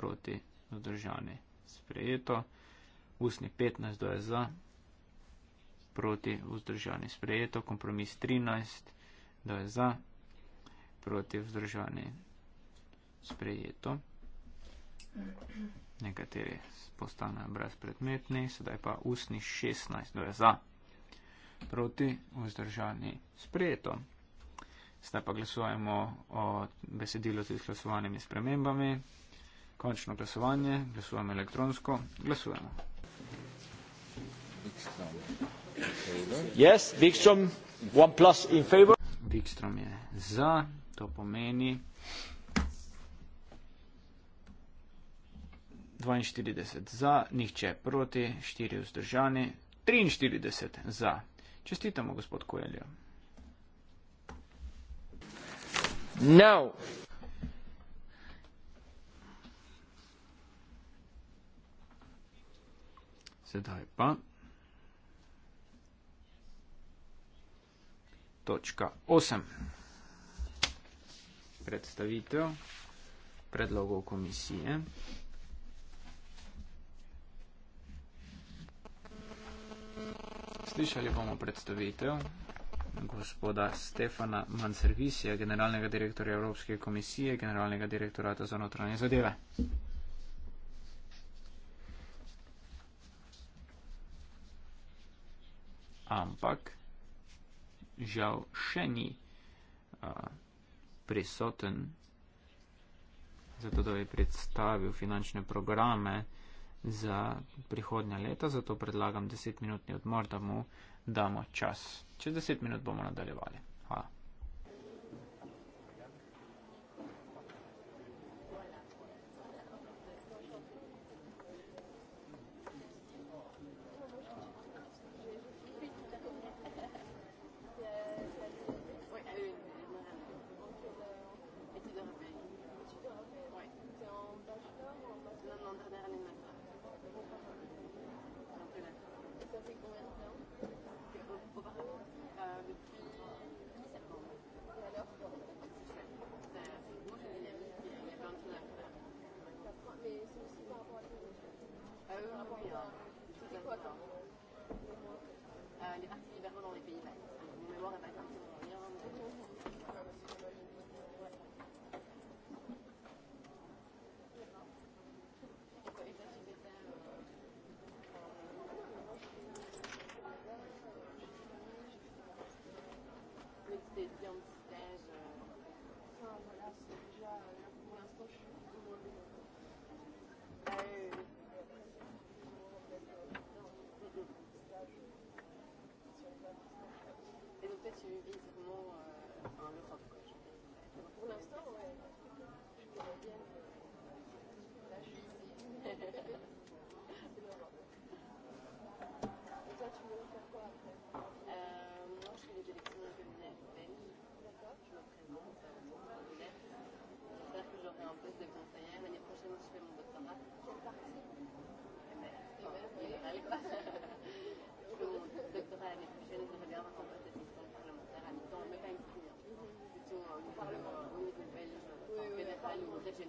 vzdržanje sprejeto zadržani. Sprejeto. Usni 15, kdo je za, proti vzdržani. Sprejeto. Kompromis 13, kdo je za, proti vzdržani. Sprejeto. Nekateri postanejo brezpredmetni, sedaj pa usni 16, kdo je za, proti vzdržani. Sprejeto. Sedaj pa glasujemo o besedilu z izglasovanimi spremembami končno glasovanje, glasujemo elektronsko, glasujemo. Yes, Wikstrom, one plus in favor. Wikstrom je za, to pomeni 42 za, nihče proti, 4 vzdržani, 43 za. Čestitamo, gospod Koeljo. Now, Sedaj pa. Točka 8. Predstavitev predlogov komisije. Slišali bomo predstavitev gospoda Stefana Manservisija, generalnega direktorja Evropske komisije, generalnega direktorata za notranje zadeve. ampak žal še ni uh, prisoten zato, da bi predstavil finančne programe za prihodnja leta, zato predlagam desetminutni odmor, da mu damo čas. Čez deset minut bomo nadaljevali. Hvala.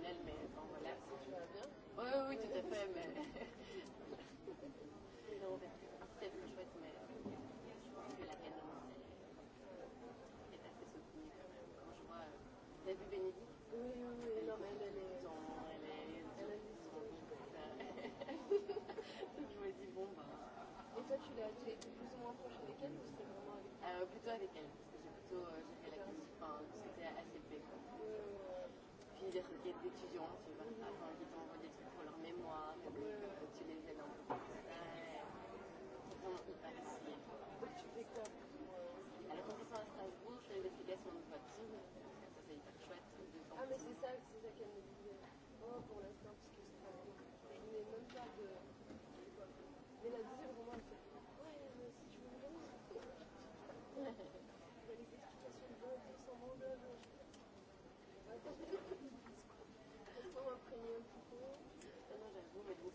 personnel, mais bon, voilà. Si tu vas bien. Oui, oui, oui, tout à fait, mais. C'est très chouette, mais. Euh, je pense que la peine est assez soutenue quand même. Quand je vois. Euh... T'as vu Bénédicte Oui, oui, oui, elle, elle, elle est. Dans... Elle est. Elle a vu son Donc je me dis, bon, ben. Et toi, tu l'as été plus ou moins proche avec elle ou c'était vraiment avec elle euh, Plutôt avec elle, parce que j'ai plutôt. Euh, j'ai fait la question. Enfin, c'était assez paix, quoi. Oui, oui me dire qu'il y a des étudiants qui veulent pas, enfin, qui vont envoyer des trucs pour leur mémoire, que tu les aides un peu. Ouais. Ils vont y participer. Donc tu fais quoi À la compétition à Strasbourg, je fais l'investigation de votre team. Ça, c'est hyper chouette. Ah, mais c'est ça, c'est ça qu'elle me dit. Oh, pour l'instant, parce que c'est pas bon. Mais même pas de. Mais la deuxième, pour moi, elle fait. Ouais, mais si tu veux me donner, je vais les explications de vote, sans m'en donner. Thank you.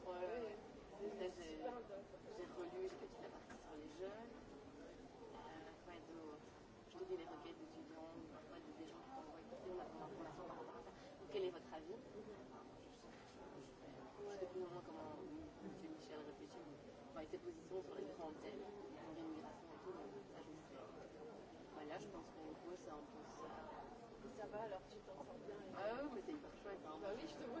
entre euh, j'ai relu ce petit appartement sur les jeunes, euh, de, je lis les requêtes d'étudiants, parfois des gens qui m'envoient écouter, on a besoin d'informations par rapport à ça. Donc, quel est votre avis mhm. enfin, Je ne sais plus vraiment comment M. Euh, Michel réfléchit, enfin, ses positions sur les grands thèmes, la rémigration et tout. Donc, là, je, voilà, je pense qu'on pose un peu ça. Ça va, alors tu t'en sens bien. Ah oui, mais c'est hyper chouette. Hein. Bah oui, je te vois.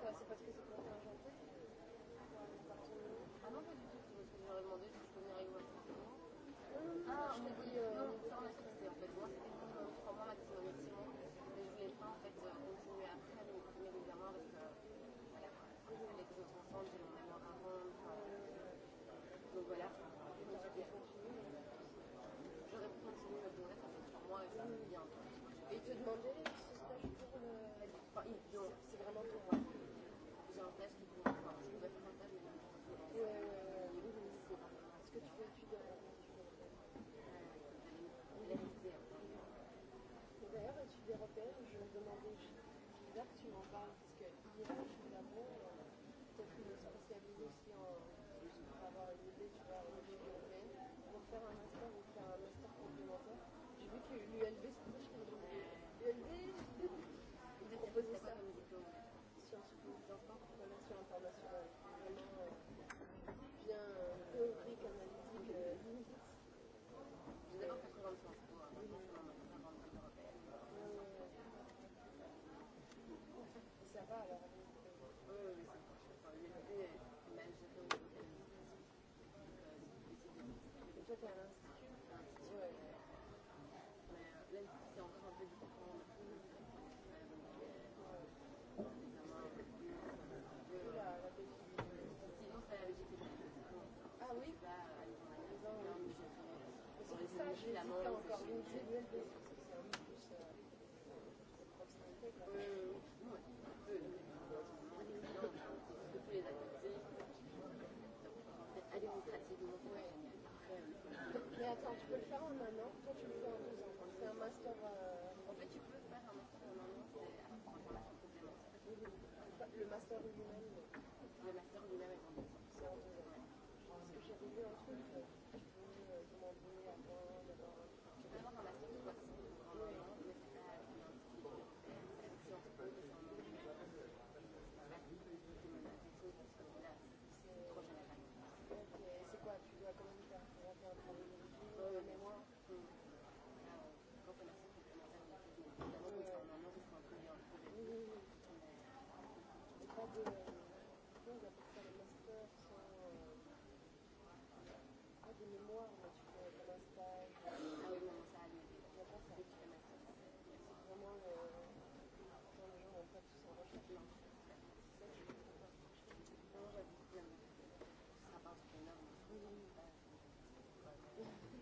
Ah non pas du tout, je me suis demandé si je peux venir avec moi. Euh, ah, je me dis. Mais attends, tu peux le faire en un an Toi, tu le fais en deux ans. C'est un master. Euh...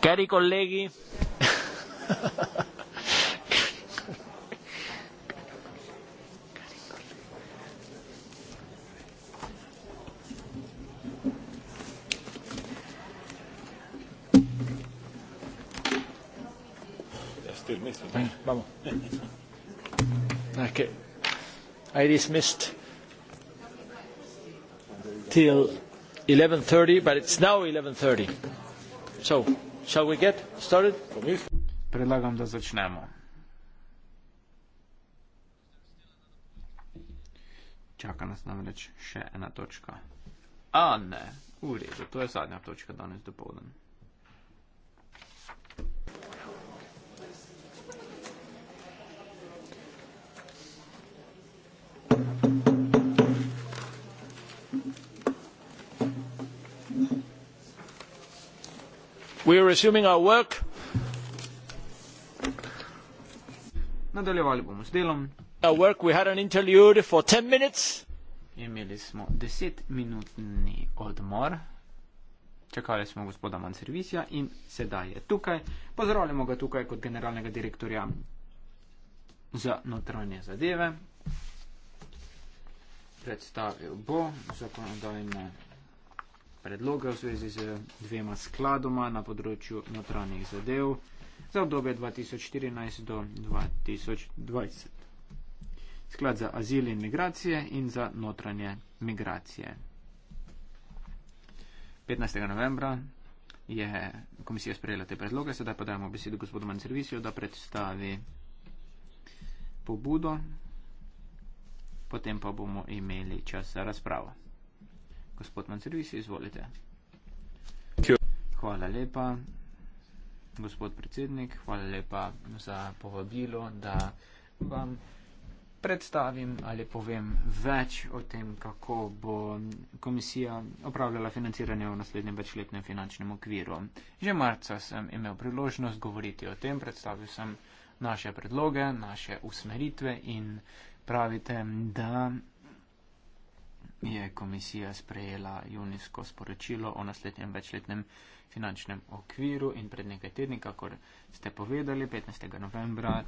Cari colleghi. eso. Venga, vamos. Es que I dismissed till 11:30, but it's now 11:30. So, shall we get started? Предлагам да зачнемо. Čaka nas namreč še ena točka. A ne, v redu, to je zadnja točka danes dopoledne. we are resuming our work. Nadaljevali bomo s delom. Our work, we had an interlude for 10 minutes. Imeli smo 10 minutni odmor. Čakali smo gospoda Manservisija in sedaj je tukaj. Pozdravljamo ga tukaj kot generalnega direktorja za notranje zadeve. Predstavil bo zakonodajne predloge v zvezi z dvema skladoma na področju notranjih zadev za obdobje 2014 do 2020. Sklad za azil in migracije in za notranje migracije. 15. novembra je komisija sprejela te predloge, sedaj pa dajemo besedo gospodu Manservisiju, da predstavi pobudo, potem pa bomo imeli čas za razpravo. Gospod Mancervisi, izvolite. Hvala lepa, gospod predsednik, hvala lepa za povabilo, da vam predstavim ali povem več o tem, kako bo komisija opravljala financiranje v naslednjem večletnem finančnem okviru. Že marca sem imel priložnost govoriti o tem, predstavil sem naše predloge, naše usmeritve in pravite, da je komisija sprejela junijsko sporočilo o naslednjem večletnem finančnem okviru in pred nekaj tedni, kakor ste povedali, 15. novembra,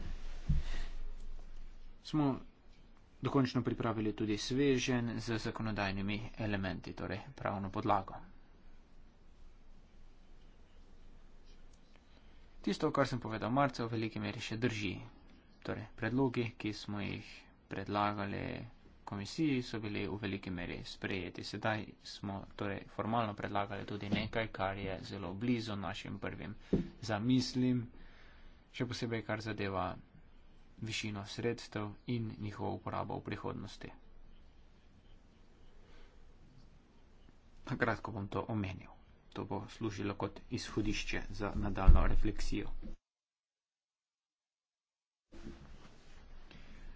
smo dokončno pripravili tudi svežen z zakonodajnimi elementi, torej pravno podlago. Tisto, kar sem povedal marca, v veliki meri še drži. Torej, predlogi, ki smo jih predlagali komisiji so bili v veliki meri sprejeti. Sedaj smo torej formalno predlagali tudi nekaj, kar je zelo blizu našim prvim zamislim, še posebej kar zadeva višino sredstev in njihovo uporabo v prihodnosti. Na kratko bom to omenil. To bo služilo kot izhodišče za nadaljno refleksijo.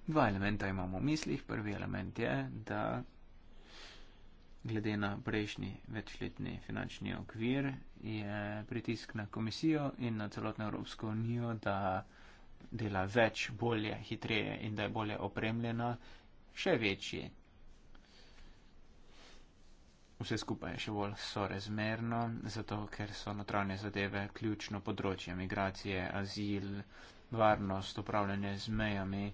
Dva elementa imamo v mislih. Prvi element je, da glede na prejšnji večletni finančni okvir je pritisk na komisijo in na celotno Evropsko unijo, da dela več, bolje, hitreje in da je bolje opremljena, še večji. Vse skupaj je še bolj sorezmerno, zato ker so notranje zadeve ključno področje migracije, azil, varnost, upravljanje z mejami.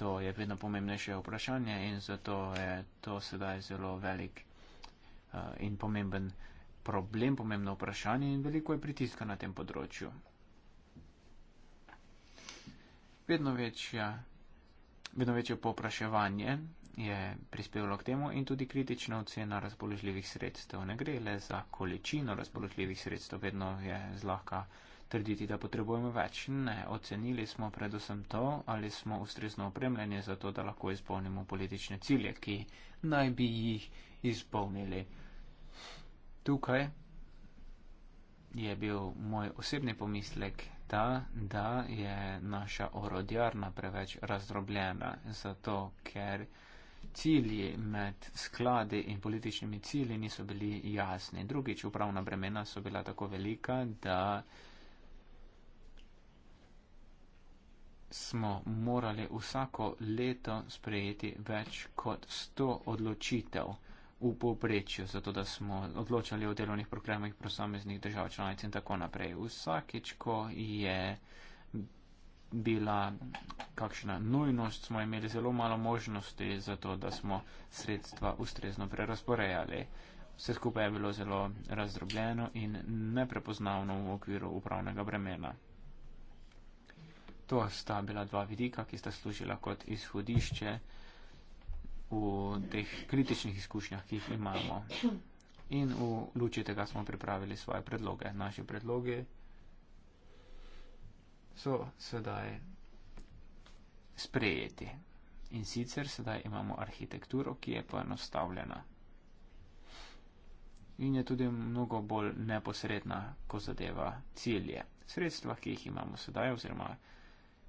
To je vedno pomembnejše vprašanje in zato je to sedaj zelo velik uh, in pomemben problem, pomembno vprašanje in veliko je pritiska na tem področju. Vedno večja. Vedno večje popraševanje je prispevalo k temu in tudi kritična ocena razpoložljivih sredstev. Ne gre le za količino razpoložljivih sredstev, vedno je zlahka uh, trditi, da potrebujemo več. Ne, ocenili smo predvsem to, ali smo ustrezno opremljeni za to, da lahko izpolnimo politične cilje, ki naj bi jih izpolnili. Tukaj je bil moj osebni pomislek ta, da je naša orodjarna preveč razdrobljena, zato ker cilji med skladi in političnimi cilji niso bili jasni. Drugič, upravna bremena so bila tako velika, da. smo morali vsako leto sprejeti več kot 100 odločitev v poprečju, zato da smo odločali o delovnih programih posameznih držav članic in tako naprej. Vsakič, ko je bila kakšna nujnost, smo imeli zelo malo možnosti za to, da smo sredstva ustrezno prerasporejali. Vse skupaj je bilo zelo razdrobljeno in neprepoznavno v okviru upravnega bremena. To sta bila dva vidika, ki sta služila kot izhodišče v teh kritičnih izkušnjah, ki jih imamo. In v luči tega smo pripravili svoje predloge. Naši predloge so sedaj sprejeti. In sicer sedaj imamo arhitekturo, ki je poenostavljena. In je tudi mnogo bolj neposredna, ko zadeva cilje. Sredstva, ki jih imamo sedaj, oziroma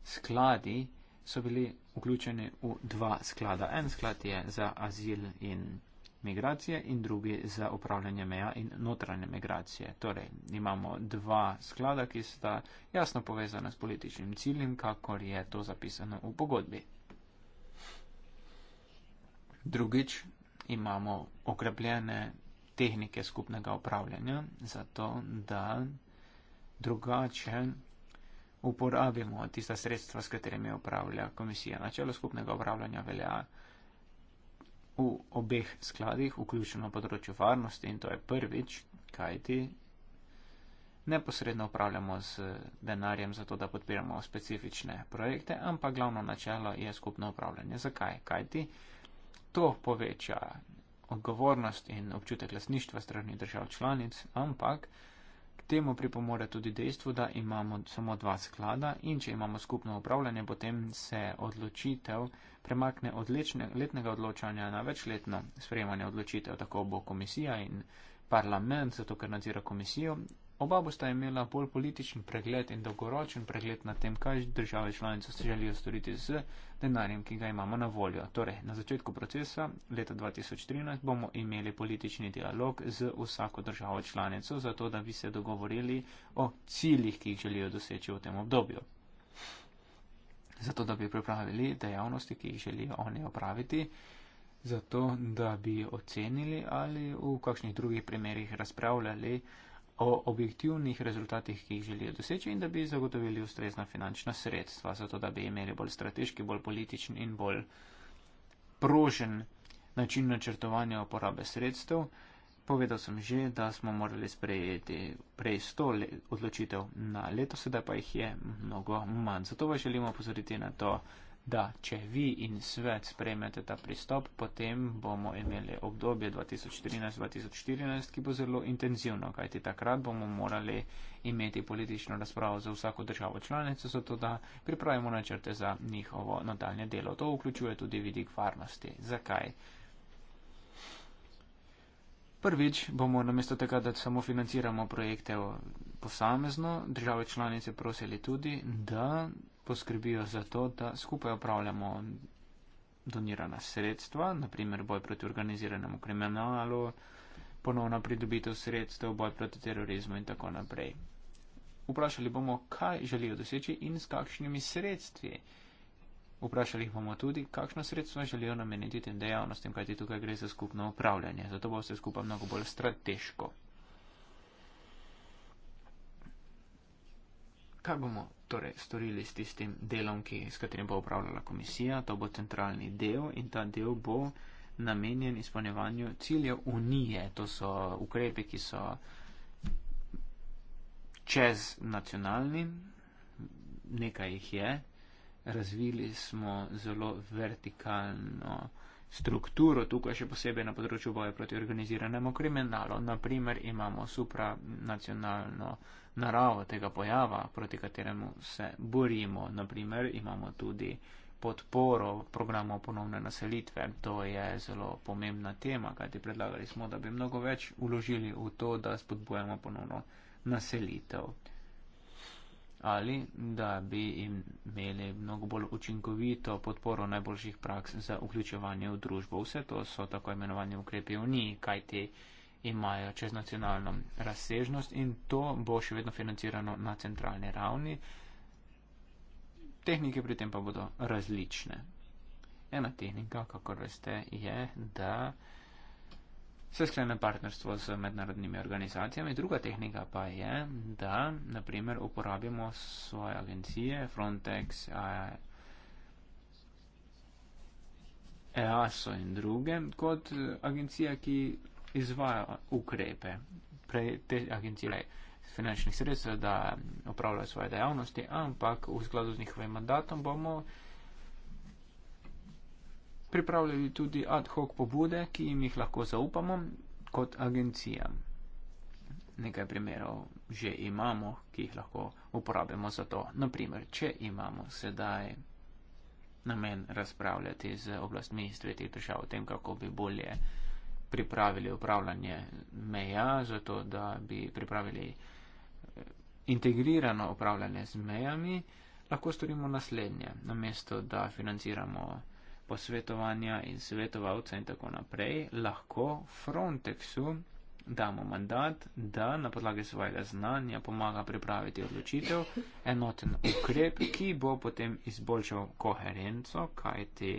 skladi so bili vključeni v dva sklada. En sklad je za azil in migracije in drugi za upravljanje meja in notranje migracije. Torej, imamo dva sklada, ki sta jasno povezana s političnim ciljem, kakor je to zapisano v pogodbi. Drugič, imamo okrepljene tehnike skupnega upravljanja, zato da drugače uporabimo tista sredstva, s katerimi upravlja komisija. Načelo skupnega upravljanja velja v obeh skladih, vključeno področju varnosti in to je prvič, kajti neposredno upravljamo z denarjem za to, da podpiramo specifične projekte, ampak glavno načelo je skupno upravljanje. Zakaj? Kajti to poveča odgovornost in občutek lasništva strani držav članic, ampak temu pripomore tudi dejstvo, da imamo samo dva sklada in če imamo skupno upravljanje, potem se odločitev premakne od lečne, letnega odločanja na večletno sprejemanje odločitev, tako bo komisija in parlament, zato ker nadzira komisijo, Oba bosta imela bolj političen pregled in dolgoročen pregled na tem, kaj države članice se želijo storiti z denarjem, ki ga imamo na voljo. Torej, na začetku procesa leta 2013 bomo imeli politični dialog z vsako državo članico, zato da bi se dogovorili o ciljih, ki jih želijo doseči v tem obdobju. Zato, da bi pripravili dejavnosti, ki jih želijo oni opraviti. Zato, da bi ocenili ali v kakšnih drugih primerjih razpravljali, o objektivnih rezultatih, ki jih želijo doseči in da bi zagotovili ustrezna finančna sredstva, zato da bi imeli bolj strateški, bolj političen in bolj prožen način načrtovanja uporabe sredstev. Povedal sem že, da smo morali sprejeti prej 100 odločitev na leto, sedaj pa jih je mnogo manj. Zato vas želimo opozoriti na to, da če vi in svet sprejmete ta pristop, potem bomo imeli obdobje 2013-2014, ki bo zelo intenzivno, kajti takrat bomo morali imeti politično razpravo za vsako državo članico, zato da pripravimo načrte za njihovo nadaljne delo. To vključuje tudi vidik varnosti. Zakaj? Prvič bomo namesto tega, da samo financiramo projekte posamezno, države članice prosili tudi, da poskrbijo za to, da skupaj upravljamo donirana sredstva, naprimer boj proti organiziranemu kriminalu, ponovna pridobitev sredstev, boj proti terorizmu in tako naprej. Vprašali bomo, kaj želijo doseči in s kakšnimi sredstvi. Vprašali bomo tudi, kakšno sredstvo želijo nameniti tem dejavnostim, kajti tukaj gre za skupno upravljanje, zato bo vse skupaj mnogo bolj strateško. Kaj bomo torej storili s tistim delom, ki, s katerim bo upravljala komisija? To bo centralni del in ta del bo namenjen izpolnjevanju ciljev unije. To so ukrepe, ki so čez nacionalni, nekaj jih je. Razvili smo zelo vertikalno strukturo tukaj še posebej na področju boja proti organiziranemu kriminalu. Naprimer imamo supranacionalno naravo tega pojava, proti kateremu se borimo. Naprimer imamo tudi podporo programov ponovne naselitve. To je zelo pomembna tema, kajti predlagali smo, da bi mnogo več uložili v to, da spodbujamo ponovno naselitev ali da bi imeli mnogo bolj učinkovito podporo najboljših praks za vključevanje v družbo. Vse to so tako imenovani ukrepi Unije, kaj te imajo čez nacionalno razsežnost in to bo še vedno financirano na centralni ravni. Tehnike pri tem pa bodo različne. Ena tehnika, kako veste, je, da se sklene partnerstvo z mednarodnimi organizacijami. Druga tehnika pa je, da naprimer uporabimo svoje agencije, Frontex, EASO in druge, kot agencije, ki izvajo ukrepe. Prej te agencije finančnih sredstev, da opravljajo svoje dejavnosti, ampak v skladu z njihovim mandatom bomo pripravljali tudi ad hoc pobude, ki jim jih lahko zaupamo kot agencijam. Nekaj primerov že imamo, ki jih lahko uporabimo za to. Naprimer, če imamo sedaj namen razpravljati z oblastmi iz tretjih držav o tem, kako bi bolje pripravili upravljanje meja, zato da bi pripravili eh, integrirano upravljanje z mejami, lahko storimo naslednje. Namesto, da financiramo posvetovanja in svetovalca in tako naprej, lahko Frontexu damo mandat, da na podlagi svojega znanja pomaga pripraviti odločitev, enoten ukrep, ki bo potem izboljšal koherenco, kajti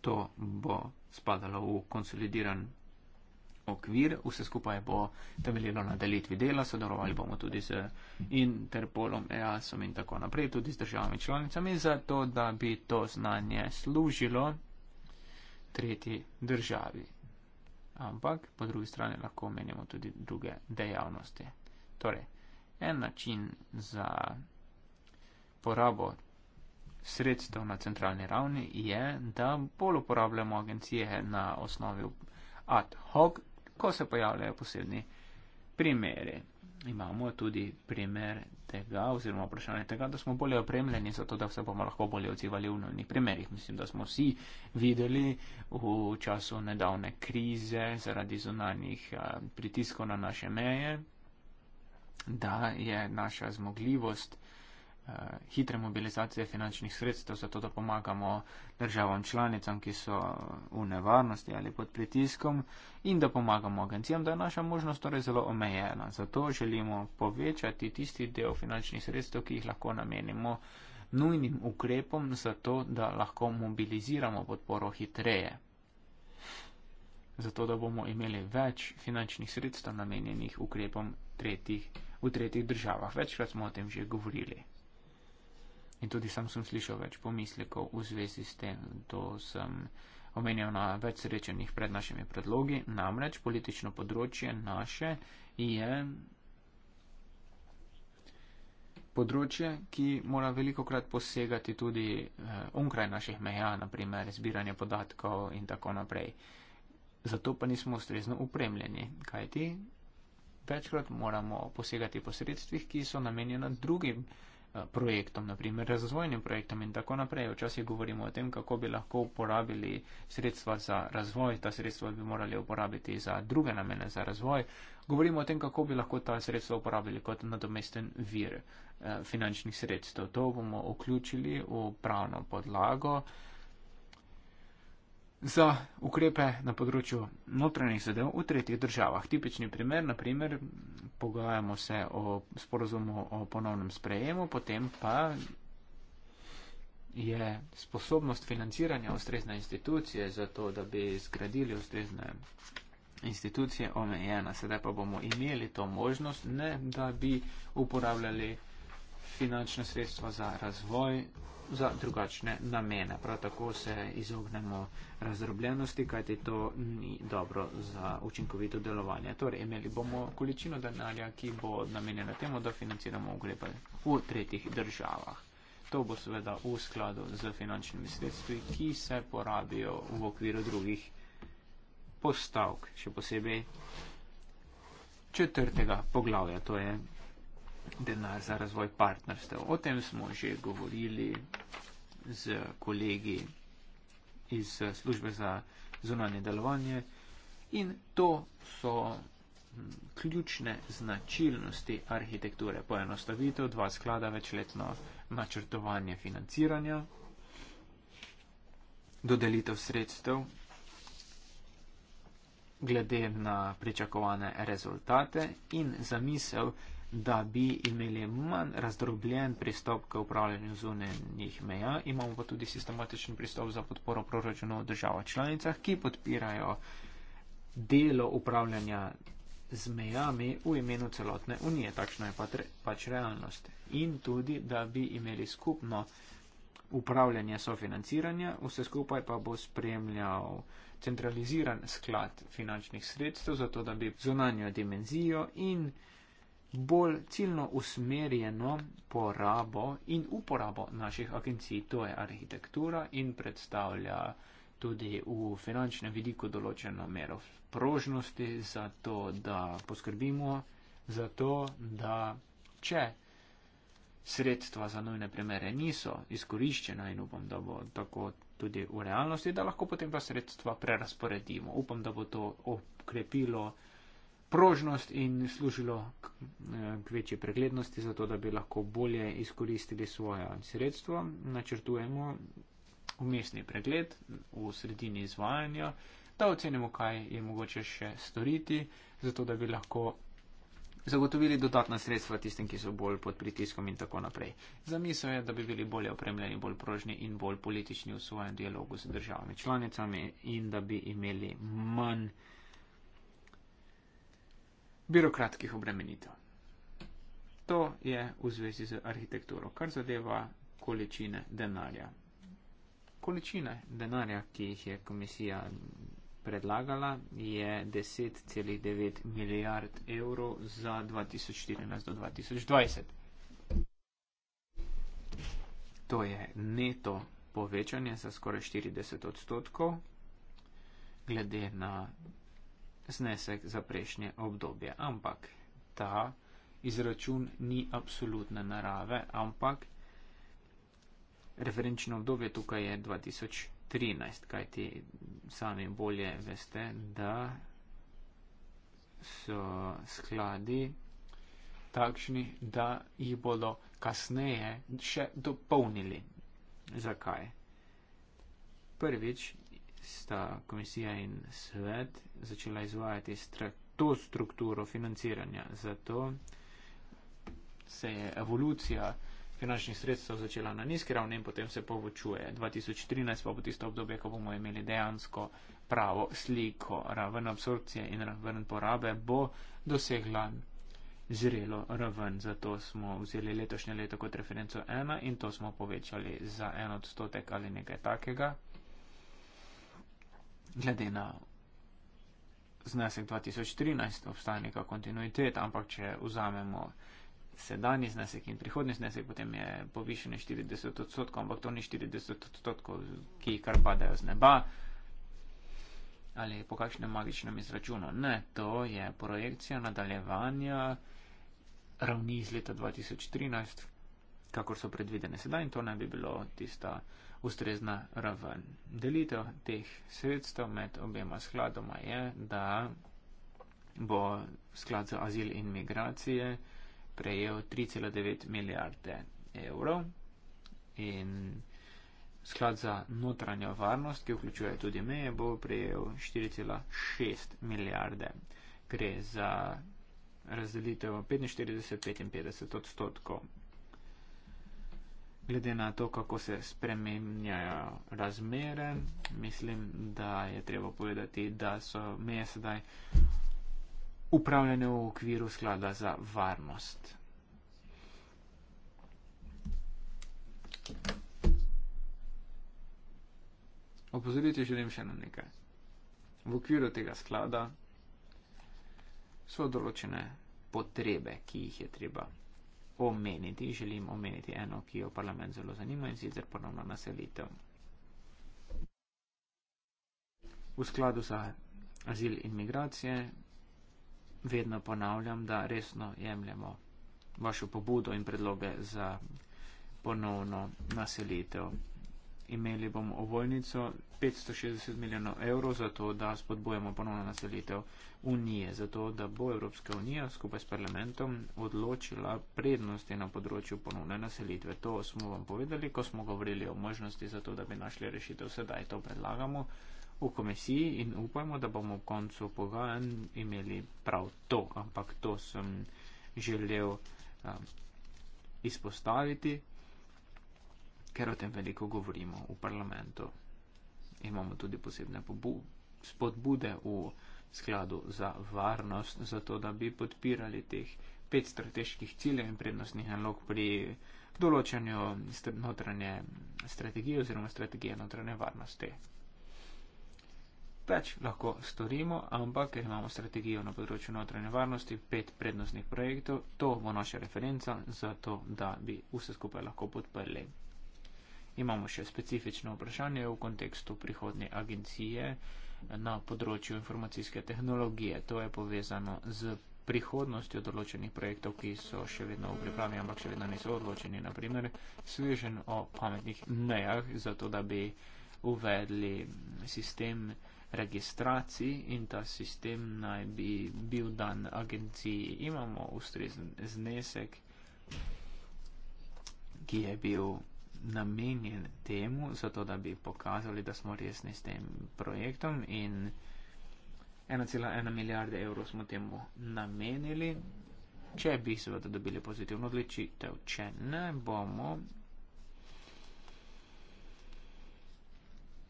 to bo spadalo v konsolidiran okvir, vse skupaj bo temeljilo na delitvi dela, sodelovali bomo tudi z Interpolom, EASom in tako naprej, tudi z državami članicami, zato da bi to znanje služilo tretji državi. Ampak po drugi strani lahko omenjamo tudi druge dejavnosti. Torej, en način za porabo sredstev na centralni ravni je, da bolj uporabljamo agencije na osnovi ad hoc ko se pojavljajo posebni primeri. Imamo tudi primer tega, oziroma vprašanje tega, da smo bolje opremljeni, zato da se bomo lahko bolje odzivali v novnih primerih. Mislim, da smo vsi videli v času nedavne krize zaradi zunanjih pritiskov na naše meje, da je naša zmogljivost Eh, hitre mobilizacije finančnih sredstev, zato da pomagamo državam članicam, ki so v nevarnosti ali pod pritiskom in da pomagamo agencijam, da je naša možnost torej zelo omejena. Zato želimo povečati tisti del finančnih sredstev, ki jih lahko namenimo nujnim ukrepom, zato da lahko mobiliziramo podporo hitreje. Zato, da bomo imeli več finančnih sredstev namenjenih ukrepom tretjih, v tretjih državah. Večkrat smo o tem že govorili. In tudi sam sem slišal več pomislekov v zvezi s tem, to sem omenjal na več srečenih pred našimi predlogi, namreč politično področje naše je področje, ki mora veliko krat posegati tudi eh, onkraj naših meja, naprimer zbiranje podatkov in tako naprej. Zato pa nismo ustrezno upremljeni, kajti večkrat moramo posegati po sredstvih, ki so namenjena drugim. Eh, projektom, naprimer razvojnim projektom in tako naprej. Včasih govorimo o tem, kako bi lahko uporabili sredstva za razvoj, ta sredstva bi morali uporabiti za druge namene za razvoj. Govorimo o tem, kako bi lahko ta sredstva uporabili kot nadomesten vir eh, finančnih sredstev. To bomo vključili v pravno podlago za ukrepe na področju notranjih zadev v tretjih državah. Tipični primer, naprimer, pogajamo se o sporozumu o ponovnem sprejemu, potem pa je sposobnost financiranja ustrezne institucije za to, da bi zgradili ustrezne institucije omejena. Sedaj pa bomo imeli to možnost, ne da bi uporabljali finančna sredstva za razvoj, za drugačne namene. Prav tako se izognemo razdrobljenosti, kajti to ni dobro za učinkovito delovanje. Torej, imeli bomo količino denarja, ki bo namenjena temu, da financiramo ukrepe v tretjih državah. To bo seveda v skladu z finančnimi sredstvi, ki se porabijo v okviru drugih postavk, še posebej četrtega poglavja, to je denar za razvoj partnerstev. O tem smo že govorili z kolegi iz službe za zunanje delovanje in to so ključne značilnosti arhitekture. Poenostavitev, dva sklada, večletno načrtovanje financiranja, dodelitev sredstev glede na pričakovane rezultate in zamisel, da bi imeli manj razdrobljen pristop k upravljanju zunanjih meja. Imamo pa tudi sistematičen pristop za podporo proračunov država članicah, ki podpirajo delo upravljanja z mejami v imenu celotne unije. Takšna je pač realnost. In tudi, da bi imeli skupno upravljanje sofinanciranja, vse skupaj pa bo spremljal centraliziran sklad finančnih sredstev, zato da bi zunanjo dimenzijo in bolj ciljno usmerjeno porabo in uporabo naših agencij, to je arhitektura in predstavlja tudi v finančnem vidiku določeno mero prožnosti za to, da poskrbimo za to, da če sredstva za nujne premere niso izkoriščena in upam, da bo tako tudi v realnosti, da lahko potem pa sredstva prerasporedimo. Upam, da bo to okrepilo prožnost in služilo k, eh, k večji preglednosti, zato da bi lahko bolje izkoristili svoje sredstvo. Načrtujemo umestni pregled v sredini izvajanja, da ocenimo, kaj je mogoče še storiti, zato da bi lahko zagotovili dodatna sredstva tistim, ki so bolj pod pritiskom in tako naprej. Zamisel je, da bi bili bolje opremljeni, bolj prožni in bolj politični v svojem dialogu z državami članicami in da bi imeli manj birokratskih obremenitev. To je v zvezi z arhitekturo, kar zadeva količine denarja. Količine denarja, ki jih je komisija predlagala, je 10,9 milijard evrov za 2014 do 2020. To je neto povečanje za skoraj 40 odstotkov glede na znesek za prejšnje obdobje. Ampak ta izračun ni absolutne narave, ampak referenčno obdobje tukaj je 2013, kajti sami bolje veste, da so skladi takšni, da jih bodo kasneje še dopolnili. Zakaj? Prvič sta komisija in svet začela izvajati to strukturo financiranja. Zato se je evolucija finančnih sredstev začela na nizki ravni in potem se povečuje. 2013 pa bo tisto obdobje, ko bomo imeli dejansko pravo sliko. Raven absorpcije in raven porabe bo dosegla zrelo raven. Zato smo vzeli letošnje leto kot referenco 1 in to smo povečali za en odstotek ali nekaj takega glede na znesek 2013 obstaja neka kontinuiteta, ampak če vzamemo sedanji znesek in prihodni znesek, potem je povišene 40 odstotkov, ampak to ni 40 odstotkov, ki kar padajo z neba ali po kakšnem magičnem izračunu. Ne, to je projekcija nadaljevanja ravni iz leta 2013, kakor so predvidene sedaj in to ne bi bilo tista ustrezna raven. Delitev teh sredstev med obema skladoma je, da bo sklad za azil in migracije prejel 3,9 milijarde evrov in sklad za notranjo varnost, ki vključuje tudi meje, bo prejel 4,6 milijarde. Gre za razdelitev 45-55 odstotkov glede na to, kako se spremenjajo razmere, mislim, da je treba povedati, da so meje sedaj upravljene v okviru sklada za varnost. Opozoriti želim še na nekaj. V okviru tega sklada so določene potrebe, ki jih je treba omeniti, želim omeniti eno, ki jo parlament zelo zanima in sicer ponovno naselitev. V skladu za azil in migracije vedno ponavljam, da resno jemljamo vašo pobudo in predloge za ponovno naselitev. Imeli bomo ovojnico 560 milijonov evrov za to, da spodbujemo ponovno naselitev Unije, za to, da bo Evropska unija skupaj s parlamentom odločila prednosti na področju ponovne naselitve. To smo vam povedali, ko smo govorili o možnosti za to, da bi našli rešitev. Sedaj to predlagamo v komisiji in upamo, da bomo v koncu pogajanj imeli prav to. Ampak to sem želel um, izpostaviti, ker o tem veliko govorimo v parlamentu. Imamo tudi posebne spodbude v skladu za varnost, zato da bi podpirali teh pet strateških ciljev in prednostnih nalog pri določanju notranje strategije oziroma strategije notranje varnosti. Več lahko storimo, ampak ker imamo strategijo na področju notranje varnosti, pet prednostnih projektov, to bo naša referenca za to, da bi vse skupaj lahko podprli. Imamo še specifično vprašanje v kontekstu prihodnje agencije na področju informacijske tehnologije. To je povezano z prihodnostjo določenih projektov, ki so še vedno v pripravi, ampak še vedno niso odločeni. Naprimer, svežen o pametnih mejah, zato da bi uvedli sistem registracij in ta sistem naj bi bil dan agenciji. Imamo ustrezen znesek, ki je bil namenjen temu, zato da bi pokazali, da smo resni s tem projektom in 1,1 milijarde evrov smo temu namenili. Če bi seveda dobili pozitivno odločitev, če ne bomo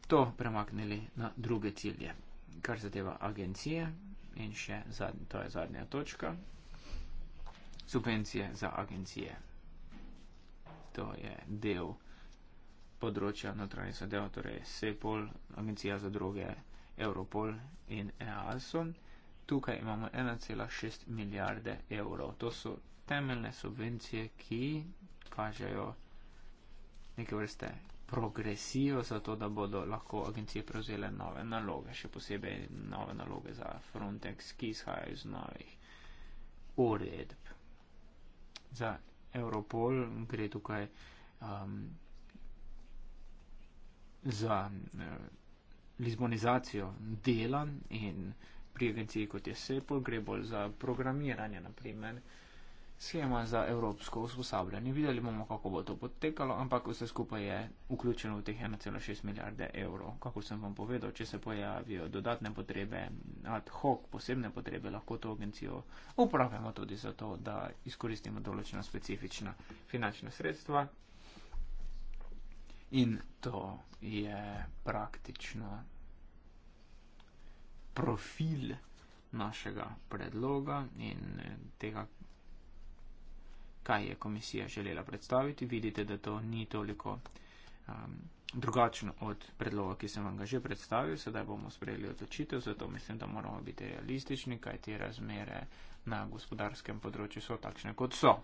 to premaknili na druge cilje, kar zadeva agencije in še zadnja, to je zadnja točka, subvencije za agencije to je del področja notranjih zadev, torej SEPOL, Agencija za droge, Europol in EASON. Tukaj imamo 1,6 milijarde evrov. To so temeljne subvencije, ki kažejo neke vrste progresijo za to, da bodo lahko agencije prevzele nove naloge, še posebej nove naloge za Frontex, ki izhajajo iz novih uredb. Za Europol gre tukaj um, za uh, lizbonizacijo dela in pri agenciji kot je SEPOL gre bolj za programiranje, naprimer schema za evropsko usposabljanje. Videli bomo, kako bo to potekalo, ampak vse skupaj je vključeno v teh 1,6 milijarde evrov. Kako sem vam povedal, če se pojavijo dodatne potrebe, ad hoc, posebne potrebe, lahko to agencijo upravljamo tudi za to, da izkoristimo določena specifična finančna sredstva. In to je praktično profil našega predloga in tega, kaj je komisija želela predstaviti. Vidite, da to ni toliko um, drugačno od predloga, ki sem vam ga že predstavil. Sedaj bomo sprejeli odločitev, zato mislim, da moramo biti realistični, kaj te razmere na gospodarskem področju so takšne, kot so.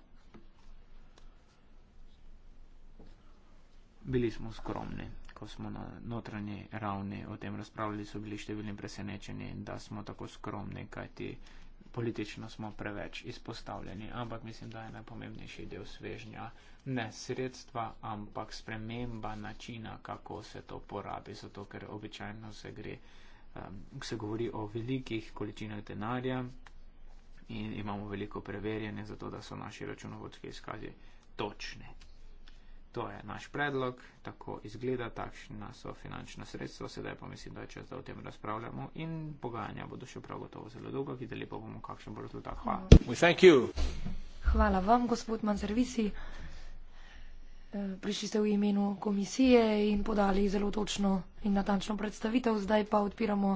Bili smo skromni, ko smo na notranji ravni o tem razpravljali, so bili številni presenečeni, da smo tako skromni, kaj ti politično smo preveč izpostavljeni, ampak mislim, da je najpomembnejši del svežnja ne sredstva, ampak sprememba načina, kako se to porabi, zato ker običajno se gre, um, se govori o velikih količinah denarja in imamo veliko preverjanja, zato da so naši računovodski izkazi točne to je naš predlog, tako izgleda, takšna so finančna sredstva, sedaj pa mislim, da je čas, da o tem razpravljamo in pogajanja bodo še prav gotovo zelo dolgo, videli pa bomo, kakšen bo rezultat. Hvala. Hvala vam, gospod Manzervisi. Eh, prišli ste v imenu komisije in podali zelo točno in natančno predstavitev. Zdaj pa odpiramo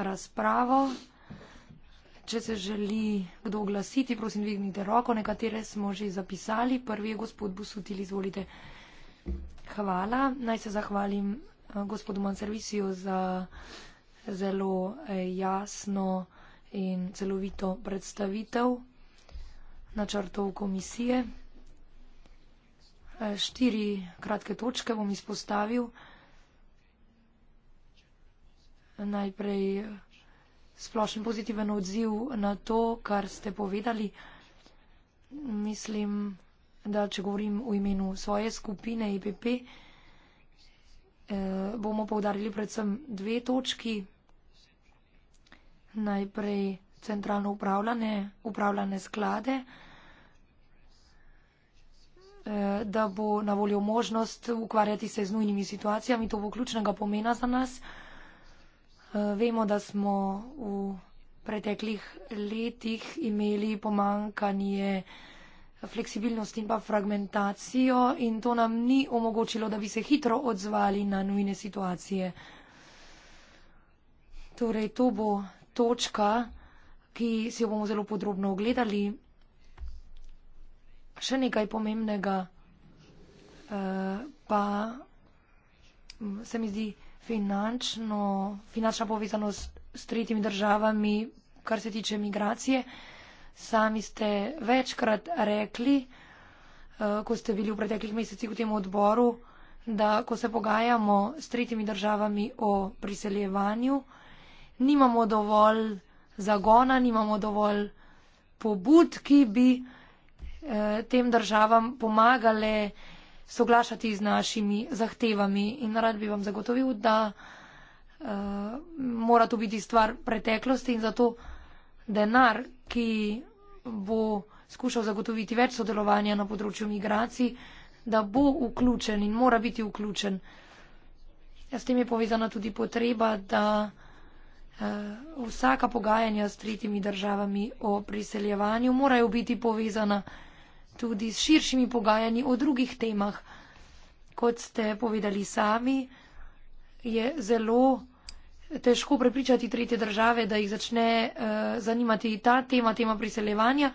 razpravo. Če se želi kdo oglasiti, prosim, dvignite roko, nekatere smo že zapisali. Prvi je gospod Busutil, izvolite. Hvala. Naj se zahvalim eh, gospodu Manservisiju za zelo eh, jasno in celovito predstavitev načrtov komisije. Eh, štiri kratke točke bom izpostavil. Najprej splošen pozitiven odziv na to, kar ste povedali. Mislim, da če govorim v imenu svoje skupine IPP, e eh, bomo povdarili predvsem dve točki. Najprej centralno upravljane, upravljane sklade, eh, da bo na voljo možnost ukvarjati se z nujnimi situacijami. To bo ključnega pomena za nas. Eh, Eh, vemo, da smo v preteklih letih imeli pomankanje fleksibilnosti in pa fragmentacijo in to nam ni omogočilo, da bi se hitro odzvali na nujne situacije. Torej, to bo točka, ki si jo bomo zelo podrobno ogledali. Še nekaj pomembnega eh, pa mm, se mi zdi finančno, finančna povezanost s tretjimi državami, kar se tiče migracije. Sami ste večkrat rekli, eh, ko ste bili v preteklih mesecih v tem odboru, da ko se pogajamo s tretjimi državami o priseljevanju, nimamo dovolj zagona, nimamo dovolj pobud, ki bi eh, tem državam pomagale soglašati z našimi zahtevami in rad bi vam zagotovil, da uh, mora to biti stvar preteklosti in zato denar, ki bo skušal zagotoviti več sodelovanja na področju migracij, da bo vključen in mora biti vključen. Ja, s tem je povezana tudi potreba, da uh, vsaka pogajanja s tretjimi državami o priseljevanju morajo biti povezana tudi s širšimi pogajanji o drugih temah. Kot ste povedali sami, je zelo težko prepričati tretje države, da jih začne uh, zanimati ta tema, tema priseljevanja,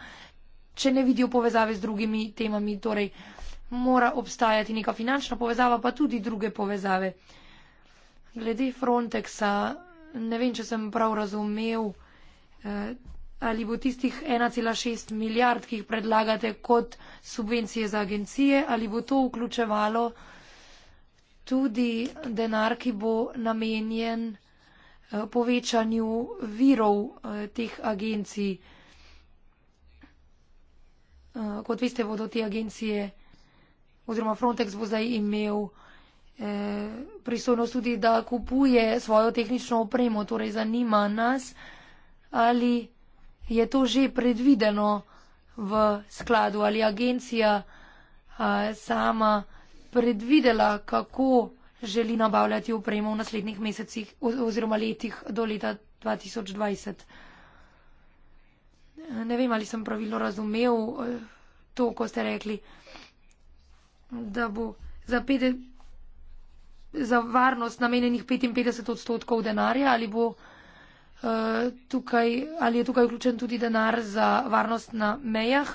če ne vidijo povezave z drugimi temami. Torej, mora obstajati neka finančna povezava, pa tudi druge povezave. Glede Frontexa, ne vem, če sem prav razumel. Uh, ali bo tistih 1,6 milijard, ki jih predlagate kot subvencije za agencije, ali bo to vključevalo tudi denar, ki bo namenjen eh, povečanju virov eh, teh agencij. Eh, kot veste, bodo te agencije oziroma Frontex bo zdaj imel pristojnost tudi, da kupuje svojo tehnično opremo, torej zanima nas, ali je to že predvideno v skladu ali agencija uh, sama predvidela, kako želi nabavljati upremo v naslednjih mesecih oziroma letih do leta 2020. Ne vem, ali sem pravilno razumel e, to, ko ste rekli, da bo za, pede, za varnost namenjenih 55 odstotkov denarja ali bo tukaj, ali je tukaj vključen tudi denar za varnost na mejah?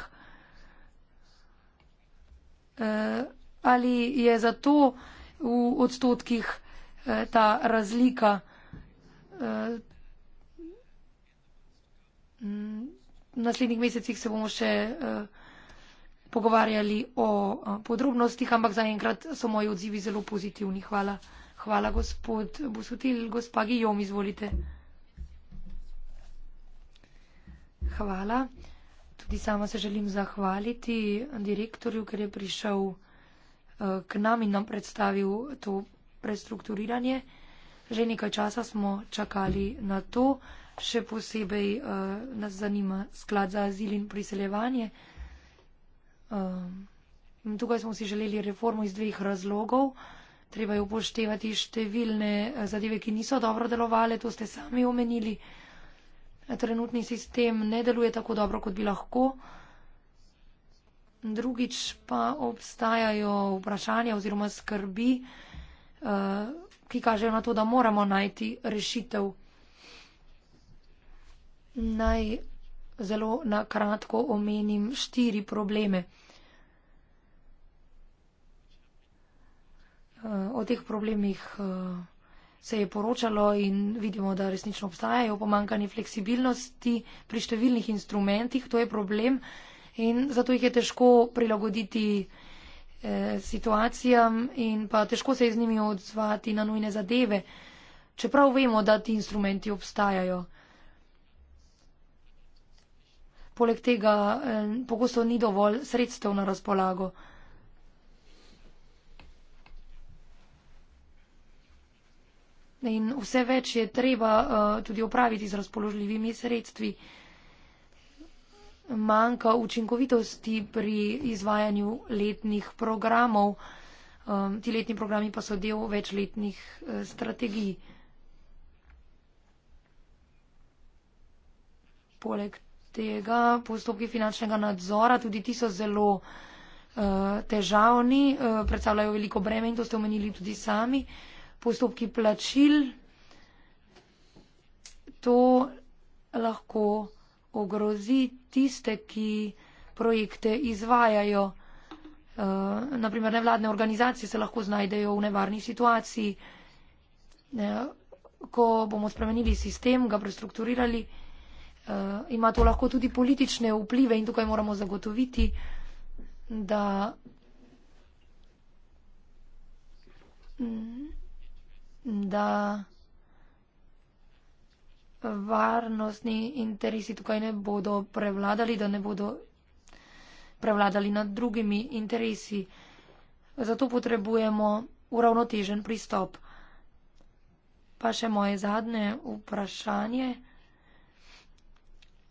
Uh, ali je zato v odstotkih uh, ta razlika? Uh, v naslednjih mesecih se bomo še uh, pogovarjali o uh, podrobnostih, ampak zaenkrat so moji odzivi zelo pozitivni. Hvala. Hvala, gospod Busutil. Gospa Gijom, izvolite. hvala. Tudi sama se želim zahvaliti direktorju, ker je prišel eh, k nam in nam predstavil to prestrukturiranje. Že nekaj časa smo čakali na to, še posebej uh, nas zanima sklad za azil in priseljevanje. Uh, in tukaj smo si želeli reformo iz dveh razlogov. Treba je upoštevati številne zadeve, ki niso dobro delovale, to ste sami omenili. Uh, trenutni sistem ne deluje tako dobro, kot bi lahko. Drugič pa obstajajo vprašanja oziroma skrbi, eh, ki kažejo na to, da moramo najti rešitev. Naj zelo na kratko omenim štiri probleme. Eh, o teh problemih eh, se je poročalo in vidimo, da resnično obstajajo pomankanje fleksibilnosti pri številnih instrumentih, to je problem in zato jih je težko prilagoditi eh, situacijam in pa težko se je z njimi odzvati na nujne zadeve, čeprav vemo, da ti instrumenti obstajajo. Poleg tega eh, pogosto ni dovolj sredstev na razpolago. In vse več je treba uh, tudi opraviti z razpoložljivimi sredstvi. Manjka učinkovitosti pri izvajanju letnih programov. Um, ti letni programi pa so del večletnih uh, strategij. Poleg tega postopki finančnega nadzora, tudi ti so zelo uh, težavni, uh, predstavljajo veliko breme in to ste omenili tudi sami. Uh, postopki plačil, to lahko ogrozi tiste, ki projekte izvajajo. Eh, Naprimer, nevladne organizacije se lahko znajdejo v nevarni situaciji. Eh, ko bomo spremenili sistem, ga prestrukturirali, eh, ima to lahko tudi politične vplive in tukaj moramo zagotoviti, da mm, da varnostni interesi tukaj ne bodo prevladali, da ne bodo prevladali nad drugimi interesi. Zato potrebujemo uravnotežen pristop. Pa še moje zadnje vprašanje.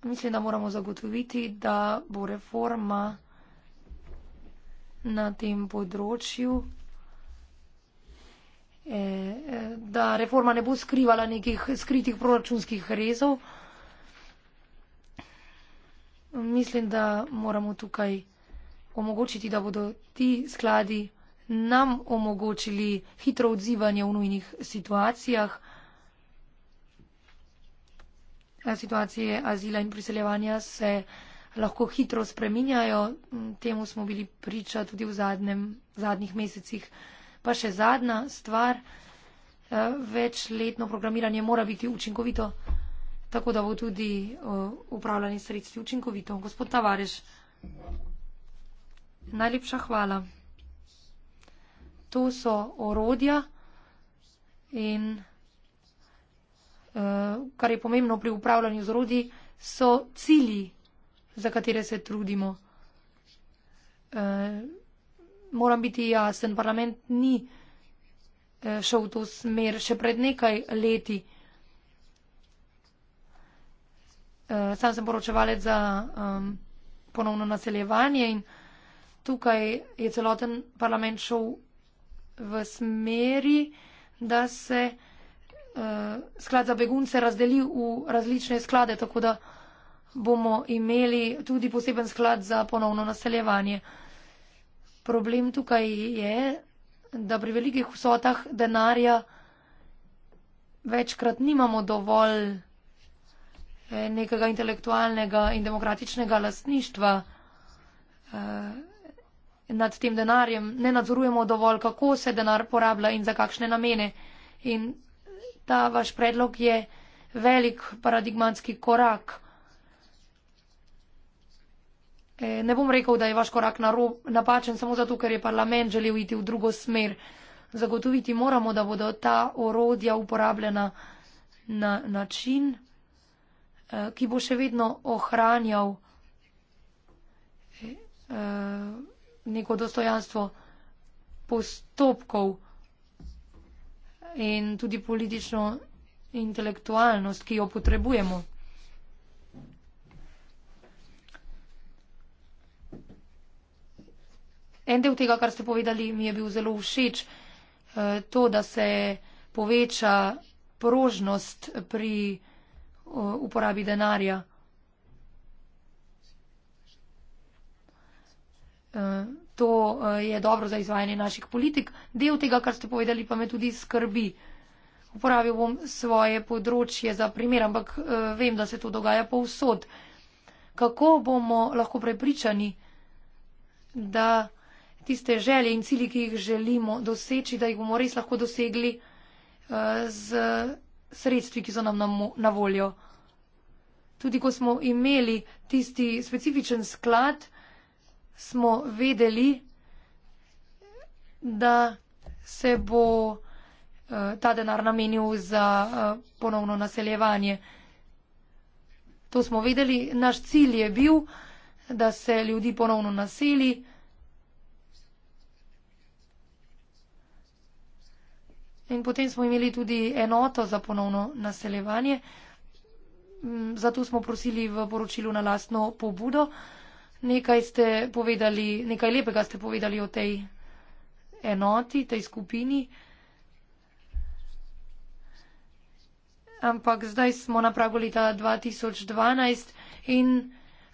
Mislim, da moramo zagotoviti, da bo reforma na tem področju. Eh, da reforma ne bo skrivala nekih skritih proračunskih rezov. Mislim, da moramo tukaj omogočiti, da bodo ti skladi nam omogočili hitro odzivanje v nujnih situacijah. Situacije azila in priseljevanja se lahko hitro spreminjajo. Temu smo bili priča tudi v zadnjem, zadnjih mesecih. Pa še zadnja stvar, eh, večletno programiranje mora biti učinkovito, tako da bo tudi eh, upravljanje sredstvi učinkovito. Gospod Tavares, najlepša hvala. To so orodja in eh, kar je pomembno pri upravljanju z orodji, so cilji, za katere se trudimo moram biti jasen, parlament ni eh, šel v to smer še pred nekaj leti. Eh, sam sem poročevalec za um, ponovno naseljevanje in tukaj je celoten parlament šel v smeri, da se uh, sklad za begunce razdeli v različne sklade, tako da bomo imeli tudi poseben sklad za ponovno naseljevanje. Uh, problem tukaj je, da pri velikih vsotah denarja večkrat nimamo dovolj eh, nekega intelektualnega in demokratičnega lastništva eh, nad tem denarjem, ne nadzorujemo dovolj, kako se denar porablja in za kakšne namene. In ta vaš predlog je velik paradigmatski korak. E, ne bom rekel, da je vaš korak napačen samo zato, ker je parlament želel iti v drugo smer. Zagotoviti moramo, da bodo ta orodja uporabljena na način, e, ki bo še vedno ohranjal e, neko dostojanstvo postopkov in tudi politično intelektualnost, ki jo potrebujemo. En del tega, kar ste povedali, mi je bil zelo všeč, eh, to, da se poveča prožnost pri eh, uporabi denarja. Eh, to je dobro za izvajanje naših politik. Del tega, kar ste povedali, pa me tudi skrbi. Uporabil bom svoje področje za primer, ampak vem, da se to dogaja povsod. Kako bomo lahko prepričani, da tiste želje in cilji, ki jih želimo doseči, da jih bomo res lahko dosegli eh, z sredstvi, ki so nam na voljo. Tudi ko smo imeli tisti specifičen sklad, smo vedeli, da se bo eh, ta denar namenil za eh, ponovno naseljevanje. To smo vedeli, naš cilj je bil, da se ljudi ponovno naseli. In potem smo imeli tudi enoto za ponovno naseljevanje. Mm, zato smo prosili v poročilu na lastno pobudo. Nekaj, povedali, nekaj lepega ste povedali o tej enoti, tej skupini. Ampak zdaj smo na pragu leta 2012 in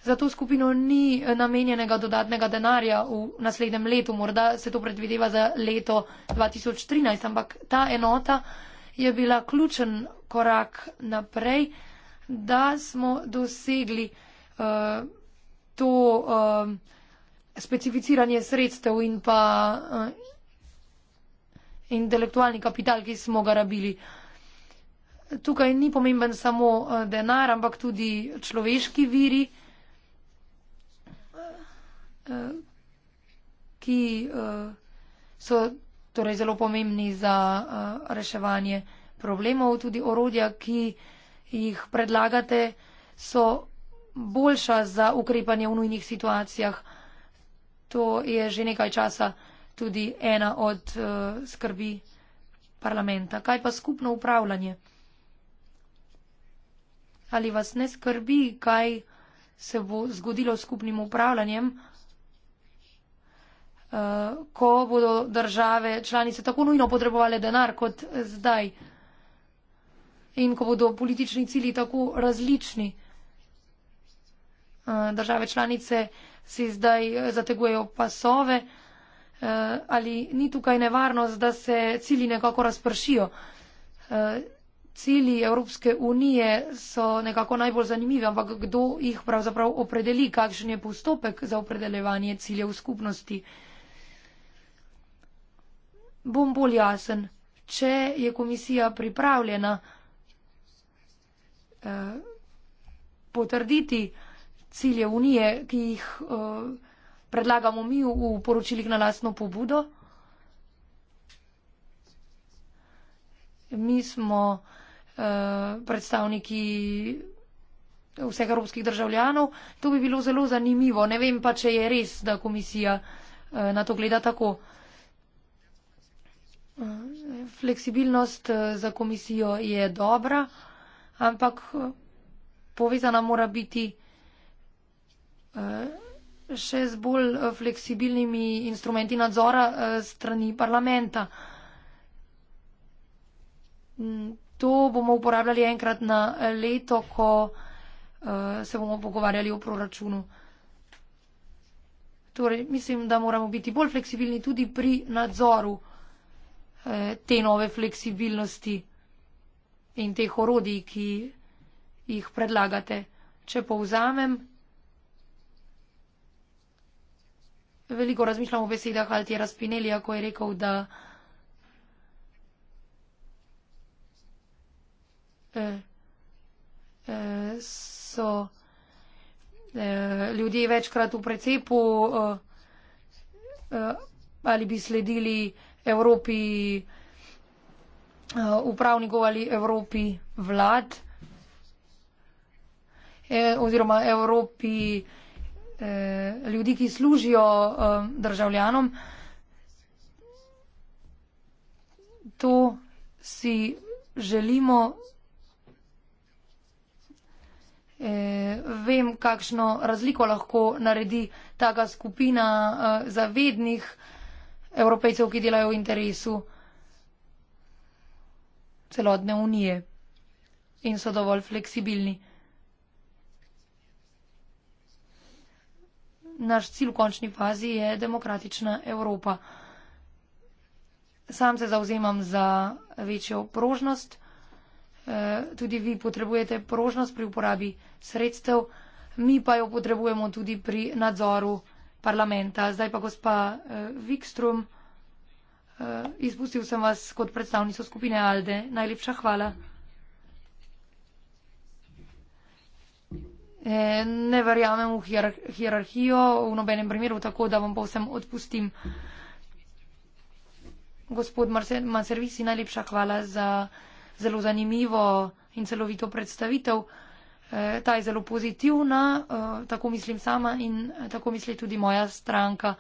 za to skupino ni eh, namenjenega dodatnega denarja v naslednjem letu, morda se to predvideva za leto 2013, ampak ta enota je bila ključen korak naprej, da smo dosegli uh, to uh, specificiranje sredstev in pa uh, intelektualni kapital, ki smo ga rabili. Tukaj ni pomemben samo denar, ampak tudi človeški viri. Eh, ki eh, so torej zelo pomembni za eh, reševanje problemov. Tudi orodja, ki jih predlagate, so boljša za ukrepanje v nujnih situacijah. To je že nekaj časa tudi ena od skrbi parlamenta. Kaj pa skupno upravljanje? Ali vas ne skrbi, kaj se bo zgodilo s skupnim upravljanjem, Eh, ko bodo države članice tako nujno potrebovali denar kot eh, zdaj in ko bodo politični cili tako različni. Eh, države članice si zdaj zategujejo pasove, ali ni tukaj nevarnost, da se cili nekako razpršijo. Cili Evropske unije so nekako najbolj zanimivi, ampak kdo jih pravzaprav opredeli, kakšen je postopek za opredeljevanje ciljev skupnosti bom bolj jasen. Če je komisija pripravljena eh, potrditi cilje unije, ki jih eh, predlagamo mi v poročilih na lastno pobudo, mi smo eh, predstavniki vseh evropskih državljanov, to bi bilo zelo zanimivo. Ne vem pa, če je res, da komisija na to gleda tako. Fleksibilnost eh, za komisijo je dobra, ampak eh, povezana mora biti eh, še z bolj fleksibilnimi instrumenti nadzora strani parlamenta. Mm, to bomo uporabljali enkrat na leto, ko se bomo pogovarjali o proračunu. Torej, mislim, da moramo biti bolj fleksibilni tudi pri nadzoru. Eh, te nove fleksibilnosti in teh orodij, ki jih predlagate. Če povzamem, veliko razmišljam o besedah Altira Spinelija, ko je rekel, da eh, eh, so eh, ljudje večkrat v precepu eh, eh, ali bi sledili eh, Evropi eh, upravnikov ali Evropi vlad eh, oziroma Evropi eh, ljudi, ki služijo državljanom. To si želimo. Vem, kakšno razliko lahko naredi taka skupina zavednih, evropejcev, ki delajo v interesu celotne unije in so dovolj fleksibilni. Naš cilj v končni fazi je demokratična Evropa. Sam se zauzemam za večjo prožnost. Eh, tudi vi potrebujete prožnost pri uporabi sredstev, mi pa jo potrebujemo tudi pri nadzoru parlamenta. Zdaj pa gospa uh, Wikström, uh, izpustil sem vas kot predstavnico skupine Alde. Najlepša hvala. Eh, ne verjamem v hierarhijo v nobenem primeru, tako da vam povsem odpustim. Gospod Manservisi, najlepša hvala za zelo zanimivo in celovito predstavitev. Eh, ta je zelo pozitivna, eh, tako mislim sama in eh, tako misli tudi moja stranka.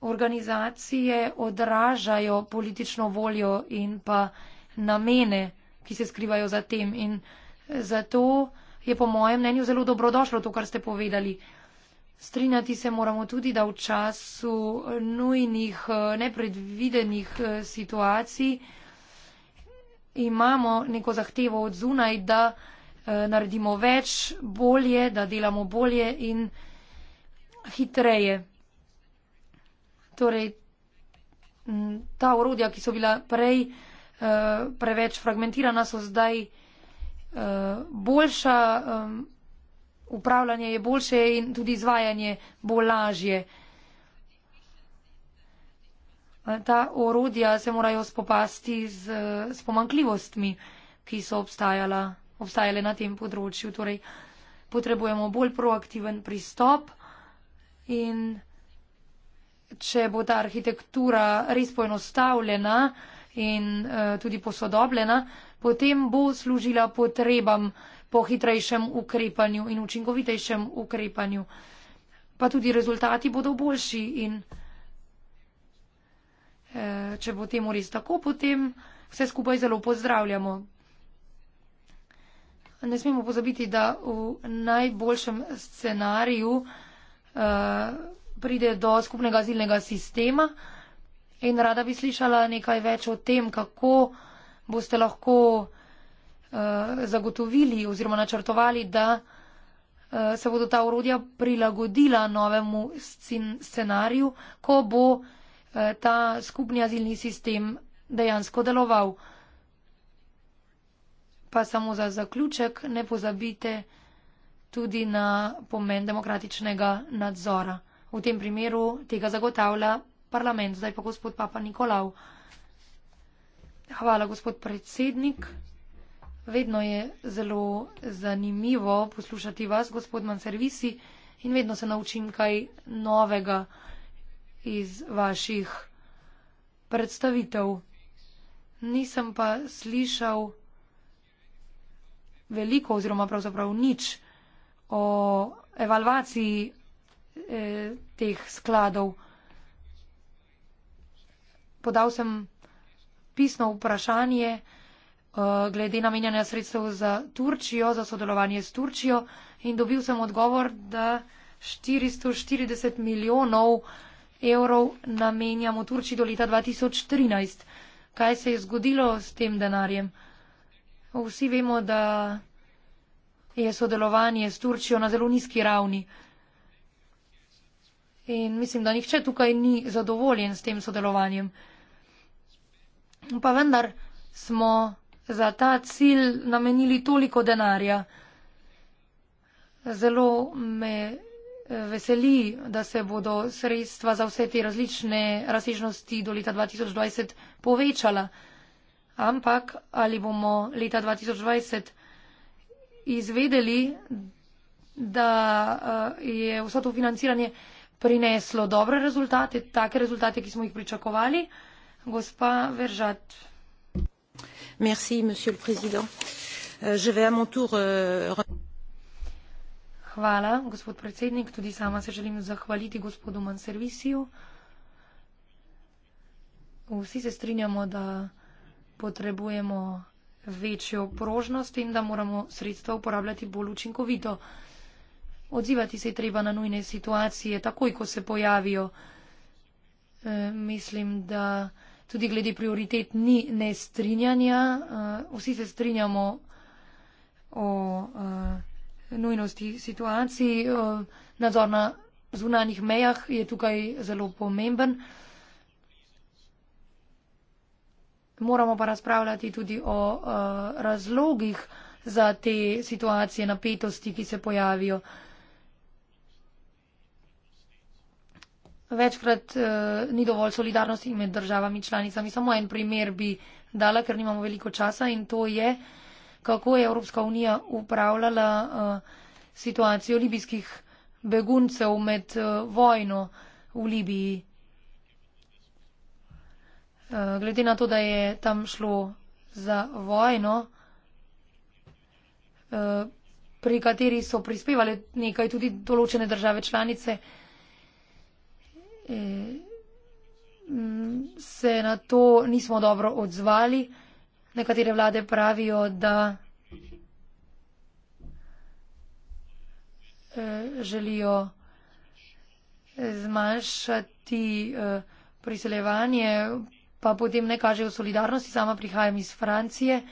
Organizacije odražajo politično voljo in pa namene, ki se skrivajo za tem. In zato je po mojem mnenju zelo dobrodošlo to, kar ste povedali. Strinjati se moramo tudi, da v času nujnih, nepredvidenih situacij imamo neko zahtevo od zunaj, da Eh, naredimo več, bolje, da delamo bolje in hitreje. Torej, ta urodja, ki so bila prej eh, preveč fragmentirana, so zdaj eh, boljša, upravljanje je boljše in tudi izvajanje bo lažje. Ta orodja se morajo spopasti z, z pomankljivostmi, ki so obstajala obstajale na tem področju. Torej, potrebujemo bolj proaktiven pristop in če bo ta arhitektura res poenostavljena in uh, tudi posodobljena, potem bo služila potrebam po hitrejšem ukrepanju in učinkovitejšem ukrepanju. Pa tudi rezultati bodo boljši in uh, če bo temu res tako, potem vse skupaj zelo pozdravljamo ne smemo pozabiti, da v najboljšem scenariju eh, pride do skupnega azilnega sistema in rada bi slišala nekaj več o tem, kako boste lahko eh, zagotovili oziroma načrtovali, da eh, se bodo ta urodja prilagodila novemu scenariju, ko bo ta skupni azilni sistem dejansko deloval. Pa samo za zaključek, ne pozabite tudi na pomen demokratičnega nadzora. V tem primeru tega zagotavlja parlament, zdaj pa gospod Papa Nikolav. Hvala, gospod predsednik. Vedno je zelo zanimivo poslušati vas, gospod Manservisi, in vedno se naučim kaj novega iz vaših predstavitev. Nisem pa slišal, veliko oziroma pravzaprav nič o evalvaciji eh, teh skladov. Podal sem pisno vprašanje eh, glede namenjanja sredstev za Turčijo, za sodelovanje s Turčijo in dobil sem odgovor, da 440 milijonov evrov namenjamo Turčiji do leta 2013. Kaj se je zgodilo s tem denarjem? Vsi vemo, da je sodelovanje s Turčijo na zelo nizki ravni. In mislim, da nihče tukaj ni zadovoljen s tem sodelovanjem. Pa vendar smo za ta cilj namenili toliko denarja. Zelo me eh, veseli, da se bodo sredstva za vse te različne različnosti do leta 2020 povečala ampak ali bomo leta 2020 izvedeli, da eh, je vso to financiranje prineslo dobre rezultate, take rezultate, ki smo jih pričakovali. Gospa Veržat. Merci, monsieur le président. Euh, je vais à mon tour. Euh, Hvala, gospod predsednik. Tudi sama se želim zahvaliti gospodu Manserviciju. Vsi se strinjamo, da potrebujemo večjo prožnost in da moramo sredstva uporabljati bolj učinkovito. Odzivati se je treba na nujne situacije, takoj, ko se pojavijo. E, mislim, da tudi glede prioritet ni nestrinjanja. E, vsi se strinjamo o e, nujnosti situacij. E, nadzor na zunanih mejah je tukaj zelo pomemben. E, Moramo pa razpravljati tudi o uh, razlogih za te situacije napetosti, ki se pojavijo. Večkrat uh, ni dovolj solidarnosti med državami članicami. Samo en primer bi dala, ker nimamo veliko časa in to je, kako je Evropska unija upravljala uh, situacijo libijskih beguncev med uh, vojno v Libiji glede na to, da je tam šlo za vojno, eh, pri kateri so prispevali nekaj tudi določene države članice, eh, mm, se na to nismo dobro odzvali. Nekatere vlade pravijo, da eh, želijo zmanjšati priseljevanje, pa potem ne kažejo solidarnosti. Sama prihajam iz Francije.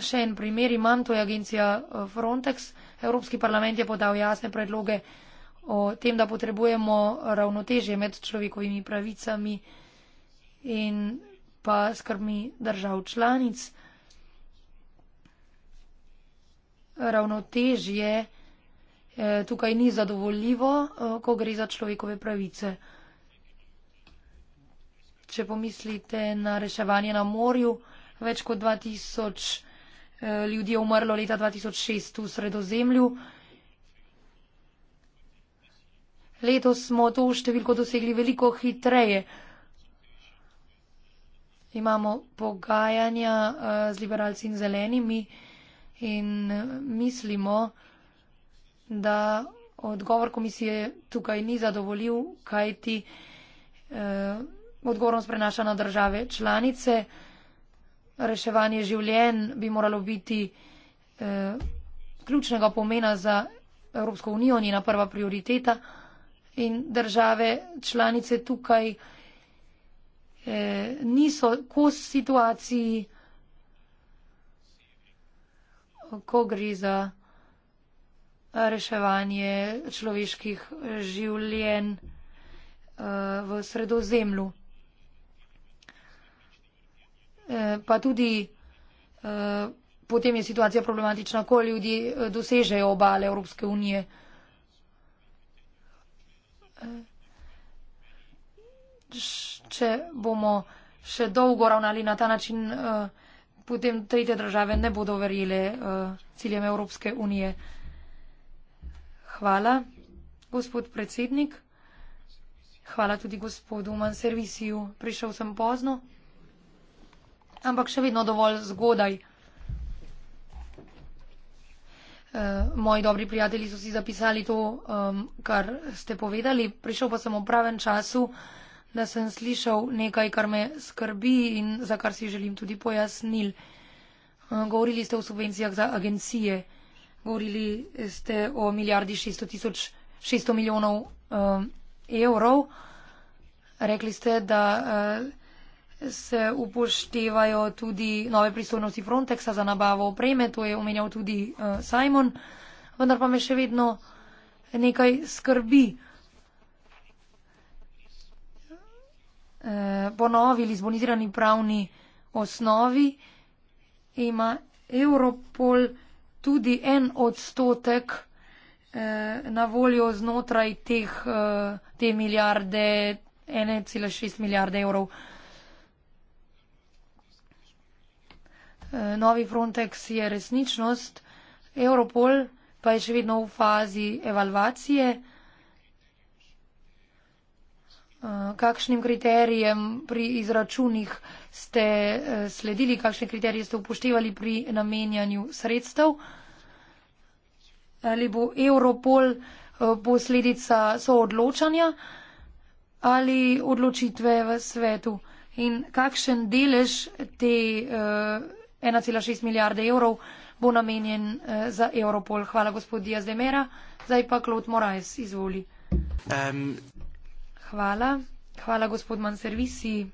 Še en primer imam, to je agencija eh, Frontex. Evropski parlament je podal jasne predloge o tem, da potrebujemo ravnotežje med človekovimi pravicami in pa skrbmi držav članic. Ravnotežje eh, tukaj ni zadovoljivo, eh, ko gre za človekove pravice če pomislite na reševanje na morju, več kot 2000 eh, ljudi je umrlo leta 2006 v sredozemlju. Letos smo to številko dosegli veliko hitreje. Imamo pogajanja eh, z liberalci in zelenimi in eh, mislimo, da odgovor komisije tukaj ni zadovoljiv, kajti. Uh, odgovornost prenaša na države članice. Reševanje življenj bi moralo biti eh, ključnega pomena za Evropsko unijo, njena prva prioriteta in države članice tukaj eh, niso kos situaciji, ko gre za reševanje človeških življenj eh, v sredozemlju. Eh, pa tudi eh, potem je situacija problematična, ko ljudje eh, dosežejo obale Evropske unije. Če bomo še dolgo ravnali na ta način, potem tretje države ne bodo verjele ciljem Evropske unije. Hvala, gospod predsednik. Hvala tudi gospodu Manserviciju. Prišel sem pozno ampak še vedno dovolj zgodaj. Uh, moji dobri prijatelji so si zapisali to, um, kar ste povedali. Prišel pa sem v pravem času, da sem slišal nekaj, kar me skrbi in za kar si želim tudi pojasnil. Uh, govorili ste o subvencijah za agencije, govorili ste o milijardi 600, tisoč, 600 milijonov um, evrov. Rekli ste, da. Uh, se upoštevajo tudi nove pristojnosti Frontexa za nabavo opreme, to je omenjal tudi uh, Simon, vendar pa me še vedno nekaj skrbi. Eh, po novi lizbonizirani pravni osnovi ima Europol tudi en odstotek eh, na voljo znotraj teh, te milijarde, 1,6 milijarde evrov Eh, novi Frontex je resničnost, Europol pa je še vedno v fazi evalvacije. Eh, kakšnim kriterijem pri izračunih ste eh, sledili, kakšne kriterije ste upoštevali pri namenjanju sredstev? Ali bo Europol posledica soodločanja ali odločitve v svetu? In kakšen delež te uh, 1,6 milijarde evrov bo namenjen uh, za Europol. Hvala gospod Diaz de Mera. Zdaj pa Klot Moraes, izvoli. Um. Hvala. Hvala gospod Manservisi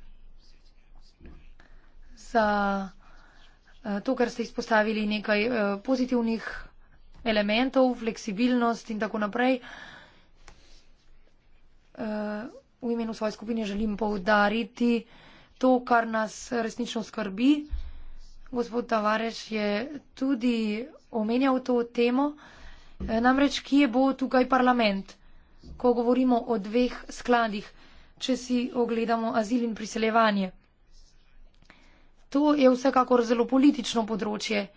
za uh, to, kar ste izpostavili nekaj uh, pozitivnih elementov, fleksibilnost in tako naprej. Uh, v imenu svoje skupine želim poudariti to, kar nas resnično skrbi gospod Tavares je tudi omenjal to temo. E, namreč, kje bo tukaj parlament, ko govorimo o dveh skladih, če si ogledamo azil in priseljevanje? To je vsekakor zelo politično področje. E,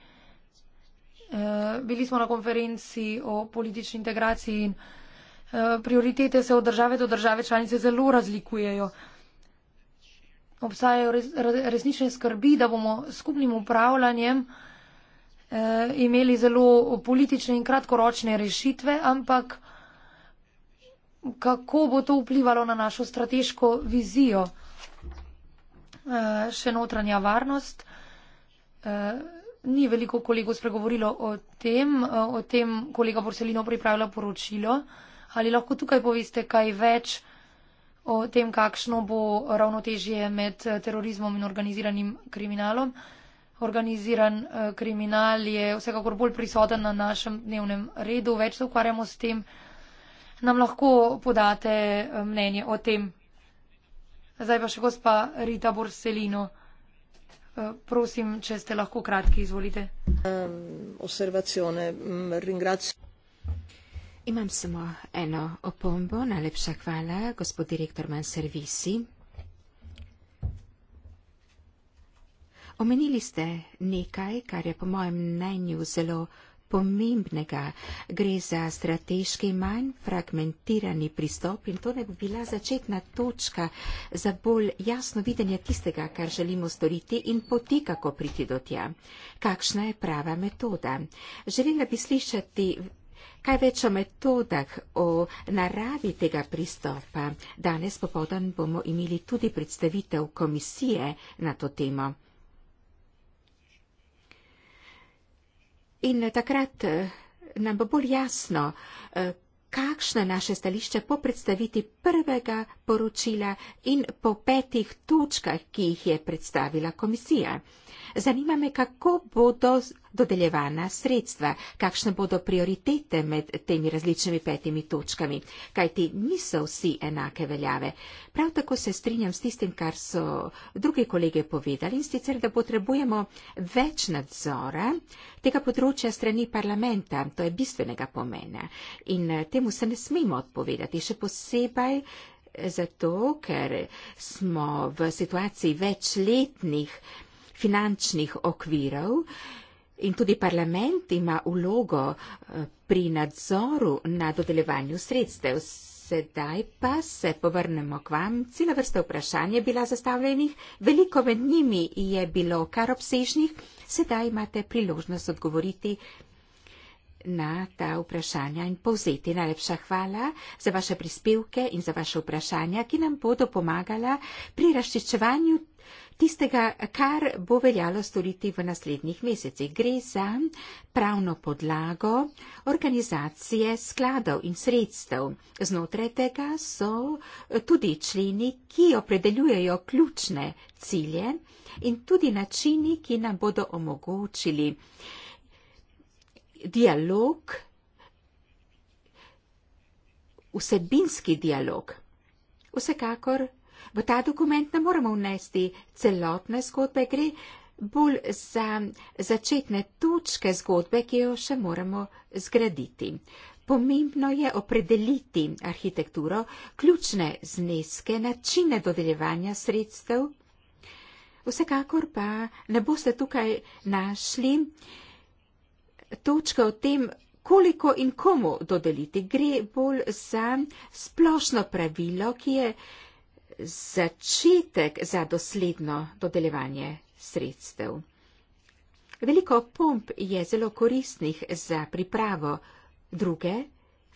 bili smo na konferenci o politični integraciji in e, prioritete se od države do države članice zelo razlikujejo obstajajo res, resnične skrbi, da bomo skupnim upravljanjem eh, imeli zelo politične in kratkoročne rešitve, ampak kako bo to vplivalo na našo strateško vizijo, eh, še notranja varnost. Eh, ni veliko kolegov spregovorilo o tem, eh, o tem kolega Borselino pripravila poročilo. Ali lahko tukaj poveste kaj več? o tem, kakšno bo ravnotežje med terorizmom in organiziranim kriminalom. Organiziran eh, kriminal je vsekakor bolj prisoten na našem dnevnem redu, več se ukvarjamo s tem. Nam lahko podate eh, mnenje o tem. Zdaj pa še gospa Rita Borselino. Eh, prosim, če ste lahko kratki, izvolite. Um, Imam samo eno opombo, najlepša hvala, gospod direktor manj servisi. Omenili ste nekaj, kar je po mojem mnenju zelo pomembnega. Gre za strateški manj fragmentirani pristop in to ne bi bila začetna točka za bolj jasno videnje tistega, kar želimo storiti in poti, kako priti do tja. Kakšna je prava metoda? Želela bi slišati Kaj več o metodah, o naravi tega pristopa? Danes popoldan bomo imeli tudi predstavitev komisije na to temo. In eh, takrat eh, nam bo bolj jasno, eh, kakšno je naše stališče po predstaviti prvega poročila in po petih točkah, ki jih je predstavila komisija. Zanima me, kako bodo dodeljevana sredstva, kakšne bodo prioritete med temi različnimi petimi točkami, kajti niso vsi enake veljave. Prav tako se strinjam s tistim, kar so druge kolege povedali in sicer, da potrebujemo več nadzora tega področja strani parlamenta, to je bistvenega pomena in eh, temu se ne smemo odpovedati, še posebej. Zato, ker smo v situaciji večletnih finančnih okvirov, In tudi parlament ima vlogo eh, pri nadzoru na dodelevanju sredstev. Sedaj pa se povrnemo k vam. Cela vrsta vprašanj je bila zastavljenih, veliko med njimi je bilo kar obsežnih. Sedaj imate priložnost odgovoriti na ta vprašanja in povzeti. Najlepša hvala za vaše prispevke in za vaše vprašanja, ki nam bodo pomagala pri raščičevanju tistega, kar bo veljalo storiti v naslednjih mesecih. Gre za pravno podlago organizacije skladov in sredstev. Znotraj tega so tudi členi, ki opredeljujejo ključne cilje in tudi načini, ki nam bodo omogočili dialog, vsebinski dialog. Vsekakor V ta dokument ne moremo vnesti celotne zgodbe, gre bolj za začetne točke zgodbe, ki jo še moramo zgraditi. Pomembno je opredeliti arhitekturo, ključne zneske, načine dodeljevanja sredstev. Vsekakor pa ne boste tukaj našli točke o tem, koliko in komu dodeliti. Gre bolj za splošno pravilo, ki je začetek za dosledno dodeljevanje sredstev. Veliko pomp je zelo koristnih za pripravo druge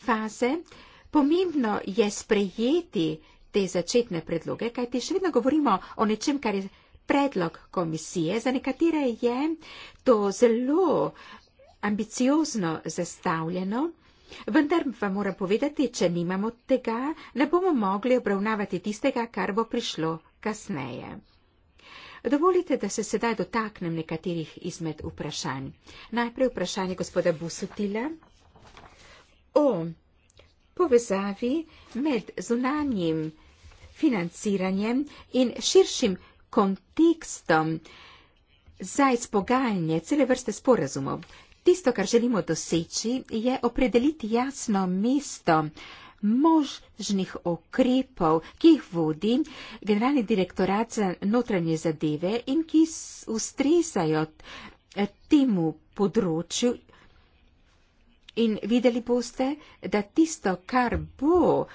faze. Pomembno je sprejeti te začetne predloge, kajti še vedno govorimo o nečem, kar je predlog komisije. Za nekatere je to zelo ambiciozno zastavljeno. Vendar pa moram povedati, če nimamo tega, ne bomo mogli obravnavati tistega, kar bo prišlo kasneje. Dovolite, da se sedaj dotaknem nekaterih izmed vprašanj. Najprej vprašanje gospoda Busutila. O povezavi med zunanjim financiranjem in širšim kontekstom za izpogajanje cele vrste sporazumov. Tisto, kar želimo doseči, je opredeliti jasno mesto možnih okrepov, ki jih vodi Generalni direktorat za notranje zadeve in ki ustrezajo temu področju. In videli boste, da tisto, kar bo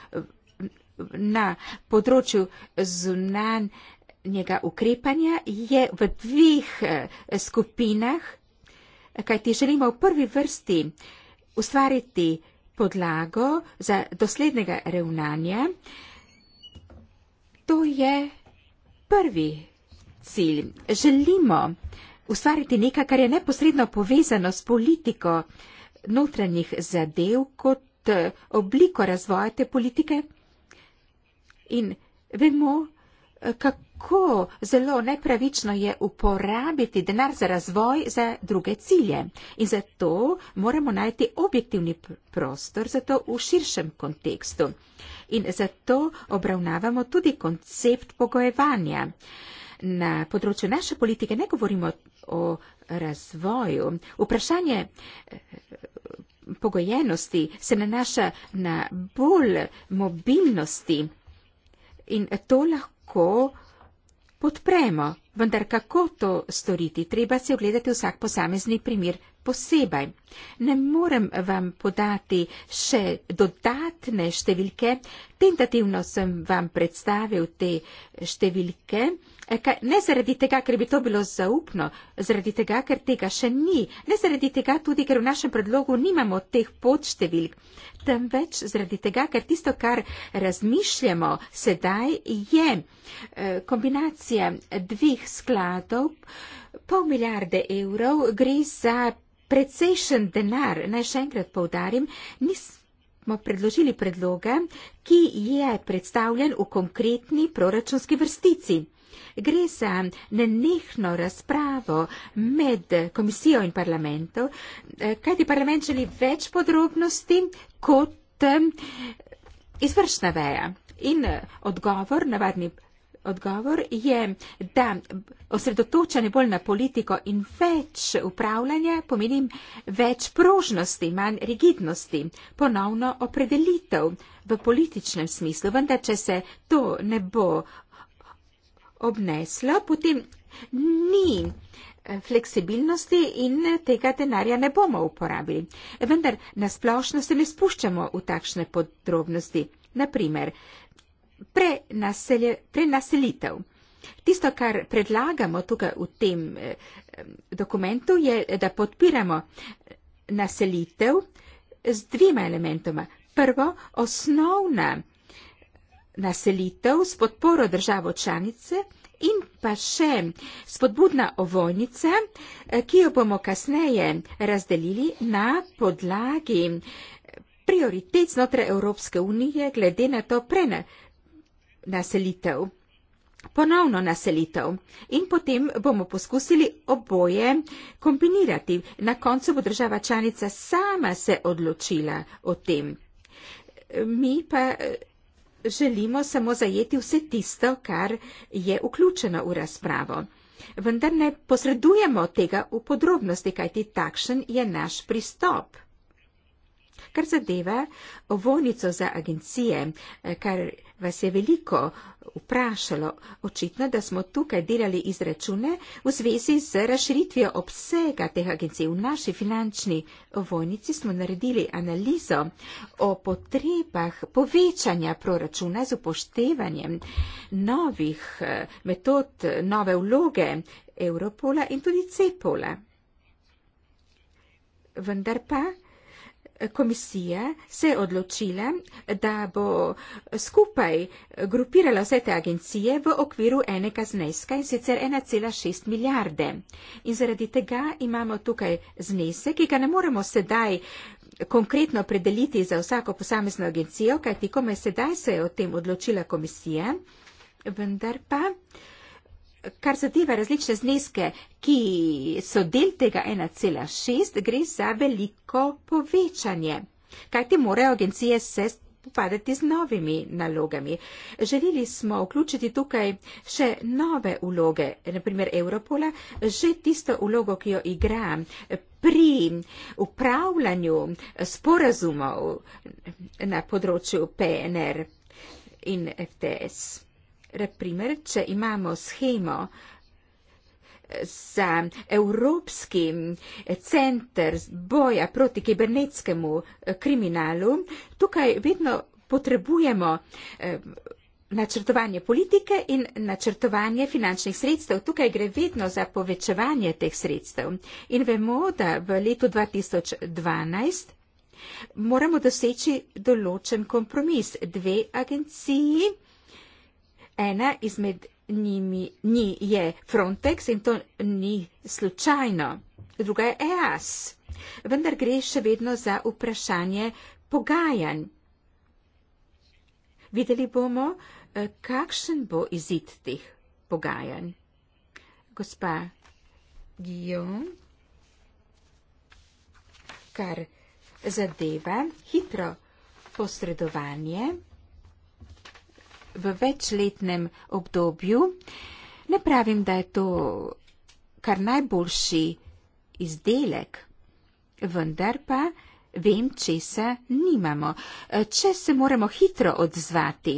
na področju zunanjega ukrepanja, je v dveh eh, skupinah kaj ti želimo v prvi vrsti ustvariti podlago za doslednega ravnanja, to je prvi cilj. Želimo ustvariti nekaj, kar je neposredno povezano s politiko notranjih zadev kot obliko razvoja te politike. In vemo, kako zelo nepravično je uporabiti denar za razvoj za druge cilje. In zato moramo najti objektivni prostor, zato v širšem kontekstu. In zato obravnavamo tudi koncept pogojevanja. Na področju naše politike ne govorimo o razvoju. Vprašanje eh, pogojenosti se nanaša na bolj mobilnosti. In to lahko lahko podpremo. Vendar kako to storiti? Treba si ogledati vsak posamezni primer posebej. Ne morem vam podati še dodatne številke. Tentativno sem vam predstavil te številke. E, ne zaradi tega, ker bi to bilo zaupno, zaradi tega, ker tega še ni. Ne zaradi tega tudi, ker v našem predlogu nimamo teh podštevilk. Temveč zaradi tega, ker tisto, kar razmišljamo sedaj, je e, kombinacija dvih skladov, pol milijarde evrov, gre za precejšen denar. Naj še enkrat povdarim, nismo predložili predloga, ki je predstavljen v konkretni proračunski vrstici. Gre za nenehno razpravo med komisijo in parlamentom, eh, kajti parlament želi več podrobnosti kot eh, izvršna veja. In eh, odgovor, navadni odgovor je, da osredotočanje bolj na politiko in več upravljanja pomeni več prožnosti, manj rigidnosti, ponovno opredelitev v političnem smislu. Vendar, če se to ne bo obneslo, potem ni eh, fleksibilnosti in tega denarja ne bomo uporabili. Vendar nasplošno se ne spuščamo v takšne podrobnosti. Naprimer, prenaselje, prenaselitev. Tisto, kar predlagamo tukaj v tem eh, dokumentu, je, da podpiramo naselitev z dvima elementoma. Prvo, osnovna naselitev s podporo državo članice in pa še spodbudna ovojnica, eh, ki jo bomo kasneje razdelili na podlagi prioritet znotraj Evropske unije glede na to prenaselitev naselitev. Ponovno naselitev in potem bomo poskusili oboje kombinirati. Na koncu bo država članica sama se odločila o tem. Mi pa eh, želimo samo zajeti vse tisto, kar je vključeno v razpravo. Vendar ne posredujemo tega v podrobnosti, kajti takšen je naš pristop. Kar zadeva ovojnico za agencije, eh, kar vas je veliko vprašalo, očitno, da smo tukaj delali izračune v zvezi z razširitvijo obsega teh agencij. V naši finančni ovojnici smo naredili analizo o potrebah povečanja proračuna z upoštevanjem novih eh, metod, nove vloge Europola in tudi Cepola. Vendar pa komisije se odločile, da bo skupaj grupirala vse te agencije v okviru enega zneska in sicer 1,6 milijarde. In zaradi tega imamo tukaj znesek, ki ga ne moremo sedaj konkretno predeliti za vsako posamezno agencijo, kajti komaj sedaj se je o tem odločila komisija, vendar pa kar zadeva različne zneske, ki so del tega 1,6, gre za veliko povečanje. Kaj ti morajo agencije se popadati z novimi nalogami? Želeli smo vključiti tukaj še nove uloge, naprimer Europola, že tisto ulogo, ki jo igra pri upravljanju sporazumov na področju PNR in FTS. Primer, če imamo schemo eh, za Evropski eh, center boja proti kibernetskemu eh, kriminalu, tukaj vedno potrebujemo načrtovanje politike in načrtovanje finančnih sredstev. Tukaj gre vedno za povečevanje teh sredstev. In vemo, da v letu 2012 moramo doseči določen kompromis. Dve agenciji ena izmed njimi, ni je Frontex in to ni slučajno. Druga je EAS. Vendar gre še vedno za vprašanje pogajanj. Videli bomo, eh, kakšen bo izid teh pogajanj. Gospa Gion, kar zadeva hitro posredovanje v večletnem obdobju. Ne pravim, da je to kar najboljši izdelek, vendar pa vem, česa nimamo. E, če se moramo hitro odzvati,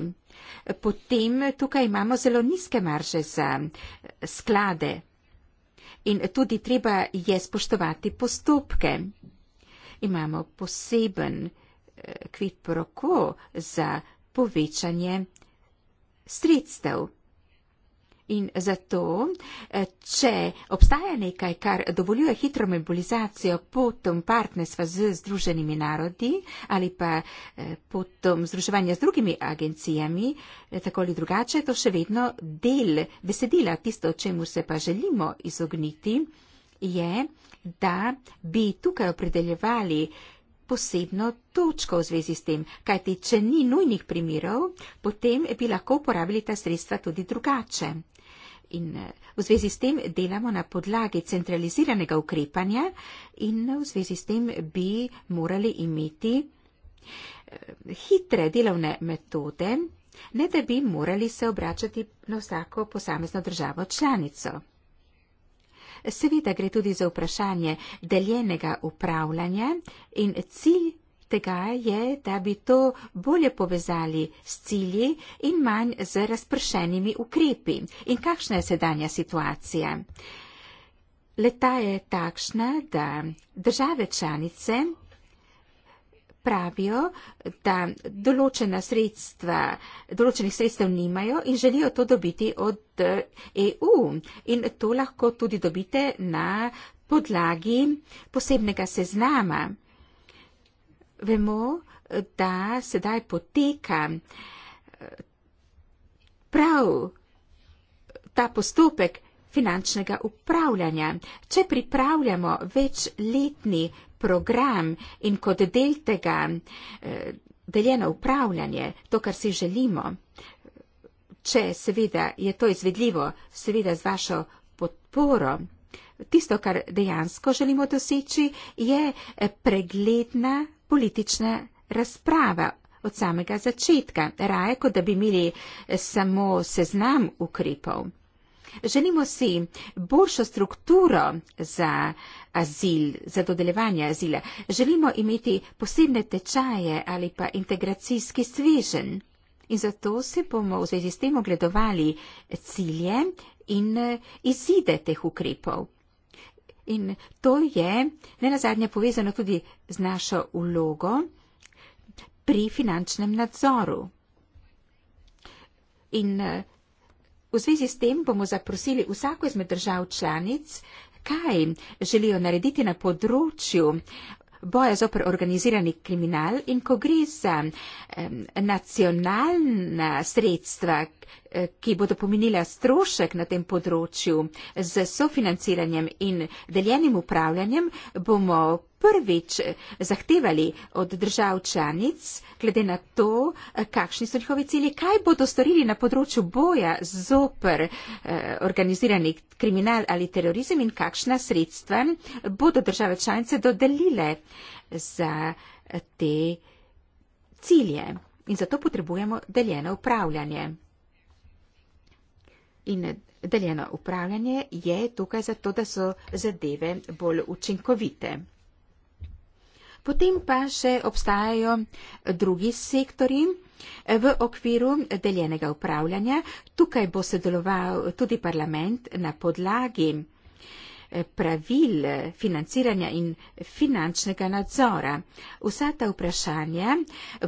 potem tukaj imamo zelo nizke marže za e, sklade. In tudi treba je spoštovati postopke. Imamo poseben e, kvit proko za povečanje sredstev. In zato, eh, če obstaja nekaj, kar dovoljuje hitro mobilizacijo potom partnerstva z Združenimi narodi ali pa eh, potom združevanja z drugimi agencijami, eh, tako ali drugače, to še vedno del besedila. Tisto, čemu se pa želimo izogniti, je, da bi tukaj opredeljevali posebno točko v zvezi s tem, kajti če ni nujnih primerov, potem bi lahko uporabili ta sredstva tudi drugače. In eh, v zvezi s tem delamo na podlagi centraliziranega ukrepanja in eh, v zvezi s tem bi morali imeti eh, hitre delovne metode, ne da bi morali se obračati na vsako posamezno državo članico. Seveda gre tudi za vprašanje deljenega upravljanja in cilj tega je, da bi to bolje povezali s cilji in manj z razpršenimi ukrepi. In kakšna je sedanja situacija? Leta je takšna, da države članice pravijo, da sredstva, določenih sredstev nimajo in želijo to dobiti od EU. Eh, e in to lahko tudi dobite na podlagi posebnega seznama. Vemo, da sedaj poteka eh, prav ta postopek finančnega upravljanja. Če pripravljamo večletni program in kot del tega eh, deljeno upravljanje, to, kar si želimo, če seveda je to izvedljivo, seveda z vašo podporo. Tisto, kar dejansko želimo doseči, je eh, pregledna politična razprava od samega začetka, raje kot da bi imeli eh, samo seznam ukrepov. Želimo si boljšo strukturo za azil, za dodelevanje azila. Želimo imeti posebne tečaje ali pa integracijski svežen. In zato se bomo v zvezi s tem ogledovali cilje in eh, izide teh ukrepov. In to je ne nazadnje povezano tudi z našo ulogo pri finančnem nadzoru. In eh, V zvezi s tem bomo zaprosili vsako izmed držav članic, kaj želijo narediti na področju boja zopr organizirani kriminal in ko gre za eh, nacionalna sredstva, Eh, ki bodo pomenila strošek na tem področju z sofinanciranjem in deljenim upravljanjem, bomo prvič zahtevali od držav članic, glede na to, eh, kakšni so njihovi cilji, kaj bodo storili na področju boja zoper eh, organizirani kriminal ali terorizem in kakšna sredstva bodo države članice dodelile za te cilje. In zato potrebujemo deljeno upravljanje. In deljeno upravljanje je tukaj zato, da so zadeve bolj učinkovite. Potem pa še obstajajo drugi sektori v okviru deljenega upravljanja. Tukaj bo sodeloval tudi parlament na podlagi Eh, pravil eh, financiranja in finančnega nadzora. Vsa ta vprašanja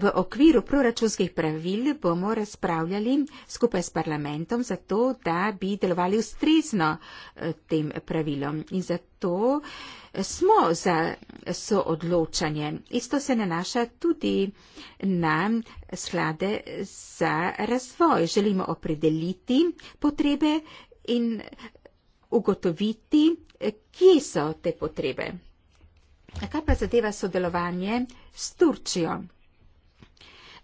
v okviru proračunskih pravil bomo razpravljali skupaj s parlamentom, zato da bi delovali ustrezno eh, tem pravilom. In zato smo za soodločanje. Isto se nanaša tudi na sklade za razvoj. Želimo opredeliti potrebe in ugotoviti, eh, kje so te potrebe. Kaj pa zadeva sodelovanje s Turčijo?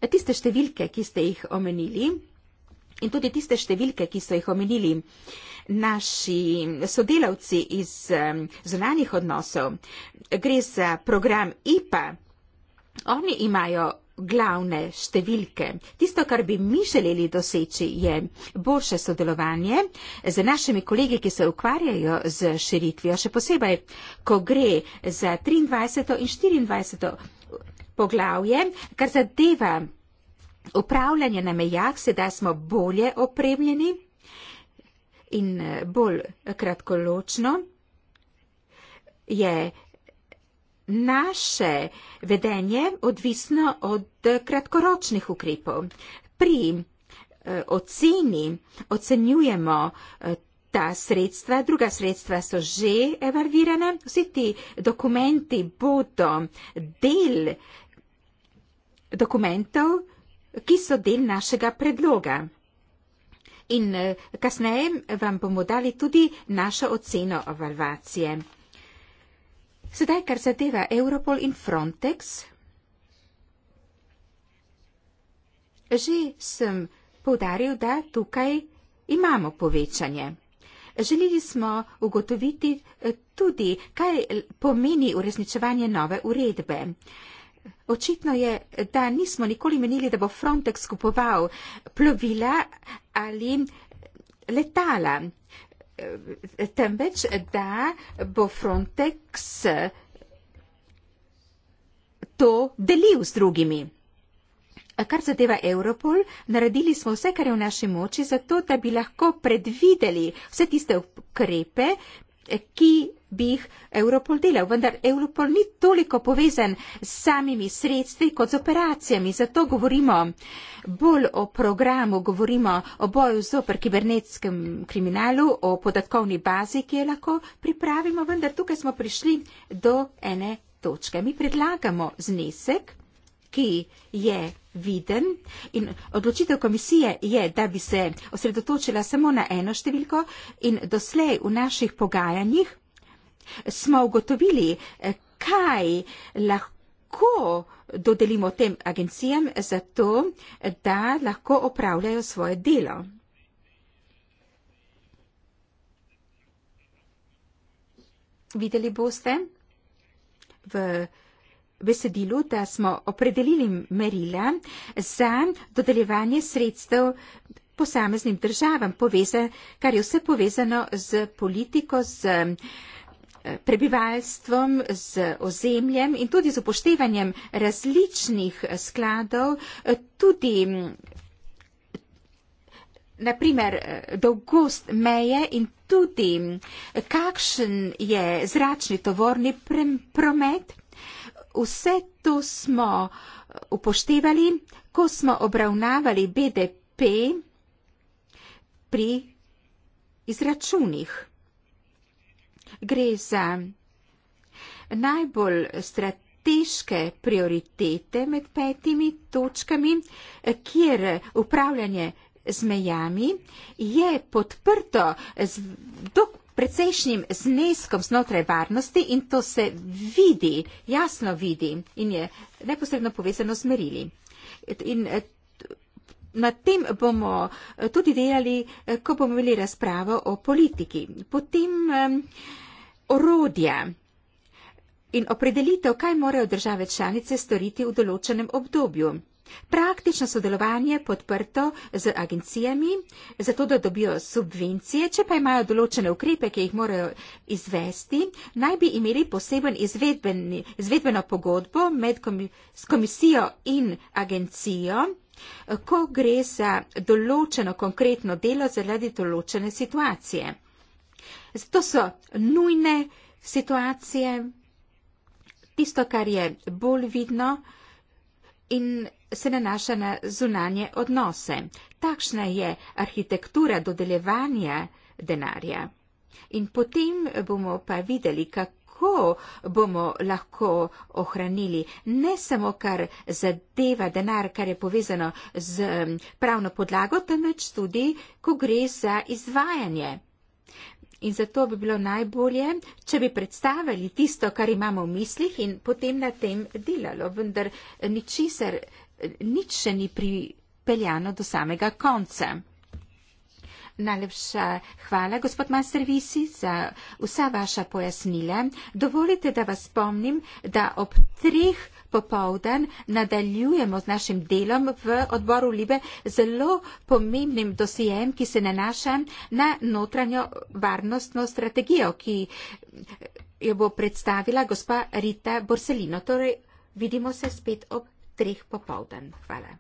Eh, tiste številke, ki ste jih omenili, in tudi tiste številke, ki so jih omenili naši sodelavci iz zunanjih odnosov, gre za program IPA. Oni imajo glavne številke. Tisto, kar bi mi želeli doseči, je boljše sodelovanje z našimi kolegi, ki se ukvarjajo z širitvijo, še posebej, ko gre za 23. in 24. poglavje, kar zadeva upravljanje na mejah, sedaj smo bolje opremljeni in bolj kratkoločno je naše vedenje odvisno od eh, kratkoročnih ukrepov. Pri eh, oceni ocenjujemo eh, ta sredstva, druga sredstva so že evalvirana, vsi ti dokumenti bodo del dokumentov, ki so del našega predloga. In kasneje vam bomo dali tudi našo oceno evalvacije. Sedaj, kar zadeva Europol in Frontex. Že sem povdaril, da tukaj imamo povečanje. Želeli smo ugotoviti eh, tudi, kaj pomeni uresničevanje nove uredbe. Očitno je, da nismo nikoli menili, da bo Frontex kupoval plovila ali letala, temveč da bo Frontex to delil z drugimi. Kar zadeva Europol, naredili smo vse, kar je v naši moči, zato da bi lahko predvideli vse tiste ukrepe, ki bi jih Europol delal, vendar Europol ni toliko povezan s samimi sredstvi kot z operacijami. Zato govorimo bolj o programu, govorimo o boju zoper kibernetskem kriminalu, o podatkovni bazi, ki jo lahko pripravimo, vendar tukaj smo prišli do ene točke. Mi predlagamo znesek, ki je viden in odločitev komisije je, da bi se osredotočila samo na eno številko in doslej v naših pogajanjih smo ugotovili, eh, kaj lahko dodelimo tem agencijam za to, da lahko opravljajo svoje delo. Videli boste v besedilu, da smo opredelili merila za dodeljevanje sredstev posameznim državam, poveza, kar je vse povezano z politiko, z eh, prebivalstvom, z ozemljem in tudi z upoštevanjem različnih skladov, tudi naprimer dolgost meje in tudi kakšen je zračni tovorni promet. Vse to smo upoštevali, ko smo obravnavali BDP pri izračunih gre za najbolj strateške prioritete med petimi točkami, kjer upravljanje z mejami je podprto z dok precejšnjim zneskom znotraj varnosti in to se vidi, jasno vidi in je neposredno povezano z merili. In na tem bomo tudi delali, ko bomo imeli razpravo o politiki. Potem eh, orodje in opredelitev, kaj morajo države članice storiti v določenem obdobju. Praktično sodelovanje podprto z agencijami, zato da dobijo subvencije, če pa imajo določene ukrepe, ki jih morajo izvesti, naj bi imeli poseben izvedbeno pogodbo med komisijo in agencijo, ko gre za določeno konkretno delo zaradi določene situacije. Zato so nujne situacije, tisto, kar je bolj vidno in se nanaša na zunanje odnose. Takšna je arhitektura dodeljevanja denarja. In potem bomo pa videli, kako bomo lahko ohranili ne samo, kar zadeva denar, kar je povezano z pravno podlago, temveč tudi, ko gre za izvajanje. In zato bi bilo najbolje, če bi predstavili tisto, kar imamo v mislih in potem na tem delalo, vendar ničesar, nič še ni pripeljano do samega konca. Najlepša hvala, gospod Mastervisi, za vsa vaša pojasnila. Dovolite, da vas spomnim, da ob treh popovdan nadaljujemo z našim delom v odboru Libe zelo pomembnim dosijem, ki se nanaša na notranjo varnostno strategijo, ki jo bo predstavila gospa Rita Borselino. Torej, vidimo se spet ob treh popovdan. Hvala.